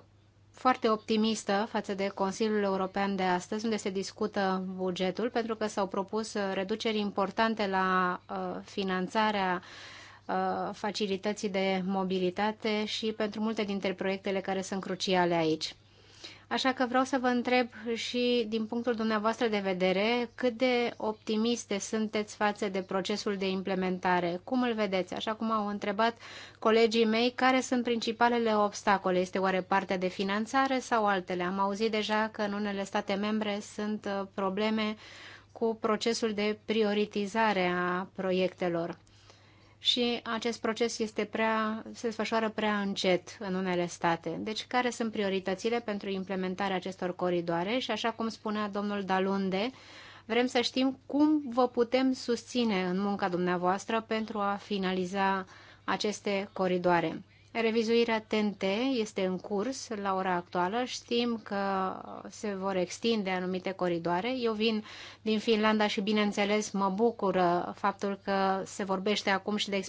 foarte optimistă față de Consiliul European de astăzi, unde se discută bugetul, pentru că s-au propus uh, reduceri importante la uh, finanțarea uh, facilității de mobilitate și pentru multe dintre proiectele care sunt cruciale aici. Așa că vreau să vă întreb și din punctul dumneavoastră de vedere cât de optimiste sunteți față de procesul de implementare. Cum îl vedeți? Așa cum au întrebat colegii mei, care sunt principalele obstacole? Este oare partea de finanțare sau altele? Am auzit deja că în unele state membre sunt uh, probleme cu procesul de prioritizare a proiectelor și acest proces este prea, se desfășoară prea încet în unele state. Deci, care sunt prioritățile pentru implementarea acestor coridoare? Și așa cum spunea domnul Dalunde, vrem să știm cum vă putem susține în munca dumneavoastră pentru a finaliza aceste coridoare. Revizuirea TNT este în curs la ora actuală. Știm că se vor extinde anumite coridoare. Eu vin din Finlanda și, bineînțeles, mă bucură faptul că se vorbește acum și de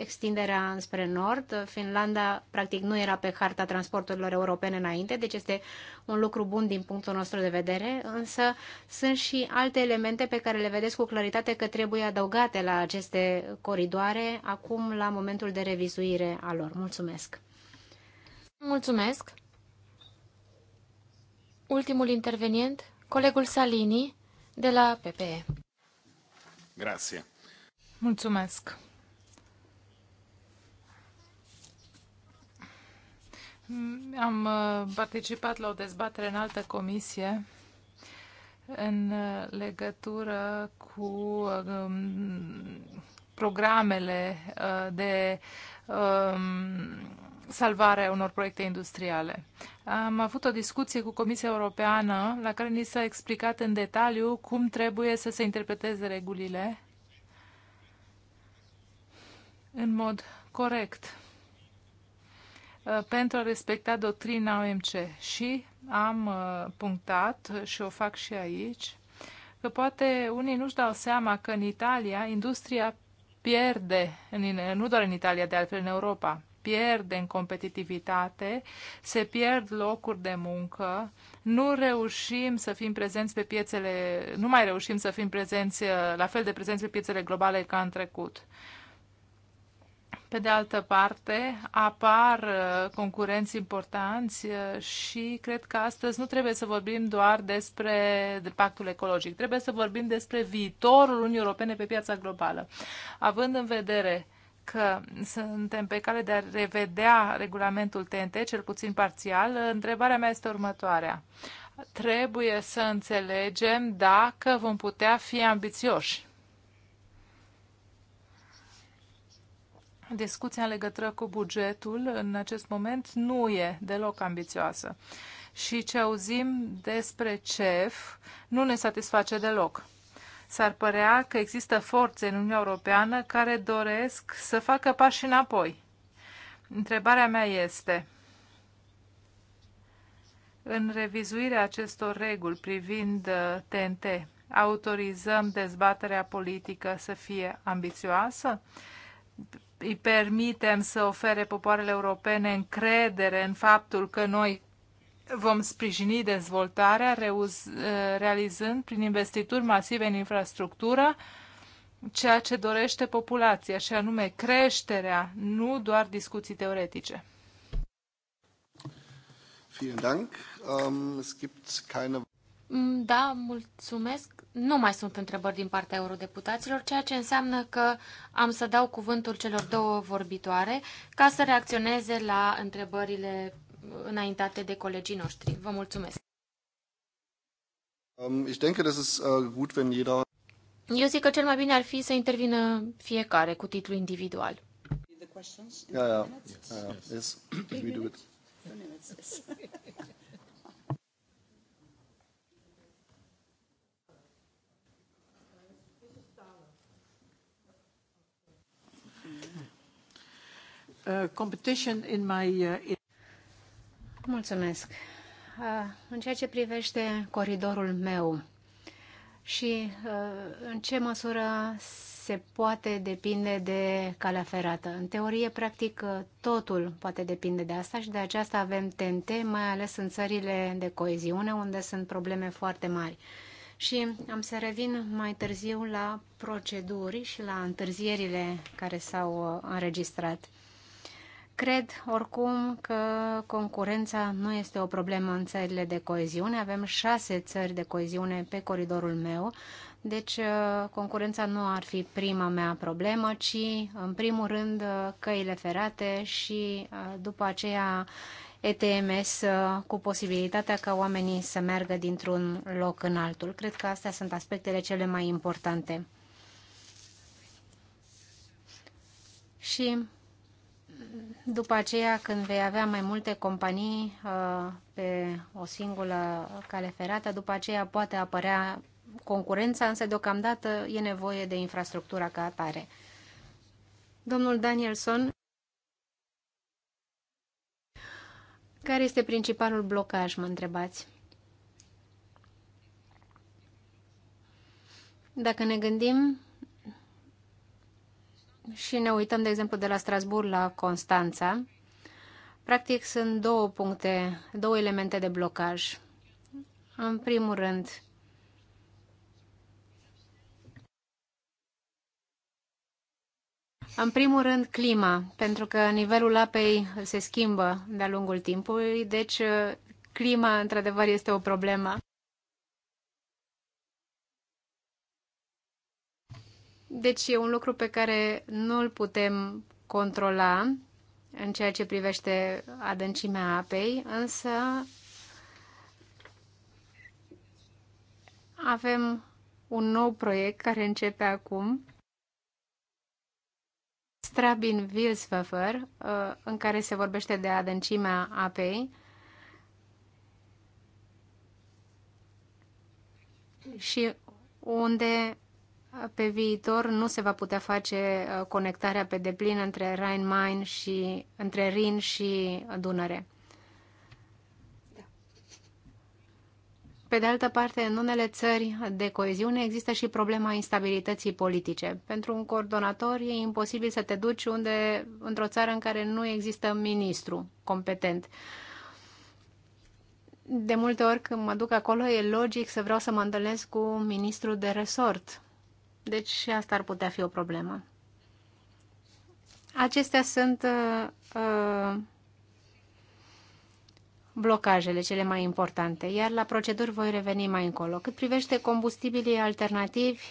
extinderea spre nord. Finlanda, practic, nu era pe harta transporturilor europene înainte, deci este un lucru bun din punctul nostru de vedere, însă sunt și alte elemente pe care le vedeți cu claritate că trebuie adăugate la aceste coridoare acum la momentul de revizuire a lor. Mulțumesc! Mulțumesc! Ultimul intervenient, colegul Salini de la PPE. Grazie. Mulțumesc! Am uh, participat la o dezbatere în altă comisie în uh, legătură cu um, programele uh, de um, salvare a unor proiecte industriale. Am avut o discuție cu Comisia Europeană la care ni s-a explicat în detaliu cum trebuie să se interpreteze regulile în mod corect. Uh, pentru a respecta doctrina OMC. Și am uh, punctat, și o fac și aici, că poate unii nu-și dau seama că în Italia industria pierde, nu doar în Italia, de altfel în Europa, pierde în competitivitate, se pierd locuri de muncă, nu reușim să fim prezenți pe piețele, nu mai reușim să fim prezenți uh, la fel de prezenți pe piețele globale ca în trecut. Pe de altă parte, apar uh, concurenți importanți uh, și cred că astăzi nu trebuie să vorbim doar despre pactul ecologic, trebuie să vorbim despre viitorul Uniunii Europene pe piața globală. Având în vedere că suntem pe cale de a revedea regulamentul TNT, cel puțin parțial, uh, întrebarea mea este următoarea. Trebuie să înțelegem dacă vom putea fi ambițioși discuția în legătură cu bugetul în acest moment nu e deloc ambițioasă. Și ce auzim despre CEF nu ne satisface deloc. S-ar părea că există forțe în Uniunea Europeană care doresc să facă pași înapoi. Întrebarea mea este, în revizuirea acestor reguli privind TNT, uh, autorizăm dezbaterea politică să fie ambițioasă? îi permitem să ofere popoarele europene încredere în faptul că noi vom sprijini dezvoltarea reuz, eh, realizând prin investituri masive în infrastructură ceea ce dorește populația, și anume creșterea, nu doar discuții teoretice. Vielen Dank. Um, es gibt keine... Mm, da, mulțumesc. Nu mai sunt întrebări din partea eurodeputaților, ceea ce înseamnă că am să dau cuvântul celor două vorbitoare ca să reacționeze la întrebările înaintate de colegii noștri. Vă mulțumesc! Um, äh, Eu zic că cel mai bine ar fi să intervină fiecare cu titlu individual. Yeah, yeah. Yeah, yeah. Yes. Yes. Yes. Uh, uh, Mulțumesc. În ceea ce privește coridorul meu și uh, în ce măsură se poate depinde de calea ferată. În teorie, practic, totul poate depinde de asta și de aceasta avem TNT, mai ales în țările de coeziune, unde sunt probleme foarte mari. Și am să revin mai târziu la proceduri și la întârzierile care s-au înregistrat. Cred oricum că concurența nu este o problemă în țările de coeziune. Avem șase țări de coeziune pe coridorul meu, deci uh, concurența nu ar fi prima mea problemă, ci în primul rând uh, căile ferate și uh, după aceea ETMS cu posibilitatea ca oamenii să meargă dintr-un loc în altul. Cred că astea sunt aspectele cele mai importante. Și după aceea, când vei avea mai multe companii uh, pe o singură cale ferată, după aceea poate apărea concurența, însă deocamdată e nevoie de infrastructura ca atare. Domnul Danielson, care este principalul blocaj, mă întrebați? Dacă ne gândim și ne uităm, de exemplu, de la Strasburg la Constanța, practic sunt două puncte, două elemente de blocaj. În primul rând, În primul rând, clima, pentru că nivelul apei se schimbă de-a lungul timpului, deci clima, într-adevăr, este o problemă. Deci e un lucru pe care nu îl putem controla în ceea ce privește adâncimea apei, însă avem un nou proiect care începe acum, Strabin Wilswafer, uh, în care se vorbește de adâncimea apei. Și unde pe viitor nu se va putea face uh, conectarea pe deplin între Rhein-Main și între Rin și Dunăre. Pe de altă parte, în unele țări de coeziune există și problema instabilității politice. Pentru un coordonator e imposibil să te duci unde, într-o țară în care nu există ministru competent. De multe ori când mă duc acolo e logic să vreau să mă întâlnesc cu ministrul de resort deci și asta ar putea fi o problemă. Acestea sunt uh, uh, blocajele cele mai importante, iar la proceduri voi reveni mai încolo. Cât privește combustibilii alternativi,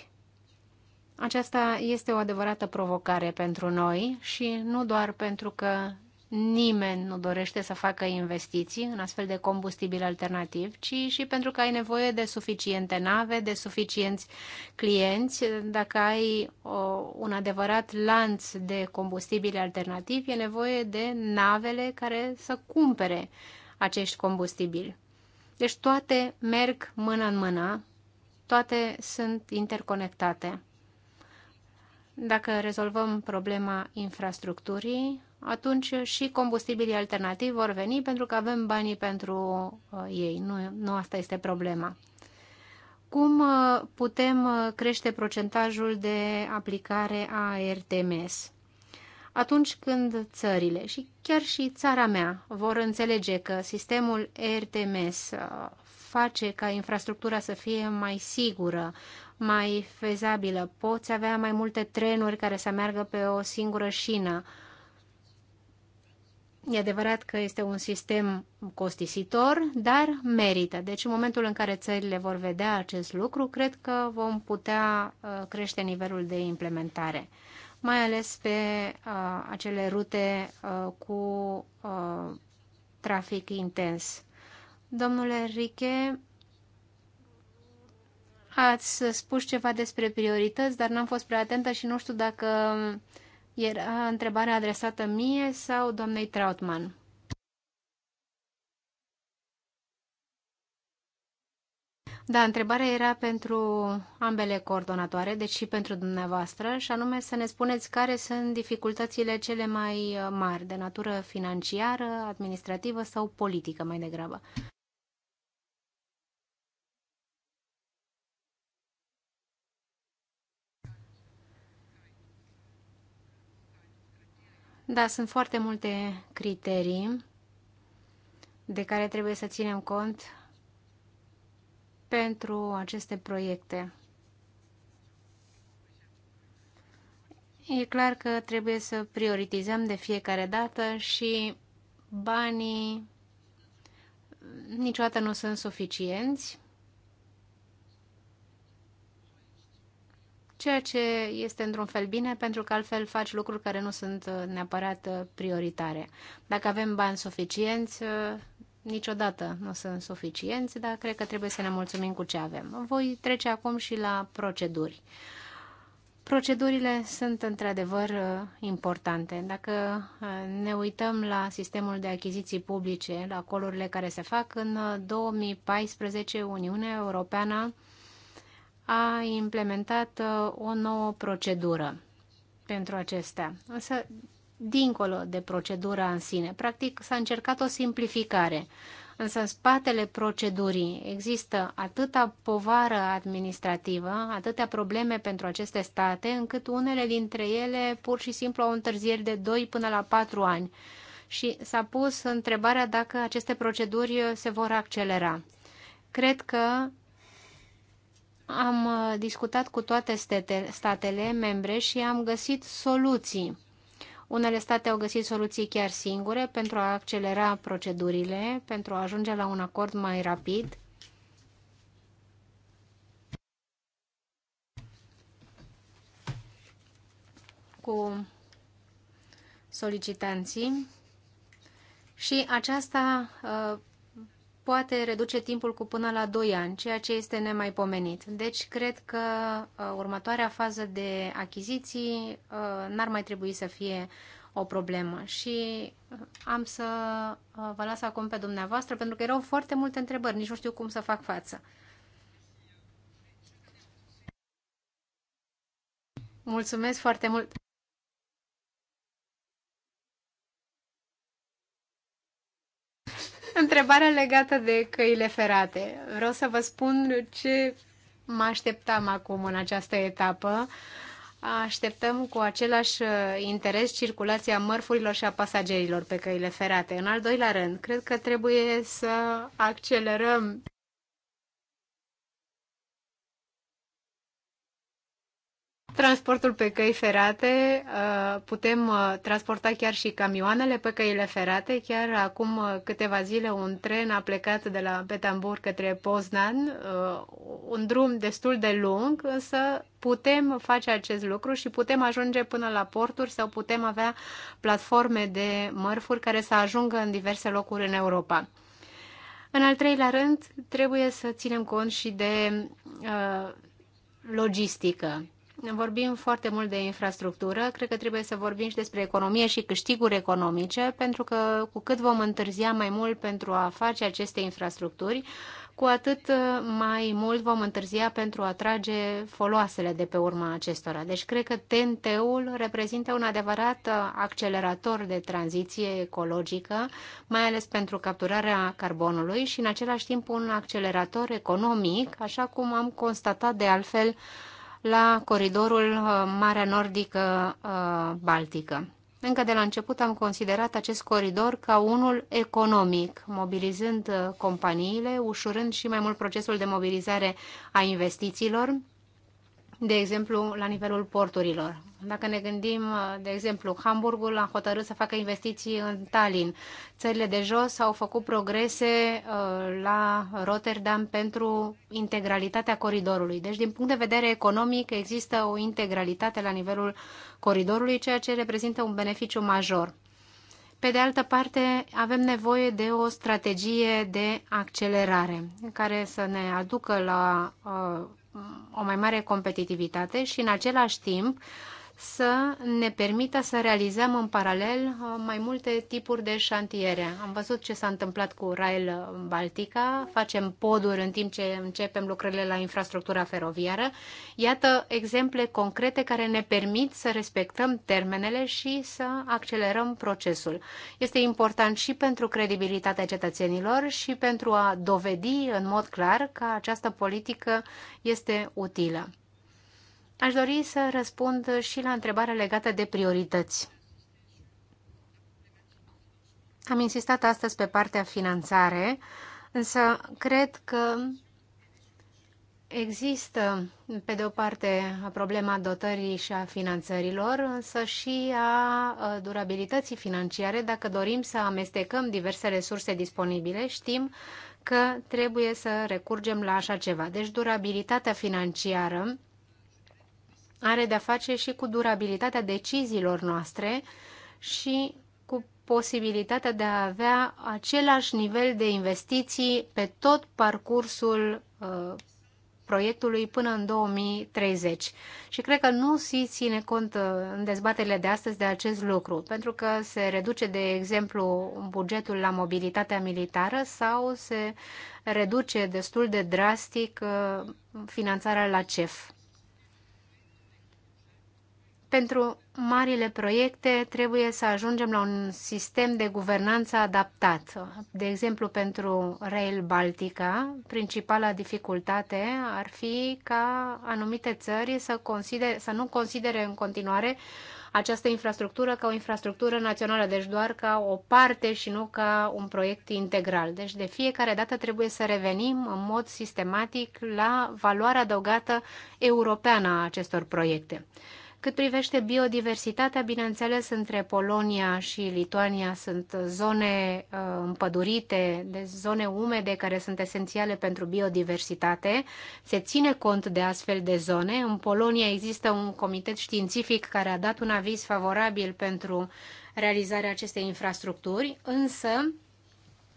aceasta este o adevărată provocare pentru noi și nu doar pentru că nimeni nu dorește să facă investiții în astfel de combustibil alternativ, ci și pentru că ai nevoie de suficiente nave, de suficienți clienți. Dacă ai o, un adevărat lanț de combustibili alternativ, e nevoie de navele care să cumpere acești combustibili. Deci toate merg mână în mână, toate sunt interconectate. Dacă rezolvăm problema infrastructurii, atunci și combustibilii alternativi vor veni pentru că avem banii pentru uh, ei. Nu, nu asta este problema. Cum uh, putem uh, crește procentajul de aplicare a RTMS? Atunci când țările și chiar și țara mea vor înțelege că sistemul RTMS face ca infrastructura să fie mai sigură, mai fezabilă, poți avea mai multe trenuri care să meargă pe o singură șină, E adevărat că este un sistem costisitor, dar merită. Deci în momentul în care țările vor vedea acest lucru, cred că vom putea uh, crește nivelul de implementare, mai ales pe uh, acele rute uh, cu uh, trafic intens. Domnule Riche, ați spus ceva despre priorități, dar n-am fost prea atentă și nu știu dacă uh, era întrebarea adresată mie sau doamnei Trautmann? Da, întrebarea era pentru ambele coordonatoare, deci și pentru dumneavoastră, și anume să ne spuneți care sunt dificultățile cele mai mari, de natură financiară, administrativă sau politică mai degrabă. Da, sunt foarte multe criterii de care trebuie să ținem cont pentru aceste proiecte. E clar că trebuie să prioritizăm de fiecare dată și banii niciodată nu sunt suficienți ceea ce este într-un fel bine, pentru că altfel faci lucruri care nu sunt uh, neapărat uh, prioritare. Dacă avem bani suficienți, uh, niciodată nu sunt suficienți, dar cred că trebuie să ne mulțumim cu ce avem. Voi trece acum și la proceduri. Procedurile sunt într-adevăr importante. Dacă ne uităm la sistemul de achiziții publice, la colurile care se fac, în 2014 Uniunea Europeană a implementat uh, o nouă procedură pentru acestea. Însă, dincolo de procedura în sine, practic s-a încercat o simplificare. Însă în spatele procedurii există atâta povară administrativă, atâtea probleme pentru aceste state, încât unele dintre ele pur și simplu au întârzieri de 2 până la 4 ani. Și s-a pus întrebarea dacă aceste proceduri se vor accelera. Cred că am uh, discutat cu toate statele membre și am găsit soluții. Unele state au găsit soluții chiar singure pentru a accelera procedurile, pentru a ajunge la un acord mai rapid. cu solicitanții și aceasta uh, poate reduce timpul cu până la 2 ani, ceea ce este nemaipomenit. Deci, cred că uh, următoarea fază de achiziții uh, n-ar mai trebui să fie o problemă. Și uh, am să uh, vă las acum pe dumneavoastră, pentru că erau foarte multe întrebări, nici nu știu cum să fac față. Mulțumesc foarte mult! Întrebarea legată de căile ferate. Vreau să vă spun ce mă așteptam acum în această etapă. Așteptăm cu același uh, interes circulația mărfurilor și a pasagerilor pe căile ferate. În al doilea rând, cred că trebuie să accelerăm transportul pe căi ferate, uh, putem uh, transporta chiar și camioanele pe căile ferate. Chiar acum uh, câteva zile un tren a plecat de la Petamburg către Poznan, un drum destul de lung, însă putem face acest lucru și putem ajunge până la porturi sau putem avea platforme de mărfuri care să ajungă în diverse locuri în Europa. În al treilea rând, trebuie să ținem cont și de uh, logistică vorbim foarte mult de infrastructură, cred că trebuie să vorbim și despre economie și câștiguri economice, pentru că cu cât vom întârzia mai mult pentru a face aceste infrastructuri, cu atât uh, mai mult vom întârzia pentru a atrage foloasele de pe urma acestora. Deci cred că TNT-ul reprezintă un adevărat uh, accelerator de tranziție ecologică, mai ales pentru capturarea carbonului și în același timp un accelerator economic, așa cum am constatat de altfel la coridorul uh, Marea Nordică-Baltică. Uh, Încă de la început am considerat acest coridor ca unul economic, mobilizând uh, companiile, ușurând și mai mult procesul de mobilizare a investițiilor de exemplu, la nivelul porturilor. Dacă ne gândim, de exemplu, Hamburgul a hotărât să facă investiții în Tallinn. Țările de jos au făcut progrese uh, la Rotterdam pentru integralitatea coridorului. Deci, din punct de vedere economic, există o integralitate la nivelul coridorului, ceea ce reprezintă un beneficiu major. Pe de altă parte, avem nevoie de o strategie de accelerare care să ne aducă la uh, o mai mare competitivitate și în același timp să ne permită să realizăm în paralel uh, mai multe tipuri de șantiere. Am văzut ce s-a întâmplat cu Rail Baltica, facem poduri în timp ce începem lucrările la infrastructura feroviară. Iată exemple concrete care ne permit să respectăm termenele și să accelerăm procesul. Este important și pentru credibilitatea cetățenilor și pentru a dovedi în mod clar că această politică este utilă. Aș dori să răspund și la întrebarea legată de priorități. Am insistat astăzi pe partea finanțare, însă cred că Există, pe de o parte, problema dotării și a finanțărilor, însă și a durabilității financiare. Dacă dorim să amestecăm diverse resurse disponibile, știm că trebuie să recurgem la așa ceva. Deci durabilitatea financiară are de-a face și cu durabilitatea deciziilor noastre și cu posibilitatea de a avea același nivel de investiții pe tot parcursul uh, proiectului până în 2030. Și cred că nu se ține cont uh, în dezbaterile de astăzi de acest lucru, pentru că se reduce, de exemplu, bugetul la mobilitatea militară sau se reduce destul de drastic uh, finanțarea la CEF. Pentru marile proiecte trebuie să ajungem la un sistem de guvernanță adaptat. De exemplu, pentru Rail Baltica, principala dificultate ar fi ca anumite țări să, consider, să nu considere în continuare această infrastructură ca o infrastructură națională, deci doar ca o parte și nu ca un proiect integral. Deci de fiecare dată trebuie să revenim în mod sistematic la valoarea adăugată europeană a acestor proiecte. Cât privește biodiversitatea, bineînțeles, între Polonia și Lituania sunt zone uh, împădurite, de deci zone umede care sunt esențiale pentru biodiversitate. Se ține cont de astfel de zone. În Polonia există un comitet științific care a dat un aviz favorabil pentru realizarea acestei infrastructuri, însă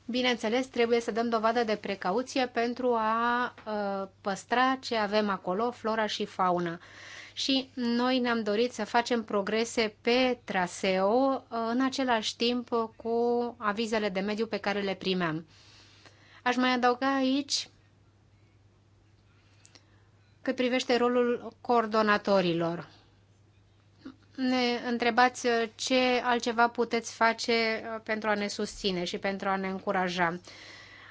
Bineînțeles, trebuie să dăm dovadă de precauție pentru a uh, păstra ce avem acolo, flora și fauna și noi ne-am dorit să facem progrese pe traseu, în același timp cu avizele de mediu pe care le primeam. Aș mai adăuga aici cât privește rolul coordonatorilor. Ne întrebați ce altceva puteți face pentru a ne susține și pentru a ne încuraja.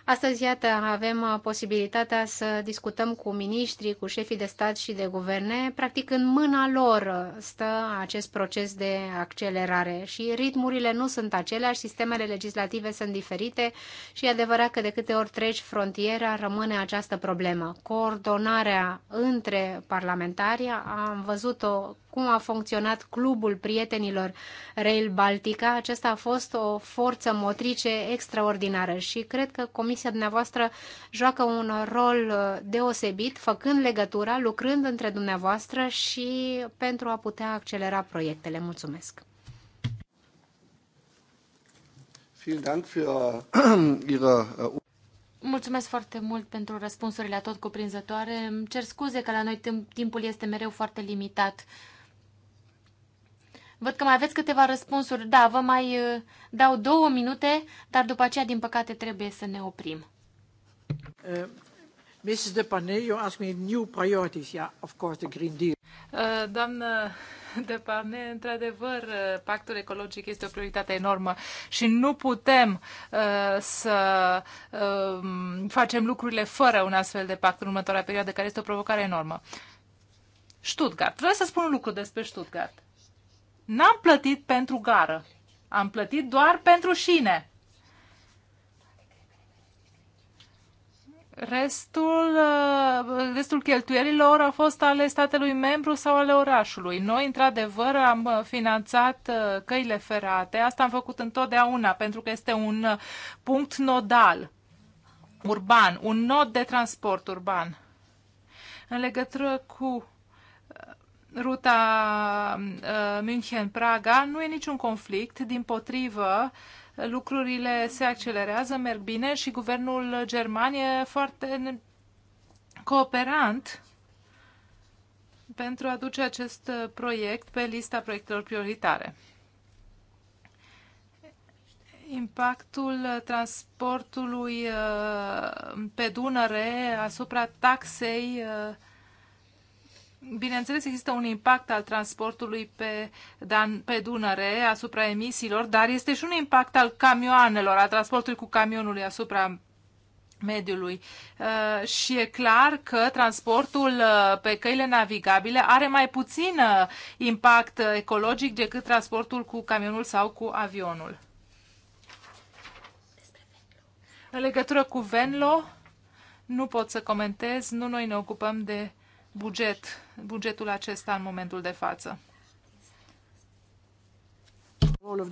Astăzi, iată, avem uh, posibilitatea să discutăm cu miniștrii, cu șefii de stat și de guverne. Practic, în mâna lor uh, stă acest proces de accelerare și ritmurile nu sunt aceleași, sistemele legislative sunt diferite și e adevărat că de câte ori treci frontiera rămâne această problemă. Coordonarea între parlamentari am văzut-o cum a funcționat Clubul Prietenilor Rail Baltica. Acesta a fost o forță motrice extraordinară și cred că comisia dumneavoastră joacă un rol uh, deosebit, făcând legătura, lucrând între dumneavoastră și pentru a putea accelera proiectele. Mulțumesc! Äh, äh, Mulțumesc foarte mult pentru răspunsurile tot cuprinzătoare. Îmi cer scuze că la noi timpul este mereu foarte limitat. Văd că mai aveți câteva răspunsuri. Da, vă mai uh, dau două minute, dar după aceea, din păcate, trebuie să ne oprim. Uh, Mrs. Deparnay, you ask me new priorities. Yeah, of course, the Green Deal. Uh, doamnă Deparnay, într-adevăr, uh, pactul ecologic este o prioritate enormă și nu putem uh, să uh, facem lucrurile fără un astfel de pact în următoarea perioadă, care este o provocare enormă. Stuttgart. Vreau să spun un lucru despre Stuttgart N-am plătit pentru gară. Am plătit doar pentru șine. Restul, uh, restul cheltuielilor a fost ale statelui membru sau ale orașului. Noi, într-adevăr, am uh, finanțat uh, căile ferate. Asta am făcut întotdeauna, pentru că este un punct nodal urban, un nod de transport urban. În legătură cu ruta uh, München-Praga, nu e niciun conflict, din potrivă, lucrurile se accelerează, merg bine și guvernul german e foarte cooperant pentru a duce acest proiect pe lista proiectelor prioritare. Impactul transportului uh, pe Dunăre asupra taxei uh, Bineînțeles, există un impact al transportului pe, Dan, pe Dunăre asupra emisiilor, dar este și un impact al camioanelor, al transportului cu camionului asupra mediului. Uh, și e clar că transportul uh, pe căile navigabile are mai puțin uh, impact ecologic decât transportul cu camionul sau cu avionul. În legătură cu Venlo, nu pot să comentez, nu noi ne ocupăm de buget bugetul acesta în momentul de față. Um,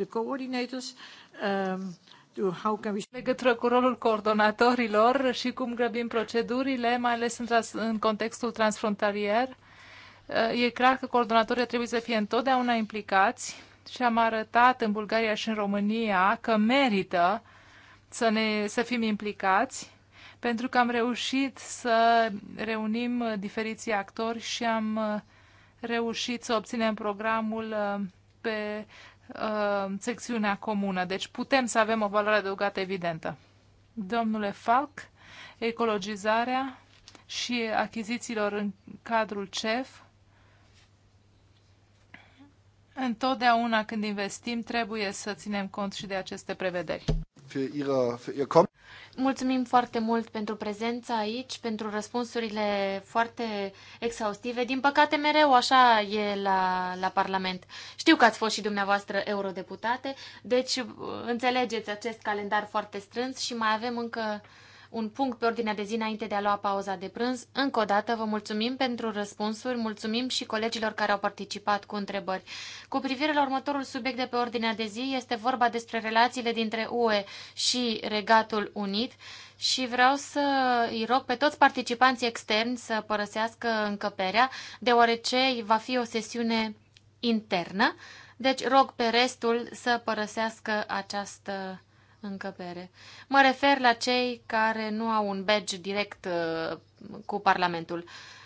Legătură cu rolul coordonatorilor și cum grăbim procedurile, mai ales în, în contextul transfrontalier, uh, e clar că coordonatorii trebuie să fie întotdeauna implicați și am arătat în Bulgaria și în România că merită să, ne, să fim implicați pentru că am reușit să reunim diferiții actori și am uh, reușit să obținem programul uh, pe uh, secțiunea comună. Deci putem să avem o valoare adăugată evidentă. Domnule Falc, ecologizarea și achizițiilor în cadrul CEF. Întotdeauna când investim trebuie să ținem cont și de aceste prevederi. Mulțumim foarte mult pentru prezența aici, pentru răspunsurile foarte exhaustive. Din păcate, mereu așa e la, la Parlament. Știu că ați fost și dumneavoastră eurodeputate, deci înțelegeți acest calendar foarte strâns și mai avem încă un punct pe ordinea de zi înainte de a lua pauza de prânz. Încă o dată vă mulțumim pentru răspunsuri, mulțumim și colegilor care au participat cu întrebări. Cu privire la următorul subiect de pe ordinea de zi, este vorba despre relațiile dintre UE și Regatul Unit și vreau să îi rog pe toți participanții externi să părăsească încăperea, deoarece va fi o sesiune internă. Deci rog pe restul să părăsească această încăpere. Mă refer la cei care nu au un badge direct uh, cu Parlamentul. Uh,